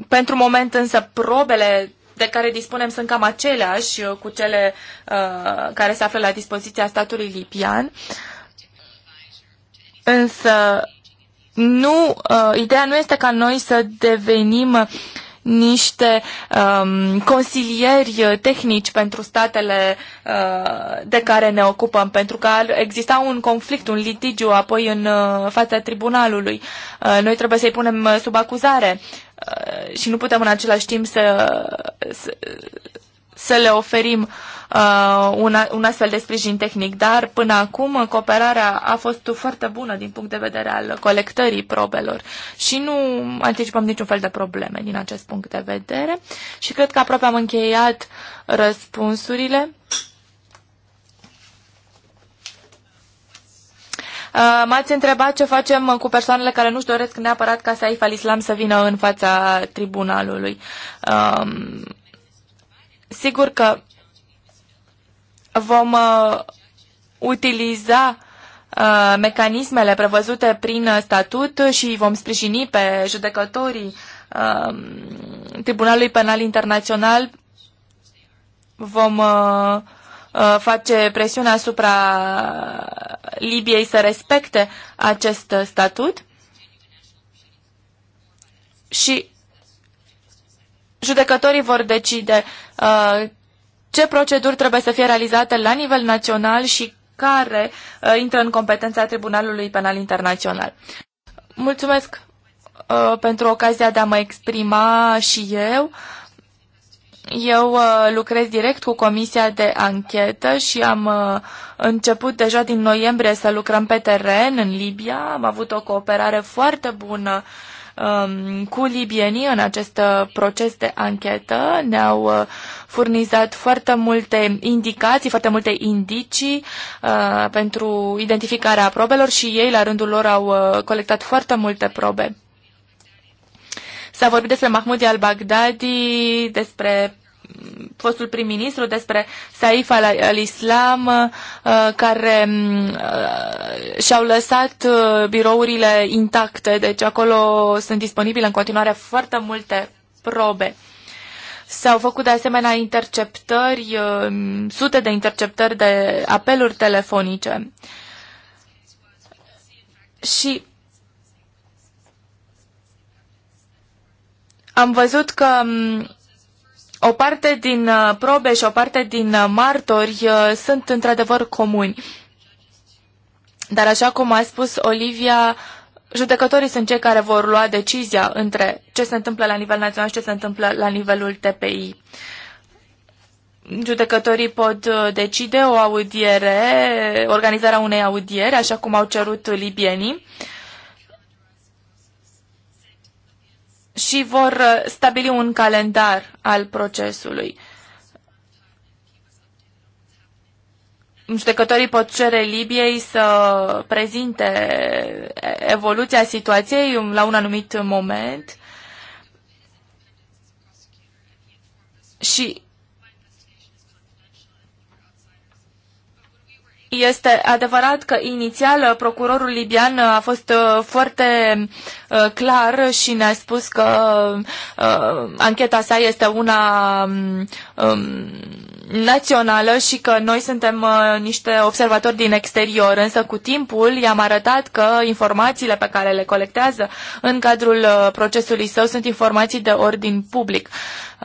pentru moment însă probele de care dispunem sunt cam aceleași uh, cu cele uh, care se află la dispoziția statului lipian. Însă nu, ideea nu este ca noi să devenim niște um, consilieri uh, tehnici pentru statele uh, de care ne ocupăm, pentru că exista un conflict, un litigiu apoi în uh, fața tribunalului. Uh, noi trebuie să-i punem uh, sub acuzare uh, și nu putem în același timp să, să, să le oferim uh, un, un astfel de sprijin tehnic, dar până acum uh, cooperarea a fost foarte bună din punct de vedere al colectării probelor și nu anticipăm niciun fel de probleme din acest punct de vedere și cred că aproape am încheiat răspunsurile. Uh, m-ați întrebat ce facem uh, cu persoanele care nu-și doresc neapărat ca Saif al-Islam să vină în fața tribunalului. Um, Sigur că vom uh, utiliza uh, mecanismele prevăzute prin statut și vom sprijini pe judecătorii uh, Tribunalului Penal Internațional. Vom uh, uh, face presiune asupra Libiei să respecte acest statut și judecătorii vor decide Uh, ce proceduri trebuie să fie realizate la nivel național și care uh, intră în competența Tribunalului Penal Internațional. Mulțumesc uh, pentru ocazia de a mă exprima și eu. Eu lucrez direct cu Comisia de Anchetă și am început deja din noiembrie să lucrăm pe teren în Libia. Am avut o cooperare foarte bună uh, Um, cu libienii în acest uh, proces de anchetă. Ne-au uh, furnizat foarte multe indicații, foarte multe indicii uh, pentru identificarea probelor și ei, la rândul lor, au uh, colectat foarte multe probe. S-a vorbit despre Mahmoud al-Baghdadi, despre fostul prim-ministru, despre Saif al-Islam, uh, care mm, uh, și-au lăsat uh, birourile intacte, deci acolo sunt disponibile în continuare foarte multe probe. S-au făcut de asemenea interceptări, sute de interceptări de apeluri telefonice. Și am văzut că mm, o parte din uh, probe și o parte din uh, martori uh, sunt într-adevăr comuni. Dar așa cum a spus Olivia, judecătorii sunt cei care vor lua decizia între ce se întâmplă la nivel național și ce se întâmplă la nivelul TPI. Judecătorii pot decide o audiere, organizarea unei audiere, așa cum au cerut libienii. Uh, și vor uh, stabili un calendar al procesului. Judecătorii pot cere Libiei să prezinte evoluția situației la un anumit moment și Este adevărat că inițial uh, procurorul libian uh, a fost uh, foarte clar și ne-a spus că ancheta sa este una um, um, națională și că noi suntem niște observatori din exterior, însă cu timpul i-am arătat că informațiile pe care le colectează în cadrul procesului său sunt informații de ordin public,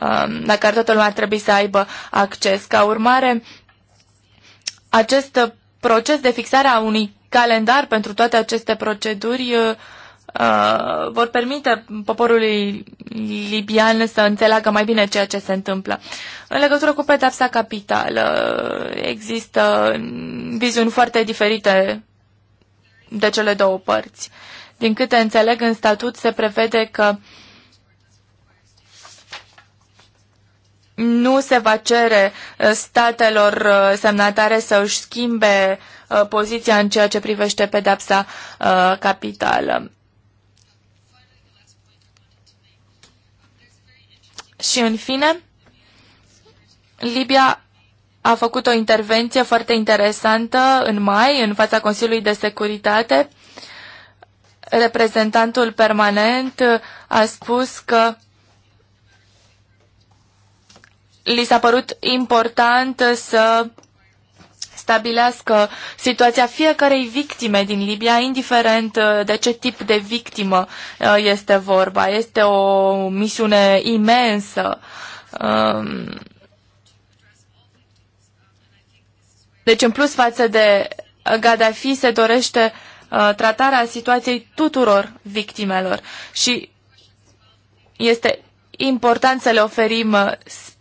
um, la care toată lumea trebuie să aibă acces. Ca urmare, acest proces de fixare a unui calendar pentru toate aceste proceduri uh, uh, vor permite poporului libian să înțeleagă mai bine ceea ce se întâmplă. În legătură cu pedapsa capitală, există viziuni foarte diferite de cele două părți. Din câte înțeleg, în statut se prevede că uh, nu se va cere uh, statelor uh, semnatare să își schimbe uh, poziția în ceea ce privește pedepsa capitală. Și în fine, Libia a făcut o intervenție foarte interesantă în mai în fața Consiliului de Securitate. Reprezentantul permanent a spus că li s-a părut important să stabilească situația fiecarei victime din Libia, indiferent uh, de ce tip de victimă uh, este vorba. Este o misiune imensă. Um, deci, în plus față de Gaddafi, se dorește uh, tratarea situației tuturor victimelor și este important să le oferim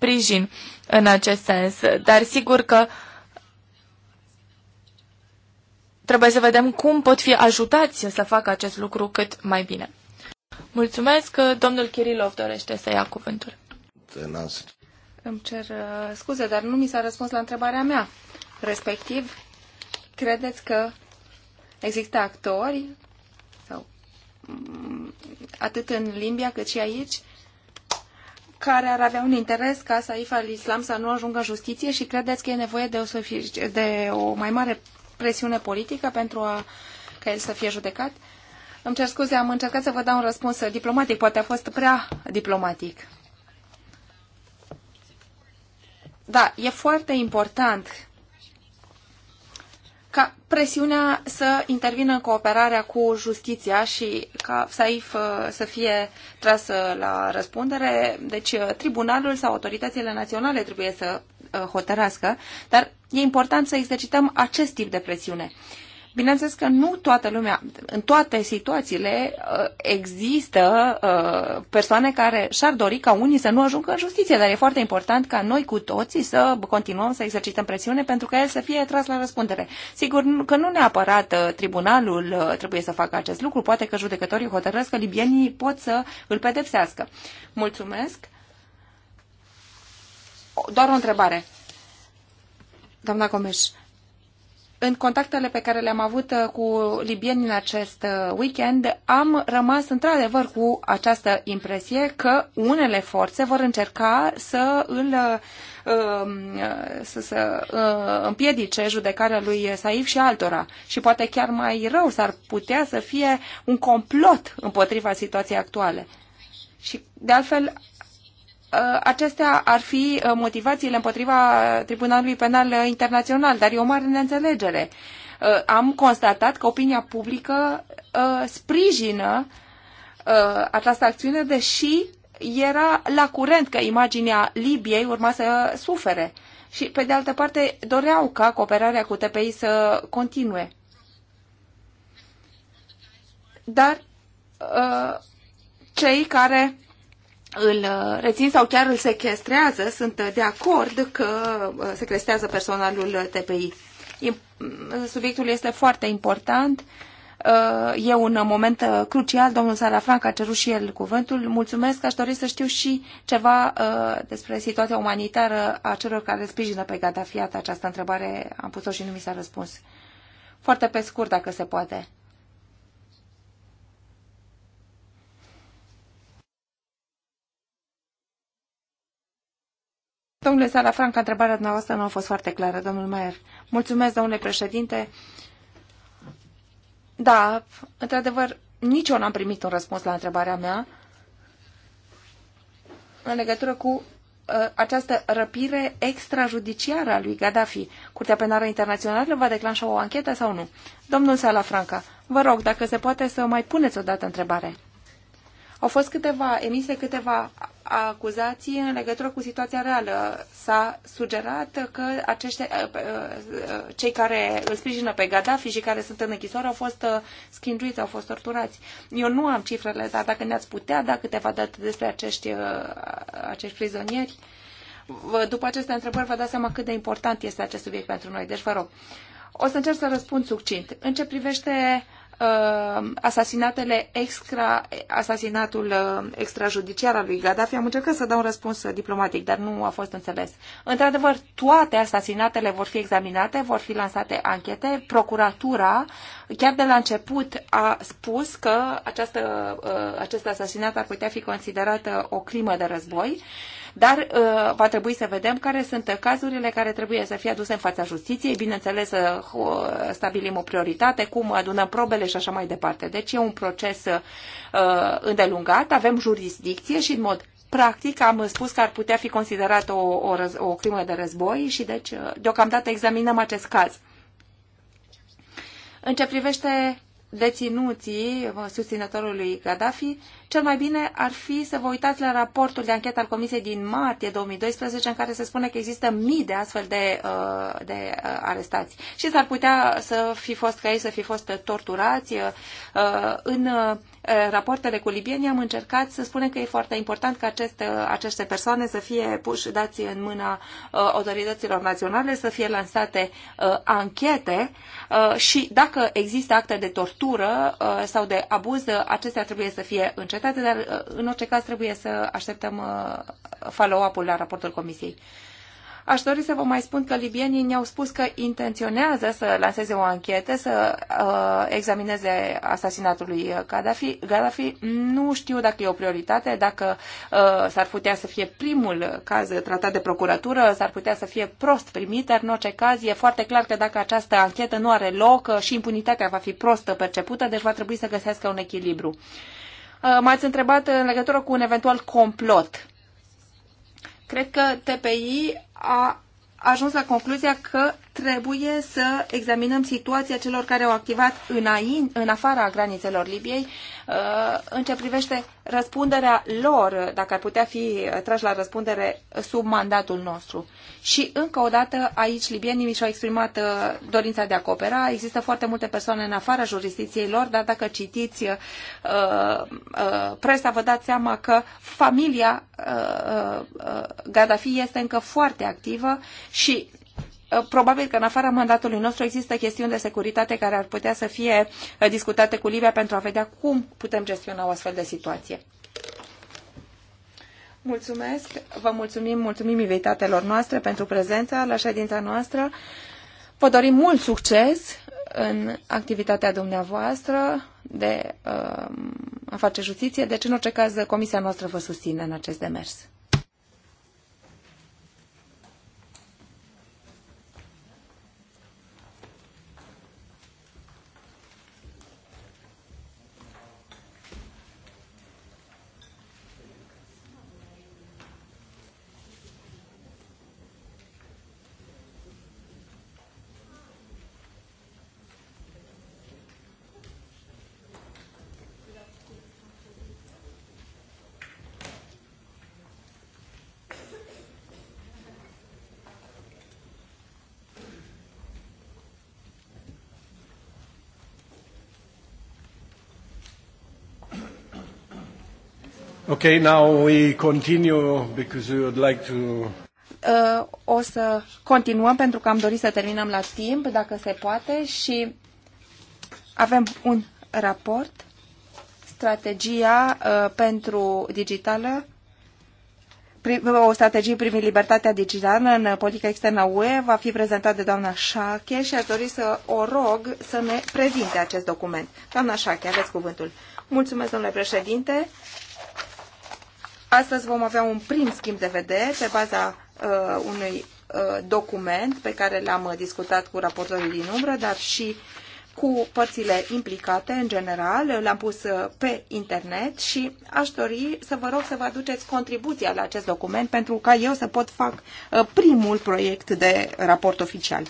sprijin în acest sens, dar sigur că trebuie să vedem cum pot fi ajutați să facă acest lucru cât mai bine. Mulțumesc, domnul Kirilov dorește să ia cuvântul. Îmi cer uh, scuze, dar nu mi s-a răspuns la întrebarea mea. Respectiv, credeți că există actori, sau mm, atât în Limbia cât și aici, care ar avea un interes ca Saif al-Islam să nu ajungă în justiție și credeți că e nevoie de o, de o mai mare presiune politică pentru a, ca el să fie judecat? Îmi cer scuze, am încercat să vă dau un răspuns diplomatic, poate a fost prea diplomatic. Da, e foarte important ca presiunea să intervină în cooperarea cu justiția și ca SAIF uh, să fie trasă la răspundere. Deci uh, tribunalul sau autoritățile naționale trebuie să uh, hotărască, dar e important să exercităm acest tip de presiune. Uh, Bineînțeles că nu toată lumea, în toate situațiile uh, există uh, persoane care și-ar dori ca unii să nu ajungă în justiție, dar e foarte important ca noi cu toții să continuăm să exercităm presiune pentru ca el să fie tras la răspundere. Sigur că nu neapărat uh, tribunalul trebuie să facă acest lucru, poate că judecătorii hotărăsc că libienii pot să îl pedepsească. Mulțumesc! Doar o întrebare. Doamna Comeș, în contactele pe care le-am avut uh, cu libieni în acest uh, weekend, am rămas într-adevăr cu această impresie că unele forțe vor încerca să îl uh, um, să, să împiedice judecarea lui Saif și altora. Și poate chiar mai rău s-ar putea să fie un complot împotriva situației actuale. Și de altfel Uh, acestea ar fi uh, motivațiile împotriva Tribunalului Penal uh, Internațional, dar e o mare neînțelegere. Am constatat că opinia publică sprijină această acțiune, deși era la curent că imaginea Libiei urma să sufere și, pe de altă parte, doreau ca cooperarea cu TPI să continue. Dar cei care îl uh, rețin sau chiar îl sequestrează, sunt uh, de acord că uh, sequestrează personalul TPI. Mm, subiectul este foarte important. E un moment crucial. Domnul Sarafranc a cerut și el cuvântul. Mulțumesc. Aș dori să știu și ceva despre situația umanitară a celor care sprijină pe Gaddafi. Această întrebare am pus-o și nu mi s-a răspuns. Foarte pe scurt, dacă se poate. Domnule Salafranca, întrebarea dumneavoastră nu a fost foarte clară, domnul Maier. Mulțumesc, domnule președinte. Da, într-adevăr, nici eu n-am primit un răspuns la întrebarea mea în legătură cu uh, această răpire extrajudiciară a lui Gaddafi. Curtea Penală Internațională va declanșa o anchetă sau nu? Domnul Salafranca, vă rog, dacă se poate să mai puneți o dată întrebare. Au fost câteva emise, câteva acuzații în legătură cu situația reală. S-a sugerat că acești, uh, uh, uh, cei care îl sprijină pe Gaddafi și care sunt în închisoare au fost schinduiți, au fost torturați. Eu nu am cifrele, dar dacă ne-ați putea da câteva date despre acești, acești prizonieri, după aceste întrebări vă dați seama cât de important este acest subiect pentru noi. Deci vă rog. O să încerc să răspund succint. În ce privește uh, asasinatele extra, asasinatul uh, extrajudiciar al lui Gaddafi, am încercat să dau un răspuns diplomatic, dar nu a fost înțeles. Într-adevăr, toate asasinatele vor fi examinate, vor fi lansate anchete. Procuratura, chiar de la început, a spus că această, uh, acest asasinat ar putea fi considerat uh, o crimă de război. Uh, dar uh, va trebui să vedem care sunt cazurile care trebuie să fie aduse în fața justiției, bineînțeles să uh, stabilim o prioritate, cum adunăm probele și așa mai departe. Deci e un proces uh, îndelungat, avem jurisdicție și în mod practic am spus că ar putea fi considerat o, o, o crimă de război și deci uh, deocamdată examinăm acest caz. În ce privește deținuții uh, susținătorului Gaddafi, cel mai bine ar fi să vă uitați la raportul de anchetă al Comisiei din martie 2012, în care se spune că există mii de astfel de, uh, de uh, arestați. Și s-ar putea să fi fost ca ei să fi fost torturați. Uh, în rapoartele cu libieni am încercat să spunem că e foarte important ca aceste, aceste persoane să fie puși dați în mâna autorităților naționale, să fie lansate anchete și dacă există acte de tortură sau de abuz, acestea trebuie să fie încet libertate, dar uh, în orice caz trebuie să așteptăm uh, follow-up-ul la raportul comisiei. Aș dori să vă mai spun că libienii ne-au spus că intenționează să lanseze o anchetă, să uh, examineze asasinatul lui uh, Gaddafi. Gaddafi nu știu dacă e o prioritate, dacă uh, s-ar putea să fie primul caz tratat de procuratură, s-ar putea să fie prost primit, dar în orice caz e foarte clar că dacă această anchetă nu are loc și impunitatea va fi prost percepută, deci va trebui să găsească un echilibru. Uh, Uh, m-ați întrebat în legătură cu un eventual complot. Cred că TPI a ajuns la concluzia că trebuie să examinăm situația celor care au activat înainte, în afara granițelor Libiei în ce privește răspunderea lor, dacă ar putea fi trași la răspundere sub mandatul nostru. Și încă o dată, aici libienii și-au exprimat uh, dorința de a coopera. Există foarte multe persoane în afara jurisdicției lor, dar dacă citiți uh, uh, presa, vă dați seama că familia Gaddafi este încă foarte activă și probabil că în afara mandatului nostru există chestiuni de securitate care ar putea să fie uh, discutate cu Libia pentru a vedea cum putem gestiona o astfel de situație. Mulțumesc, vă mulțumim, mulțumim invitatelor noastre pentru prezența la ședința noastră. Vă dorim mult succes în activitatea dumneavoastră de uh, a face justiție, deci în orice caz comisia noastră vă susține în acest demers. Okay, now we continue because we would like to... Uh, o să continuăm pentru că am dorit să terminăm la timp, dacă se poate, și avem un raport, strategia uh, pentru digitală, o strategie privind libertatea digitală în politica externă UE va fi prezentat de doamna Șache și aș dori să o rog să ne prezinte acest document. Doamna Șache, aveți cuvântul. Mulțumesc, domnule președinte. Astăzi vom avea un prim schimb de vedere pe baza uh, unui uh, document pe care l-am uh, discutat cu raportorii din umbră, dar și cu părțile implicate în general. L-am pus uh, pe internet și aș dori să vă rog să vă aduceți contribuția la acest document pentru ca eu să pot fac uh, primul proiect de raport oficial.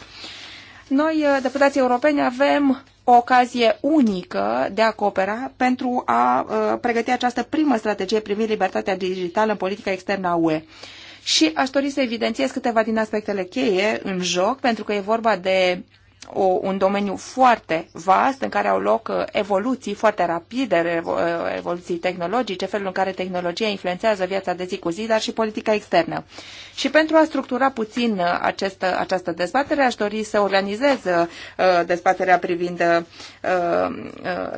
Noi, deputații europeni, avem o ocazie unică de a coopera pentru a uh, pregăti această primă strategie privind libertatea digitală în politica externă a UE. Și aș dori să evidențiez câteva din aspectele cheie în joc, pentru că e vorba de o, un domeniu foarte vast în care au loc uh, evoluții foarte rapide, uh, evoluții tehnologice, felul în care tehnologia influențează viața de zi cu zi, dar și politica externă. Și pentru a structura puțin uh, această, uh, această dezbatere, aș dori să organizez uh, dezbaterea privind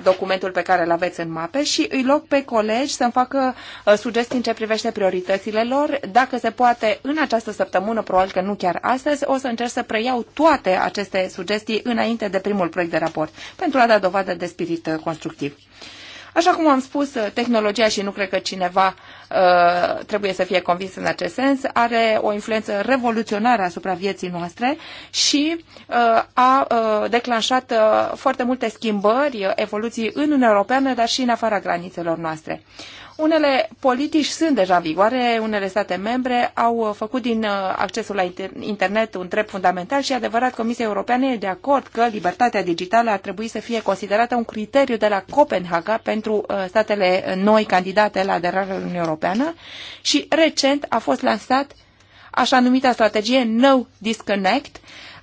documentul pe care îl aveți în mape și îi loc pe colegi să-mi facă sugestii în ce privește prioritățile lor. Dacă se poate, în această săptămână, probabil că nu chiar astăzi, o să încerc să preiau toate aceste sugestii înainte de primul proiect de raport, pentru a da dovadă de spirit constructiv. Așa cum am spus, tehnologia și nu cred că cineva uh, trebuie să fie convins în acest sens, are o influență revoluționară asupra vieții noastre și uh, a uh, declanșat uh, foarte multe schimbări, evoluții în Uniunea Europeană, dar și în afara granițelor noastre. Unele politici sunt deja în vigoare, unele state membre au uh, făcut din uh, accesul la internet un drept fundamental și adevărat Comisia Europeană e de acord că libertatea digitală ar trebui să fie considerată un criteriu de la Copenhaga pentru uh, statele noi candidate la aderare Uniunii Europeană și recent a fost lansat așa numita strategie No Disconnect,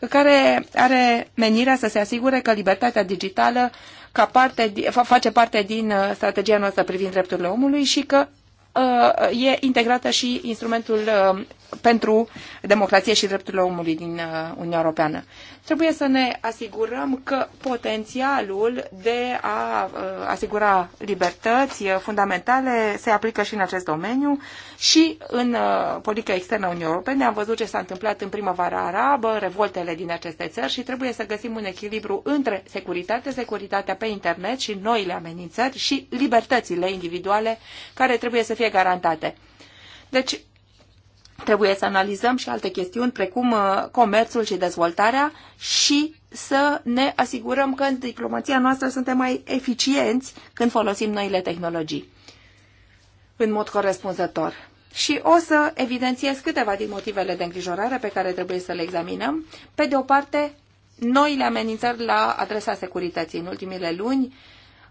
care are menirea să se asigure că libertatea digitală uh, ca parte, face parte din uh, strategia noastră privind drepturile omului și că uh, e integrată și instrumentul uh, pentru democrație și drepturile omului din uh, Uniunea Europeană. Trebuie să ne asigurăm că potențialul de a uh, asigura libertăți uh, fundamentale se aplică și în acest domeniu și în politica externă a Uniunii Europene. Am văzut ce s-a întâmplat în primăvara arabă, revoltele din aceste țări și trebuie să găsim un echilibru între securitate, securitatea pe internet și noile amenințări și libertățile individuale care trebuie să fie garantate. Deci, Trebuie să analizăm și alte chestiuni, precum uh, comerțul și dezvoltarea, și să ne asigurăm că în diplomația noastră suntem mai eficienți când folosim noile tehnologii în mod corespunzător. Și o să evidențiez câteva din motivele de îngrijorare pe care trebuie să le examinăm. Pe de o parte, noile amenințări la adresa securității. În ultimile luni,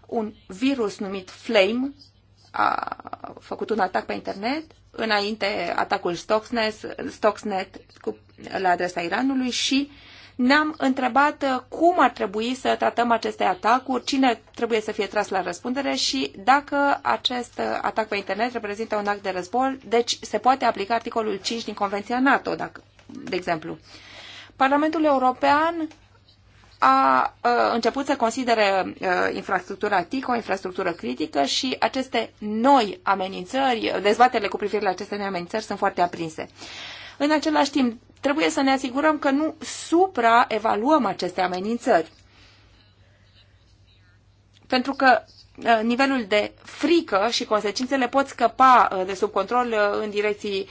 un virus numit Flame a făcut un atac pe internet, înainte atacul Stuxnet, Stuxnet cu, la adresa Iranului și ne-am întrebat uh, cum ar trebui să tratăm aceste atacuri, cine trebuie să fie tras la răspundere și dacă acest uh, atac pe internet reprezintă un act de război, deci se poate aplica articolul 5 din Convenția NATO, dacă, de exemplu. Parlamentul European a început să considere infrastructura TIC o infrastructură critică și aceste noi amenințări, dezbaterile cu privire la aceste noi amenințări sunt foarte aprinse. În același timp, trebuie să ne asigurăm că nu supraevaluăm aceste amenințări. Pentru că Uh, nivelul de frică și consecințele pot scăpa uh, de sub control uh, în direcții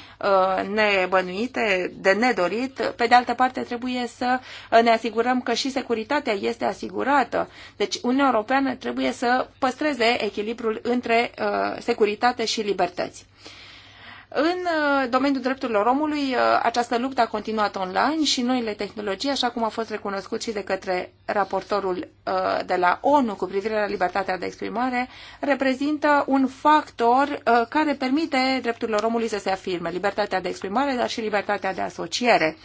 nebănuite, de nedorit. Pe de altă parte, trebuie să ne asigurăm că și securitatea este asigurată. Deci, Uniunea Europeană trebuie să păstreze echilibrul între securitate și libertăți. În uh, domeniul drepturilor omului, uh, această luptă a continuat online și noile tehnologii, așa cum a fost recunoscut și de către raportorul uh, de la ONU cu privire la libertatea de exprimare, reprezintă un factor care permite drepturilor omului să se afirme, libertatea de exprimare, dar și libertatea de asociere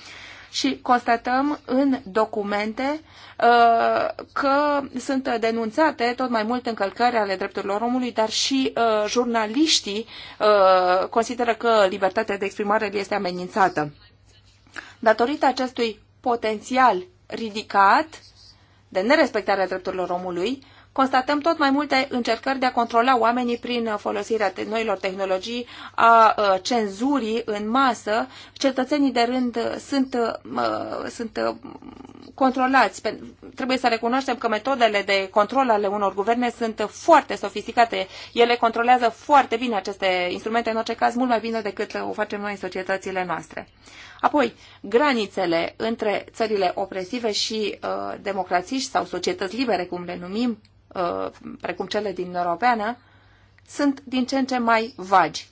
și constatăm în documente uh, că sunt denunțate tot mai multe încălcări ale drepturilor omului, dar și uh, jurnaliștii uh, consideră că libertatea de exprimare este amenințată. Datorită acestui potențial ridicat de nerespectarea drepturilor omului, constatăm tot mai multe încercări de a controla oamenii prin folosirea noilor tehnologii, a cenzurii în masă. Cetățenii de rând sunt, sunt controlați. Trebuie să recunoaștem că metodele de control ale unor guverne sunt foarte sofisticate. Ele controlează foarte bine aceste instrumente, în orice caz mult mai bine decât o facem noi în societățile noastre. Apoi, granițele între țările opresive și uh, democrații sau societăți libere, cum le numim, uh, precum cele din Europeană, sunt din ce în ce mai vagi.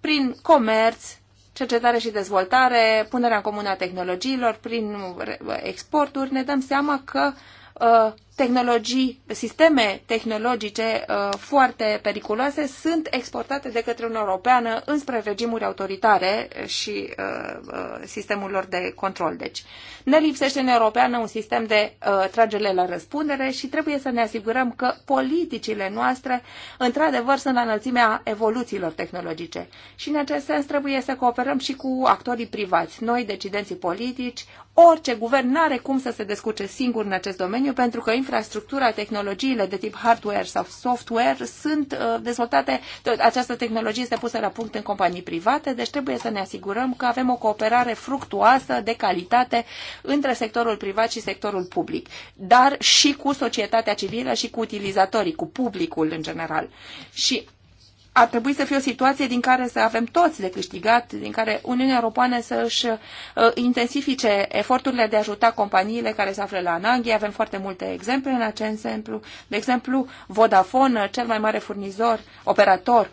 Prin comerț, cercetare și dezvoltare, punerea în comună a tehnologiilor, prin uh, exporturi, ne dăm seama că uh, tehnologii, sisteme tehnologice uh, foarte periculoase sunt exportate de către Uniunea Europeană înspre regimuri autoritare și uh, uh, sistemul lor de control. Deci ne lipsește în Europeană un sistem de tragere la răspundere și trebuie să ne asigurăm că politicile noastre într-adevăr sunt la înălțimea evoluțiilor tehnologice. Și în acest sens trebuie să cooperăm și cu actorii privați, noi decidenții politici, orice guvern n-are cum să se descurce singur în acest domeniu pentru că infrastructura, tehnologiile de tip hardware sau software sunt uh, dezvoltate, această tehnologie este pusă la punct în companii private, deci trebuie să ne asigurăm că avem o cooperare fructuoasă, de calitate, între sectorul privat și sectorul public, dar și cu societatea civilă și cu utilizatorii, cu publicul în general. Și ar trebui să fie o situație din care să avem toți de câștigat, din care Uniunea Europeană să își uh, intensifice eforturile de a ajuta companiile care se află la ananghie. Avem foarte multe exemple în acest exemplu. De exemplu, Vodafone, cel mai mare furnizor, operator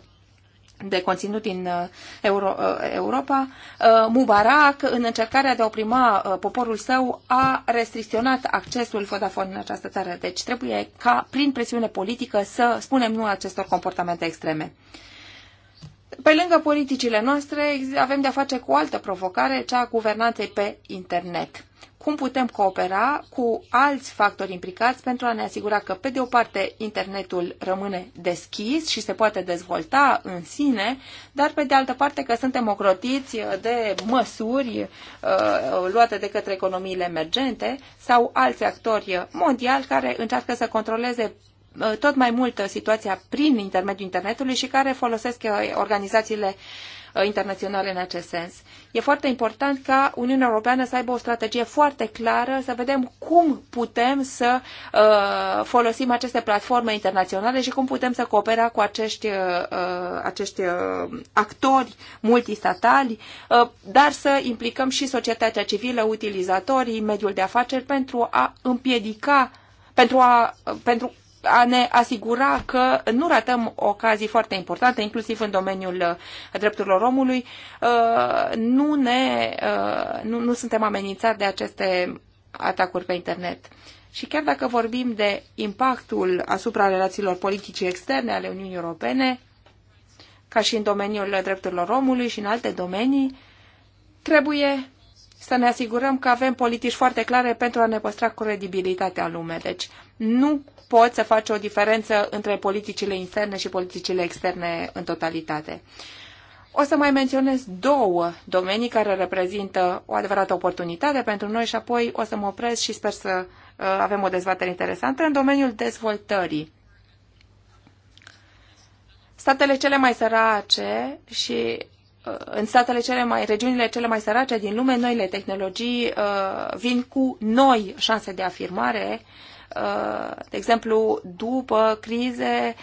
de conținut din uh, Euro, uh, Europa, uh, Mubarak, în încercarea de a oprima poporul său, a restricționat accesul Vodafone în această țară. Deci trebuie ca, prin presiune politică, să spunem nu acestor comportamente extreme. Pe lângă politicile noastre, avem de-a face cu o altă provocare, cea a guvernanței pe internet cum putem coopera cu alți factori implicați pentru a ne asigura că, pe de o parte, internetul rămâne deschis și se poate dezvolta în sine, dar, pe de altă parte, că suntem ocrotiți de măsuri uh, luate de către economiile emergente sau alți actori mondiali care încearcă să controleze uh, tot mai mult situația prin intermediul internetului și care folosesc uh, organizațiile uh, Uh, internaționale în acest sens. E foarte important ca Uniunea Europeană să aibă o strategie foarte clară, să vedem cum putem să uh, folosim aceste platforme internaționale și cum putem să coopera cu acești, uh, acești actori multistatali, dar să implicăm și societatea civilă, utilizatorii, mediul de afaceri pentru a împiedica pentru, a, pentru a ne asigura că nu ratăm ocazii foarte importante, inclusiv în domeniul uh, drepturilor omului, uh, nu, ne, uh, nu, nu suntem amenințați de aceste atacuri pe internet. Și chiar dacă vorbim de impactul asupra relațiilor politice externe ale Uniunii Europene, ca și în domeniul drepturilor omului și în alte domenii, trebuie să ne asigurăm că avem politici foarte clare pentru a ne păstra credibilitatea în lume. Deci nu poți să faci o diferență între politicile interne și politicile externe în totalitate. O să mai menționez două domenii care reprezintă o adevărată oportunitate pentru noi și apoi o să mă opresc și sper să uh, avem o dezbatere interesantă în domeniul dezvoltării. Statele cele mai sărace și Uh, în statele cele mai, regiunile cele mai sărace din lume, noile tehnologii uh, vin cu noi șanse de afirmare, uh, de exemplu, după crize,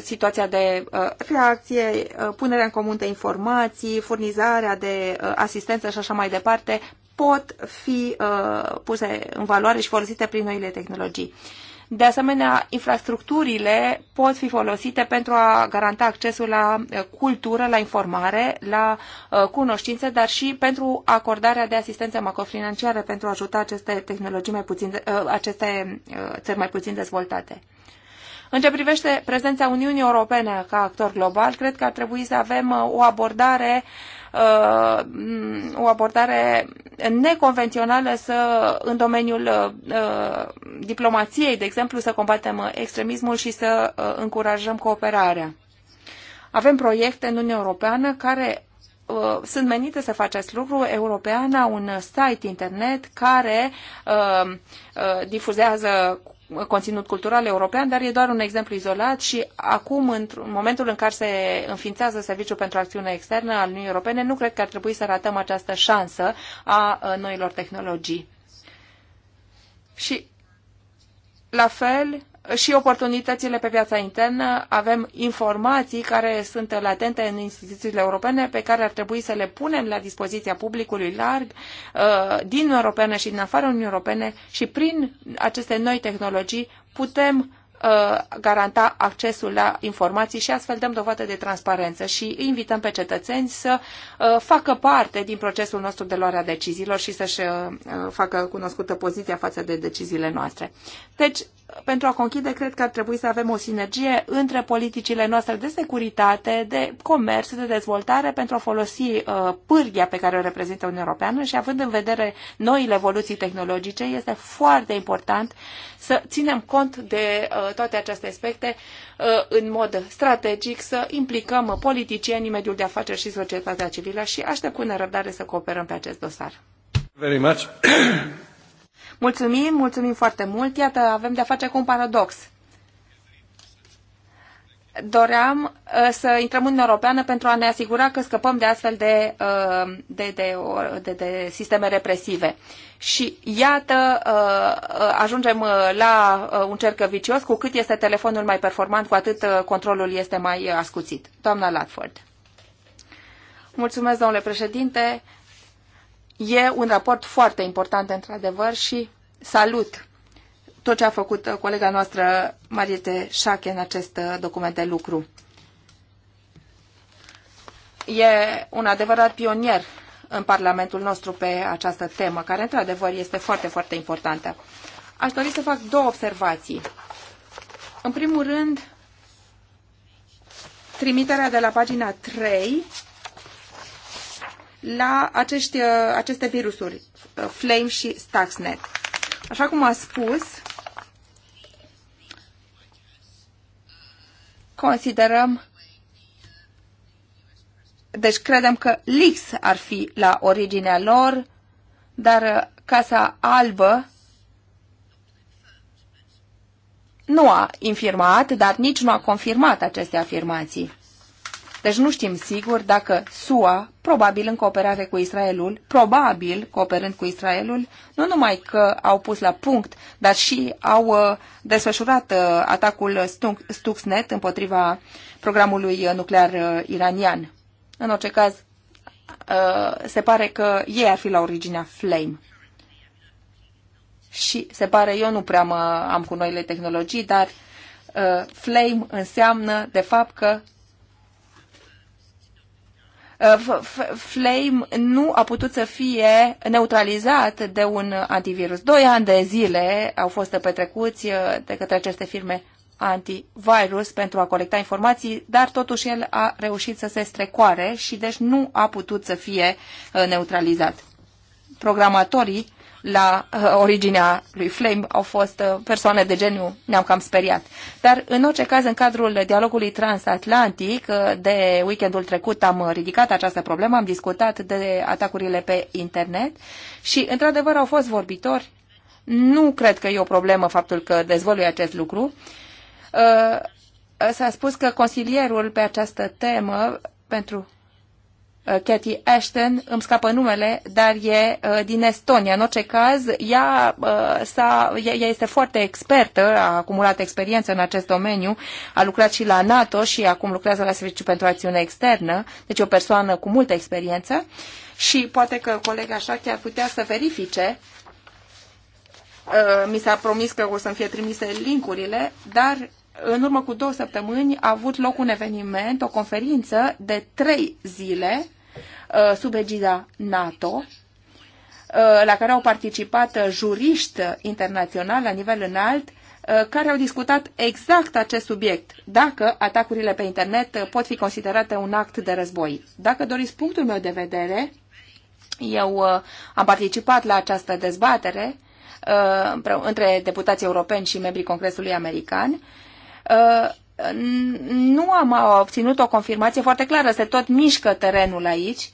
situația de reacție, punerea în comun de informații, furnizarea de asistență și așa mai departe, pot fi puse în valoare și folosite prin noile tehnologii. De asemenea, infrastructurile pot fi folosite pentru a garanta accesul la uh, cultură, la informare, la uh, cunoștințe, dar și pentru acordarea de asistență macrofinanciară pentru a ajuta aceste tehnologii mai puțin, uh, aceste țări mai puțin dezvoltate. În ce privește prezența Uniunii Europene ca actor global, cred că ar trebui să avem o abordare uh, uh, o abordare neconvențională să, în domeniul uh, diplomației, de exemplu, să combatem extremismul și să uh, încurajăm cooperarea. Avem proiecte în Uniunea Europeană care uh, sunt menite să facă acest lucru. Europeana, un site internet care uh, uh, difuzează conținut cultural european, dar e doar un exemplu izolat și acum, în momentul în care se înființează Serviciul pentru Acțiune Externă al Uniunii Europene, nu cred că ar trebui să ratăm această șansă a noilor tehnologii. Și la fel, și oportunitățile pe piața internă. Avem informații care sunt latente în instituțiile europene pe care ar trebui să le punem la dispoziția publicului larg uh, din Uniunea Europeană și din afara Uniunii Europene și prin aceste noi tehnologii putem uh, garanta accesul la informații și astfel dăm dovadă de transparență și invităm pe cetățeni să uh, facă parte din procesul nostru de luare a deciziilor și să-și facă cunoscută poziția față de deciziile noastre. Deci, pentru a conchide, cred că ar trebui să avem o sinergie între politicile noastre de securitate, de comerț, de dezvoltare, pentru a folosi uh, pârghia pe care o reprezintă Uniunea Europeană și având în vedere noile evoluții tehnologice, este foarte important să ținem cont de uh, toate aceste aspecte uh, în mod strategic, să implicăm politicienii, mediul de afaceri și societatea civilă și aștept cu nerăbdare să cooperăm pe acest dosar. Very much. Mulțumim, mulțumim foarte mult. Iată, avem de-a face cu un paradox. Doream uh, să intrăm în Europeană pentru a ne asigura că scăpăm de astfel de, uh, de, de, uh, de, de sisteme represive. Și iată, ajungem la un cerc vicios. Cu cât este telefonul mai performant, cu atât controlul este mai ascuțit. Doamna Latford. Mulțumesc, domnule președinte. E un raport foarte important, într-adevăr, și salut tot ce a făcut uh, colega noastră Mariete Șache în acest uh, document de lucru. E un adevărat pionier în Parlamentul nostru pe această temă, care într-adevăr este foarte, foarte importantă. Aș dori să fac două observații. În primul rând, trimiterea de la pagina 3 la acești, uh, aceste virusuri, uh, Flame și Stuxnet. Așa cum a spus, considerăm deci credem că Lix ar fi la originea lor, dar uh, Casa Albă nu a infirmat, dar nici nu a confirmat aceste afirmații. Deci nu știm sigur dacă SUA, probabil în cooperare cu Israelul, probabil cooperând cu Israelul, nu numai că au pus la punct, dar și au uh, desfășurat uh, atacul Stuxnet împotriva programului uh, nuclear iranian. În orice caz, se pare că ei ar fi la originea Flame. Și se pare, eu nu prea mă am cu noile tehnologii, dar uh, flame înseamnă de fapt că Uh, Flame nu a putut să fie neutralizat de un antivirus. Doi ani de zile au fost petrecuți uh, de către aceste firme antivirus pentru a colecta informații, dar totuși el a reușit să se strecoare și deci nu a putut să fie uh, neutralizat. Programatorii la uh, originea lui Flame au fost uh, persoane de geniu, ne-am cam speriat. Dar, în orice caz, în cadrul dialogului transatlantic uh, de weekendul trecut am ridicat această problemă, am discutat de atacurile pe internet și, într-adevăr, au fost vorbitori. Nu cred că e o problemă faptul că dezvolui acest lucru. S-a spus că consilierul pe această temă pentru Uh, Cathy Ashton, îmi scapă numele, dar e uh, din Estonia. În orice caz, ea, uh, s-a, ea, este foarte expertă, a acumulat experiență în acest domeniu, a lucrat și la NATO și acum lucrează la Serviciu pentru Acțiune Externă, deci o persoană cu multă experiență și poate că colega așa chiar putea să verifice mi s-a promis că o să-mi fie trimise linkurile, dar în urmă cu două săptămâni a avut loc un eveniment, o conferință de trei zile Uh, sub egida NATO, uh, la care au participat juriști internaționali la nivel înalt, uh, care au discutat exact acest subiect, dacă atacurile pe internet pot fi considerate un act de război. Dacă doriți punctul meu de vedere, eu am participat la această dezbatere între deputații europeni și membrii Congresului American nu am obținut o confirmație foarte clară, se tot mișcă terenul aici.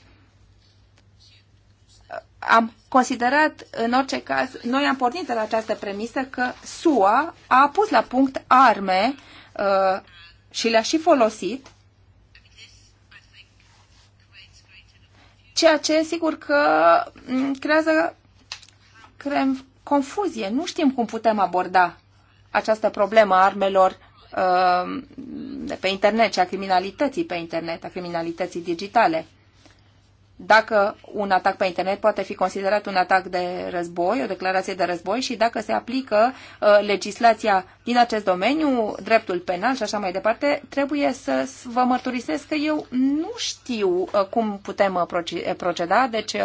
Am considerat, în orice caz, noi am pornit de la această premisă că SUA a pus la punct arme uh, și le-a și folosit, ceea ce sigur că mm, creează creăm confuzie. Nu știm cum putem aborda această problemă a armelor Uh, de pe internet și a criminalității pe internet, a criminalității digitale dacă un atac pe internet poate fi considerat un atac de război, o declarație de război și dacă se aplică uh, legislația din acest domeniu, dreptul penal și așa mai departe, trebuie să vă mărturisesc că eu nu știu uh, cum putem uh, uh, proceda, deci uh,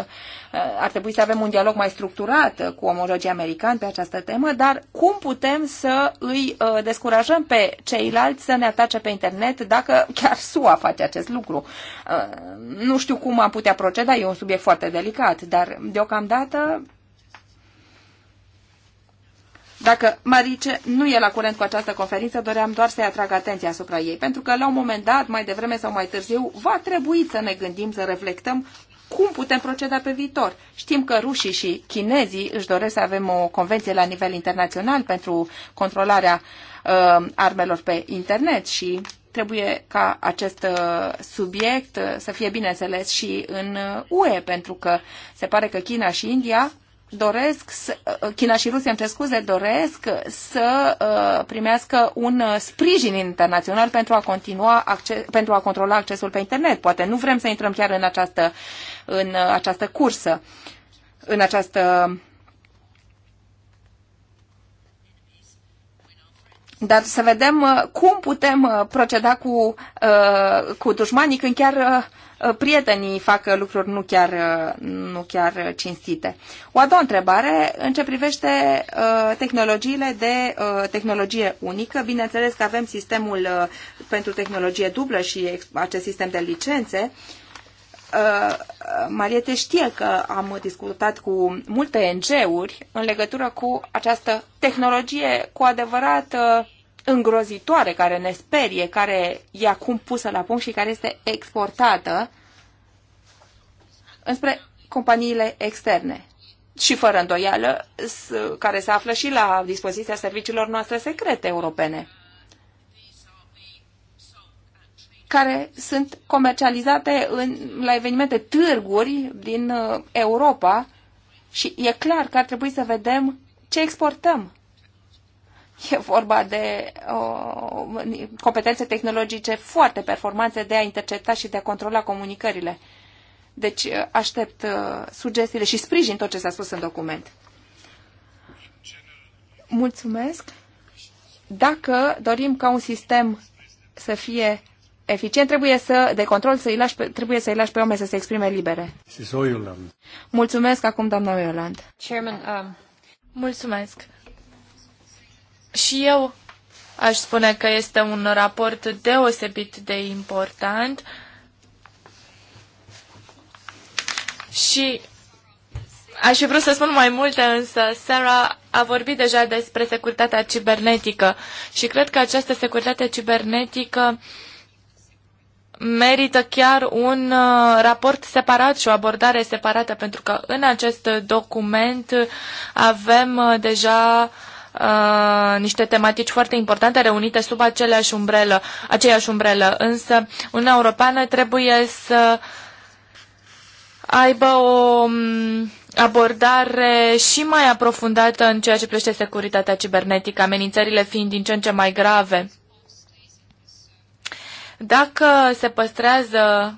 ar trebui să avem un dialog mai structurat uh, cu omologii americani pe această temă, dar cum putem să îi uh, descurajăm pe ceilalți să ne atace pe internet dacă chiar SUA face acest lucru? Uh, nu știu cum am putea proceda, e un subiect foarte delicat, dar deocamdată dacă Marice nu e la curent cu această conferință, doream doar să-i atrag atenția asupra ei, pentru că la un moment dat, mai devreme sau mai târziu, va trebui să ne gândim, să reflectăm cum putem proceda pe viitor. Știm că rușii și chinezii își doresc să avem o convenție la nivel internațional pentru controlarea uh, armelor pe internet și Trebuie ca acest uh, subiect uh, să fie bine înțeles și în UE, uh, pentru că se pare că China și India doresc, să, China și Rusia, îmi scuze, doresc să primească un sprijin internațional pentru a continua, acces, pentru a controla accesul pe internet. Poate nu vrem să intrăm chiar în această, în această cursă, în această Dar să vedem uh, cum putem uh, proceda cu, uh, cu dușmanii când chiar prietenii fac lucruri nu chiar, nu chiar cinstite. O a doua întrebare în ce privește tehnologiile de tehnologie unică. Bineînțeles că avem sistemul pentru tehnologie dublă și acest sistem de licențe. Uh, Mariete știe că am discutat cu multe NG-uri în legătură cu această tehnologie cu adevărat uh, îngrozitoare, care ne sperie, care e acum pusă la punct și care este exportată înspre companiile externe și fără îndoială, care se află și la dispoziția serviciilor noastre secrete europene. care sunt comercializate în, la evenimente târguri din uh, Europa și e clar că ar trebui să vedem ce exportăm. E vorba de uh, competențe tehnologice foarte performanțe de a intercepta și de a controla comunicările. Deci uh, aștept uh, sugestiile și sprijin tot ce s-a spus în document. Mulțumesc. Dacă dorim ca un sistem să fie eficient, trebuie să, de control, să-i lași pe, trebuie să-i lași pe oameni să se exprime libere. Mulțumesc acum, doamna Oioland. Chairman, um... Mulțumesc. Și eu aș spune că este un raport deosebit de important și aș fi vrut să spun mai multe, însă Sarah a vorbit deja despre securitatea cibernetică și cred că această securitate cibernetică uh, merită chiar un uh, raport separat și o abordare separată, pentru că în acest document avem uh, deja Uh, niște tematici foarte importante reunite sub aceleași umbrelă, aceeași umbrelă, însă Uniunea Europeană trebuie să aibă o mm, abordare și mai aprofundată în ceea ce privește securitatea cibernetică, amenințările fiind din ce în ce mai grave. Dacă se păstrează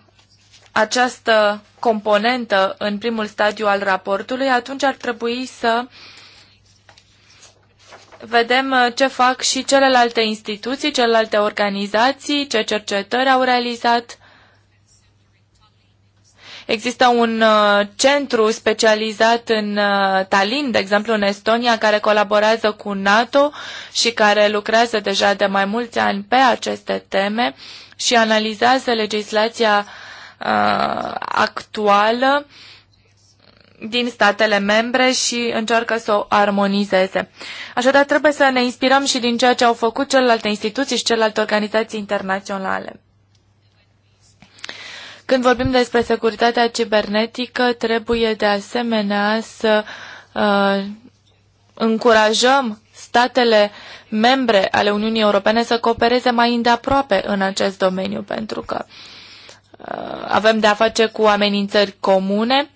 această componentă în primul stadiu al raportului, atunci ar trebui să vedem ce fac și celelalte instituții, celelalte organizații, ce cercetări au realizat. Există un uh, centru specializat în uh, Tallinn, de exemplu în Estonia, care colaborează cu NATO și care lucrează deja de mai mulți ani pe aceste teme și analizează legislația uh, actuală din statele membre și încearcă să o armonizeze. Așadar, trebuie să ne inspirăm și din ceea ce au făcut celelalte instituții și celelalte organizații internaționale. Când vorbim despre securitatea cibernetică, trebuie de asemenea să uh, încurajăm statele membre ale Uniunii Europene să coopereze mai îndeaproape în acest domeniu, pentru că uh, avem de a face cu amenințări comune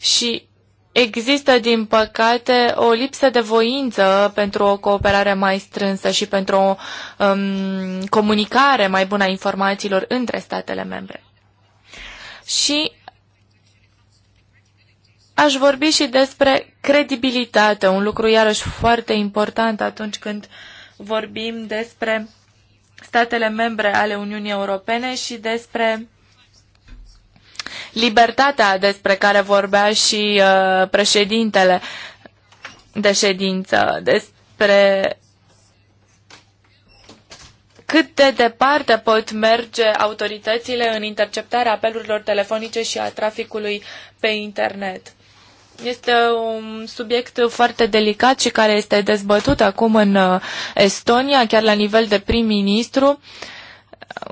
și există, din păcate, o lipsă de voință pentru o cooperare mai strânsă și pentru o um, comunicare mai bună a informațiilor între statele membre. Și Aș vorbi și despre credibilitate, un lucru iarăși foarte important atunci când vorbim despre statele membre ale Uniunii Europene și despre libertatea despre care vorbea și uh, președintele de ședință, despre cât de departe pot merge autoritățile în interceptarea apelurilor telefonice și a traficului pe internet. Este un subiect foarte delicat și care este dezbătut acum în uh, Estonia, chiar la nivel de prim-ministru.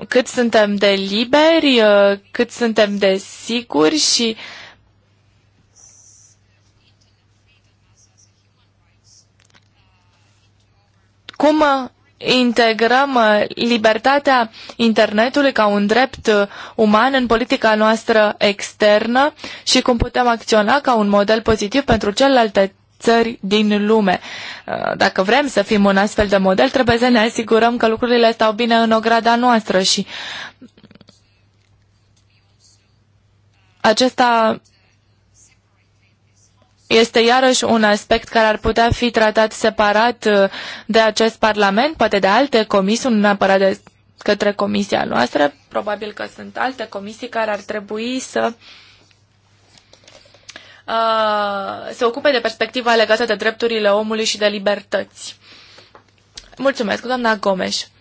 Cât suntem de liberi, uh, cât suntem de siguri și cum uh, integrăm uh, libertatea internetului ca un drept uh, uman în politica noastră externă și cum putem acționa ca un model pozitiv pentru celelalte țări din lume. Uh, dacă vrem să fim un astfel de model, trebuie să ne asigurăm că lucrurile stau bine în ograda noastră și acesta este iarăși un aspect care ar putea fi tratat separat uh, de acest Parlament, poate de alte comisii, nu neapărat de către comisia noastră. Probabil că sunt alte comisii care ar trebui să uh, se ocupe de perspectiva legată de drepturile omului și de libertăți. Mulțumesc, doamna Gomes.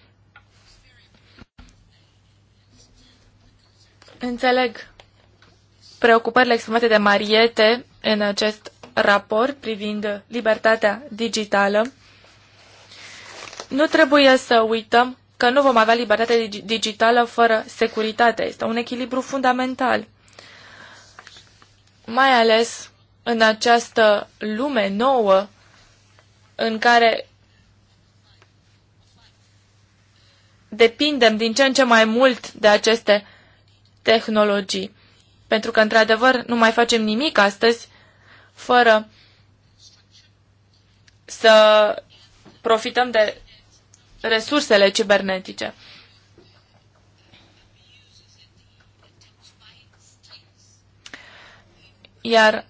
Înțeleg preocupările exprimate de Mariete în acest raport privind libertatea digitală, nu trebuie să uităm că nu vom avea libertate digitală fără securitate. Este un echilibru fundamental. Mai ales în această lume nouă în care depindem din ce în ce mai mult de aceste tehnologii. Pentru că, într-adevăr, nu mai facem nimic astăzi fără să profităm de resursele cibernetice. Iar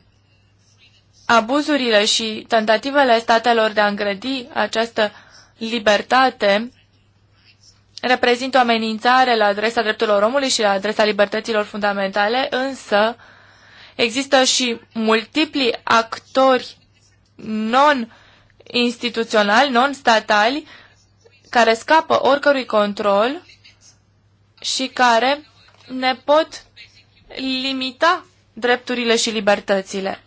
abuzurile și tentativele statelor de a îngrădi această libertate reprezintă o amenințare la adresa drepturilor omului și la adresa libertăților fundamentale, însă Există și multipli actori non-instituționali, non-statali, care scapă oricărui control și care ne pot limita drepturile și libertățile,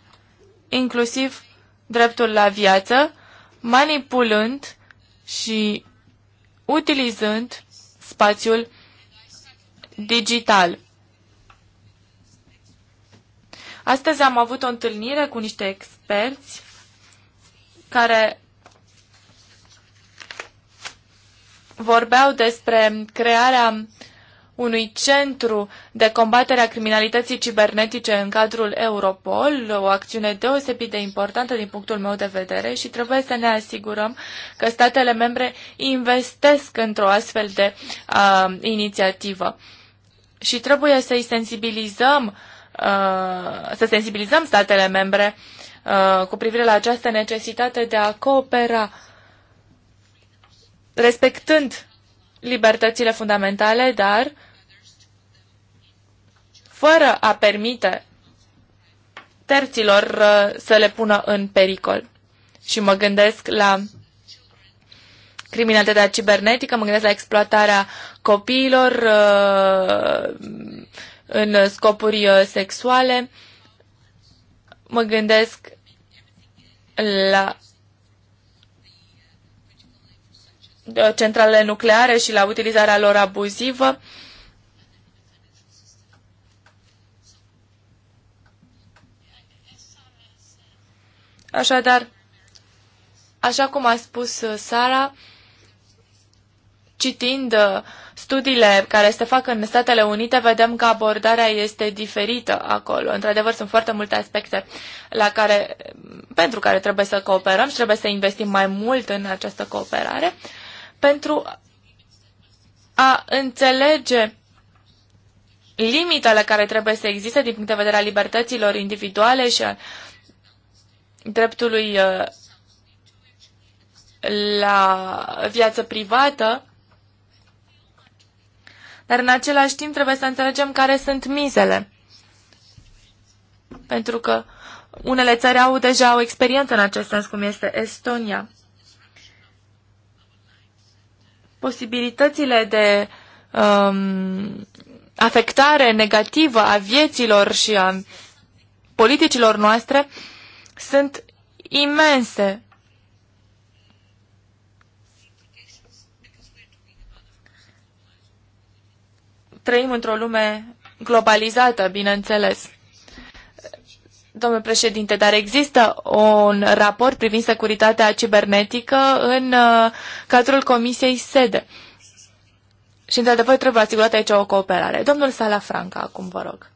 inclusiv dreptul la viață, manipulând și utilizând spațiul digital. Astăzi am avut o întâlnire cu niște experți care vorbeau despre crearea unui centru de combatere a criminalității cibernetice în cadrul Europol, o acțiune deosebit de importantă din punctul meu de vedere și trebuie să ne asigurăm că statele membre investesc într-o astfel de uh, inițiativă. Și trebuie să-i sensibilizăm Uh, să sensibilizăm statele membre uh, cu privire la această necesitate de a coopera respectând libertățile fundamentale, dar fără a permite terților uh, să le pună în pericol. Și mă gândesc la criminalitatea cibernetică, mă gândesc la exploatarea copiilor, în scopuri uh, sexuale. Mă gândesc la centralele nucleare și la utilizarea lor abuzivă. Așadar, așa cum a spus Sara, citind uh, studiile care se fac în Statele Unite, vedem că abordarea este diferită acolo. Într-adevăr, sunt foarte multe aspecte la care, pentru care trebuie să cooperăm și trebuie să investim mai mult în această cooperare pentru a înțelege limitele care trebuie să existe din punct de vedere a libertăților individuale și a dreptului uh, la viață privată dar în același timp trebuie să înțelegem care sunt mizele. Pentru că unele țări au deja o experiență în acest sens, cum este Estonia. Posibilitățile de um, afectare negativă a vieților și a politicilor noastre sunt imense trăim într-o lume globalizată, bineînțeles. Domnule președinte, dar există un raport privind securitatea cibernetică în uh, cadrul Comisiei SEDE. Și, într-adevăr, trebuie asigurată aici o cooperare. Domnul Salafranca, acum vă rog.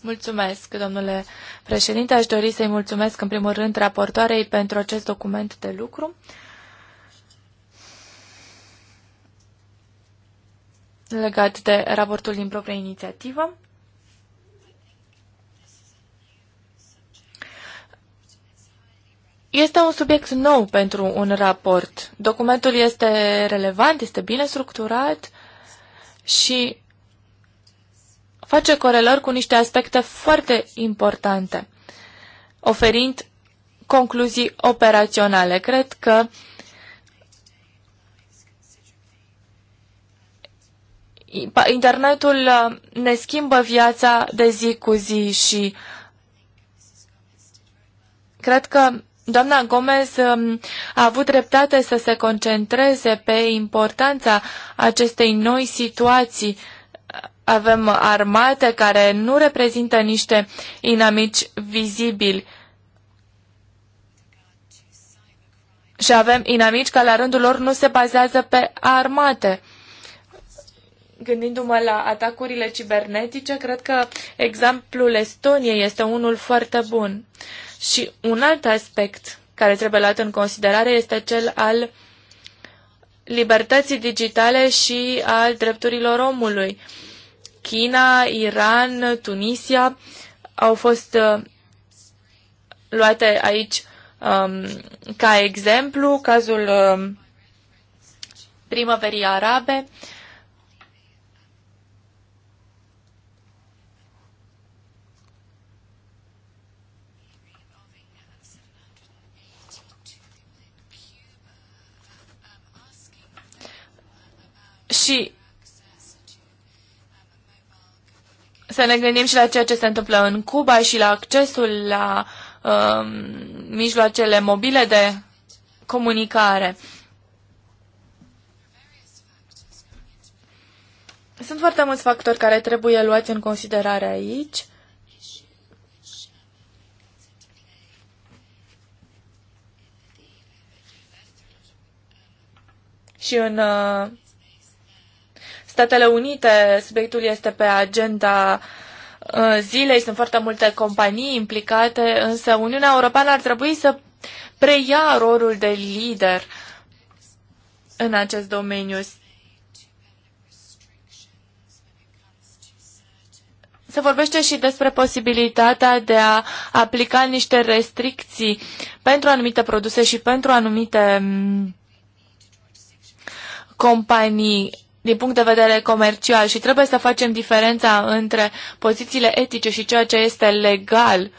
Mulțumesc, domnule președinte. Aș dori să-i mulțumesc, în primul rând, raportoarei pentru acest document de lucru. legat de raportul din proprie inițiativă. Este un subiect nou pentru un raport. Documentul este relevant, este bine structurat și face corelări cu niște aspecte foarte importante, oferind concluzii operaționale. Cred că uh, internetul uh, ne schimbă viața de zi cu zi și cred că doamna Gomez um, a avut dreptate să se concentreze pe importanța acestei noi situații. Avem armate care nu reprezintă niște inamici vizibili. Și avem inamici care la rândul lor nu se bazează pe armate gândindu-mă la atacurile cibernetice, cred că exemplul Estoniei este unul foarte bun. Și un alt aspect care trebuie luat în considerare este cel al libertății digitale și al drepturilor omului. China, Iran, Tunisia au fost uh, luate aici um, ca exemplu, cazul um, primăverii arabe. Uh, și să ne gândim și la ceea ce se întâmplă în Cuba și la accesul la um, mijloacele mobile de comunicare. Sunt foarte mulți factori care trebuie luați în considerare aici. Și în uh, Statele Unite, subiectul este pe agenda uh, zilei, sunt foarte multe companii implicate, însă Uniunea Europeană ar trebui să preia rolul de lider în acest domeniu. Se vorbește și despre posibilitatea de a aplica niște restricții pentru anumite produse și pentru anumite mm, companii din punct de vedere comercial și trebuie să facem diferența între pozițiile etice și ceea ce este legal.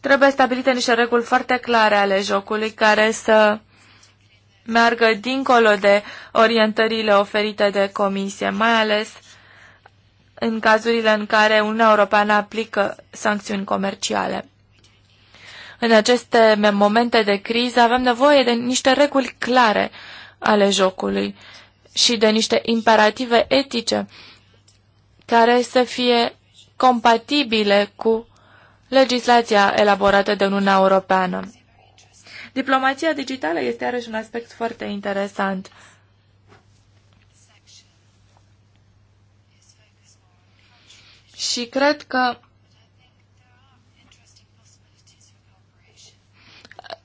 Trebuie stabilite niște reguli foarte clare ale jocului care să meargă dincolo de orientările oferite de comisie, mai ales în cazurile în care Uniunea Europeană aplică sancțiuni comerciale în aceste momente de criză avem nevoie de niște reguli clare ale jocului și de niște imperative etice care să fie compatibile cu legislația elaborată de Uniunea Europeană. Diplomația digitală este iarăși un aspect foarte interesant. Și cred că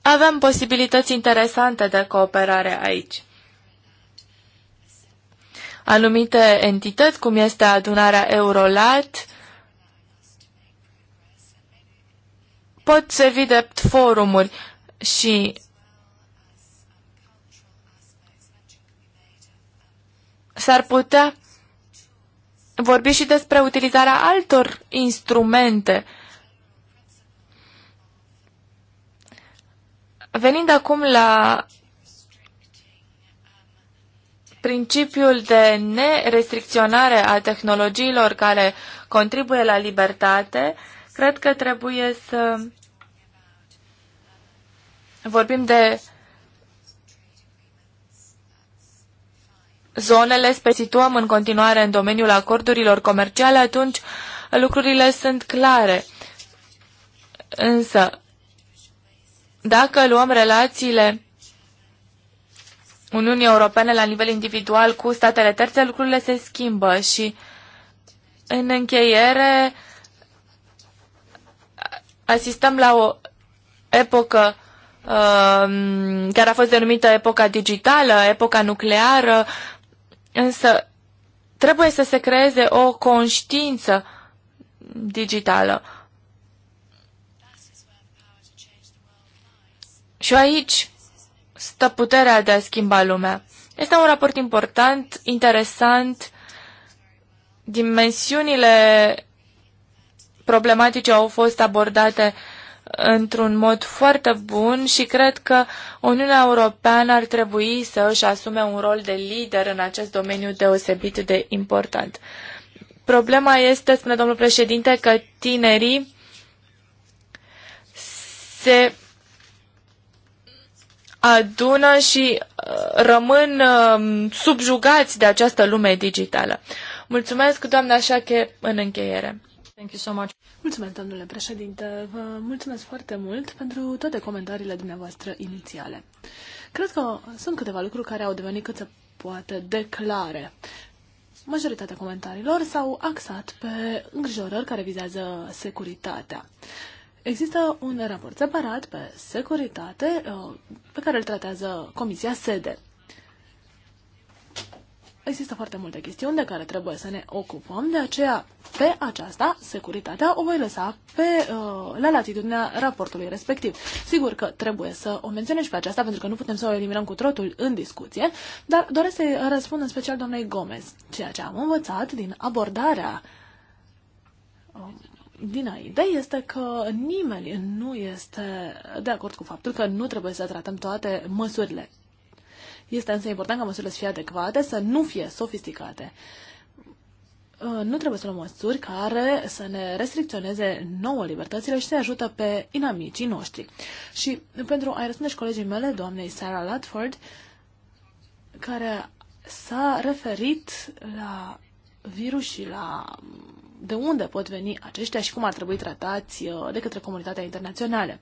Avem posibilități interesante de cooperare aici. Anumite entități, cum este adunarea Eurolat, pot servi de forumuri și s-ar putea vorbi și despre utilizarea altor instrumente Venind acum la principiul de nerestricționare a tehnologiilor care contribuie la libertate, cred că trebuie să vorbim de zonele, situăm în continuare în domeniul acordurilor comerciale, atunci lucrurile sunt clare. Însă, dacă luăm relațiile Uniunii Europene la nivel individual cu statele terțe, lucrurile se schimbă și în încheiere asistăm la o epocă uh, care a fost denumită epoca digitală, epoca nucleară, însă trebuie să se creeze o conștiință digitală. Și aici stă puterea de a schimba lumea. Este un raport important, interesant. Dimensiunile problematice au fost abordate într-un mod foarte bun și cred că Uniunea Europeană ar trebui să își asume un rol de lider în acest domeniu deosebit de important. Problema este, spune domnul președinte, că tinerii se adună și uh, rămân um, subjugați de această lume digitală. Mulțumesc, doamna Șache, în încheiere. Thank you so much. Mulțumesc, domnule președinte. Vă mulțumesc foarte mult pentru toate comentariile dumneavoastră inițiale. Cred că sunt câteva lucruri care au devenit cât se poate declare. Majoritatea comentariilor s-au axat pe îngrijorări care vizează securitatea. Există un raport separat pe securitate uh, pe care îl tratează Comisia SEDE. Există foarte multe chestiuni de care trebuie să ne ocupăm, de aceea pe aceasta, securitatea, o voi lăsa pe, uh, la latitudinea raportului respectiv. Sigur că trebuie să o menționez și pe aceasta, pentru că nu putem să o eliminăm cu trotul în discuție, dar doresc să răspund în special doamnei Gomez. Ceea ce am învățat din abordarea um, dinainte este că nimeni nu este de acord cu faptul că nu trebuie să tratăm toate măsurile. Este însă important ca măsurile să fie adecvate, să nu fie sofisticate. Uh, nu trebuie să luăm măsuri care să ne restricționeze nouă libertățile și să ajută pe inamicii noștri. Și pentru a-i răspunde și colegii mele, doamnei Sarah Latford, care s-a referit la virus și la de unde pot veni aceștia și cum ar trebui tratați uh, de către comunitatea internațională.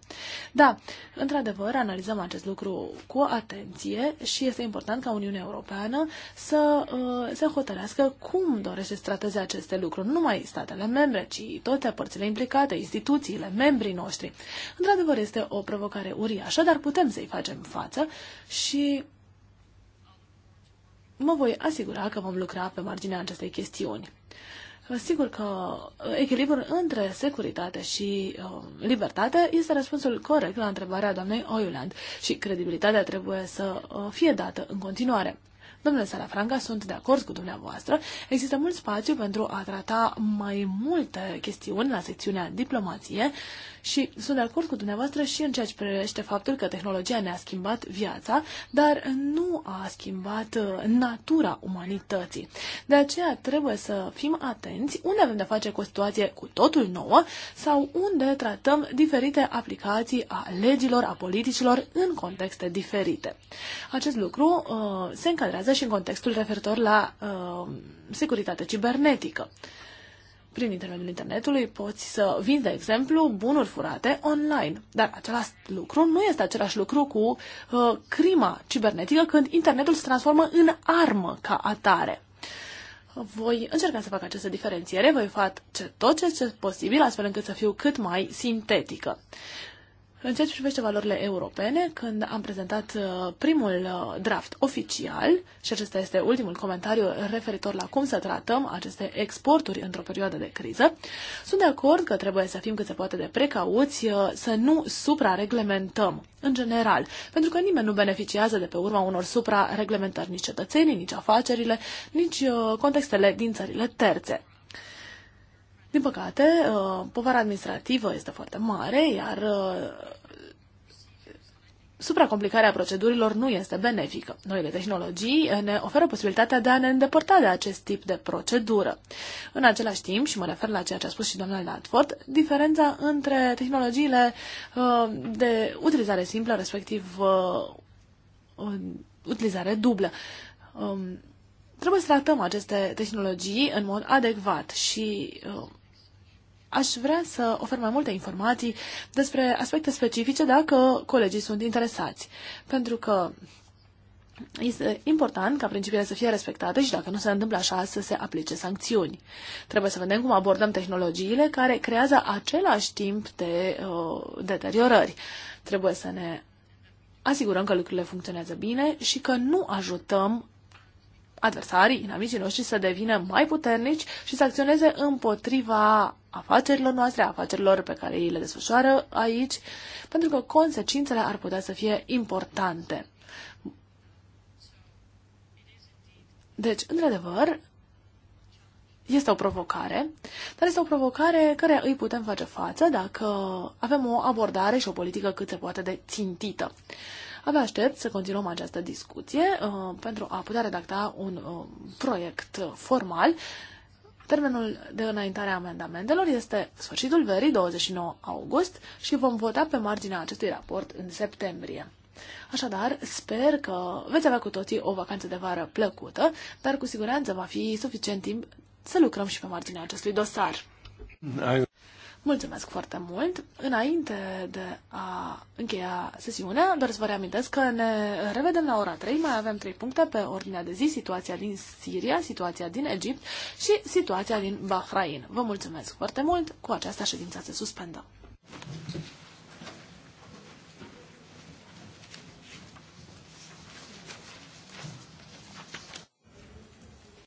Da, într-adevăr, analizăm acest lucru cu atenție și este important ca Uniunea Europeană să uh, se hotărească cum dorește să trateze aceste lucruri, nu numai statele membre, ci toate părțile implicate, instituțiile, membrii noștri. Într-adevăr, este o provocare uriașă, dar putem să-i facem față și mă voi asigura că vom lucra pe marginea acestei chestiuni. Uh, sigur că uh, echilibrul între securitate și uh, libertate este răspunsul corect la întrebarea doamnei Oiuland și credibilitatea trebuie să uh, fie dată în continuare. Domnule Salafranca, sunt de acord cu dumneavoastră. Există mult spațiu pentru a trata mai multe chestiuni la secțiunea diplomație și sunt de acord cu dumneavoastră și în ceea ce privește faptul că tehnologia ne-a schimbat viața, dar nu a schimbat uh, natura umanității. De aceea trebuie să fim atenți unde avem de face cu o situație cu totul nouă sau unde tratăm diferite aplicații a legilor, a politicilor în contexte diferite. Acest lucru uh, se încadrează și în contextul referitor la uh, securitate cibernetică. Prin intermediul internetului poți să vinzi, de exemplu, bunuri furate online. Dar același lucru nu este același lucru cu uh, crima cibernetică când internetul se transformă în armă ca atare. Voi încerca să fac această diferențiere, voi face tot ce este posibil astfel încât să fiu cât mai sintetică. În ceea ce privește valorile europene, când am prezentat uh, primul uh, draft oficial, și acesta este ultimul comentariu referitor la cum să tratăm aceste exporturi într-o perioadă de criză, sunt de acord că trebuie să fim cât se poate de precauți, uh, să nu suprareglementăm în general, pentru că nimeni nu beneficiază de pe urma unor suprareglementări nici cetățenii, nici afacerile, nici contextele din țările terțe. Din păcate, uh, povara administrativă este foarte mare, iar uh, supracomplicarea procedurilor nu este benefică. Noile tehnologii ne oferă posibilitatea de a ne îndepărta de acest tip de procedură. În același timp, și mă refer la ceea ce a spus și doamna Latford, diferența între tehnologiile uh, de utilizare simplă, respectiv utilizare dublă. Um, trebuie să tratăm aceste tehnologii în mod adecvat și aș vrea să ofer mai multe informații despre aspecte specifice dacă colegii sunt interesați. Pentru că este important ca principiile să fie respectate și dacă nu se întâmplă așa, să se aplice sancțiuni. Trebuie să vedem cum abordăm tehnologiile care creează același timp de uh, deteriorări. Trebuie să ne asigurăm că lucrurile funcționează bine și că nu ajutăm adversarii, inamicii noștri să devină mai puternici și să acționeze împotriva afacerilor noastre, afacerilor pe care ei le desfășoară aici, pentru că consecințele ar putea să fie importante. Deci, într-adevăr, este o provocare, dar este o provocare care îi putem face față dacă avem o abordare și o politică cât se poate de țintită. Abia aștept să continuăm această discuție uh, pentru a putea redacta un uh, proiect formal Termenul de înaintare a amendamentelor este sfârșitul verii, 29 august, și vom vota pe marginea acestui raport în septembrie. Așadar, sper că veți avea cu toții o vacanță de vară plăcută, dar cu siguranță va fi suficient timp să lucrăm și pe marginea acestui dosar. Mulțumesc foarte mult! Înainte de a încheia sesiunea, doar să vă reamintesc că ne revedem la ora 3. Mai avem 3 puncte pe ordinea de zi, situația din Siria, situația din Egipt și situația din Bahrain. Vă mulțumesc foarte mult! Cu aceasta ședința se suspendă.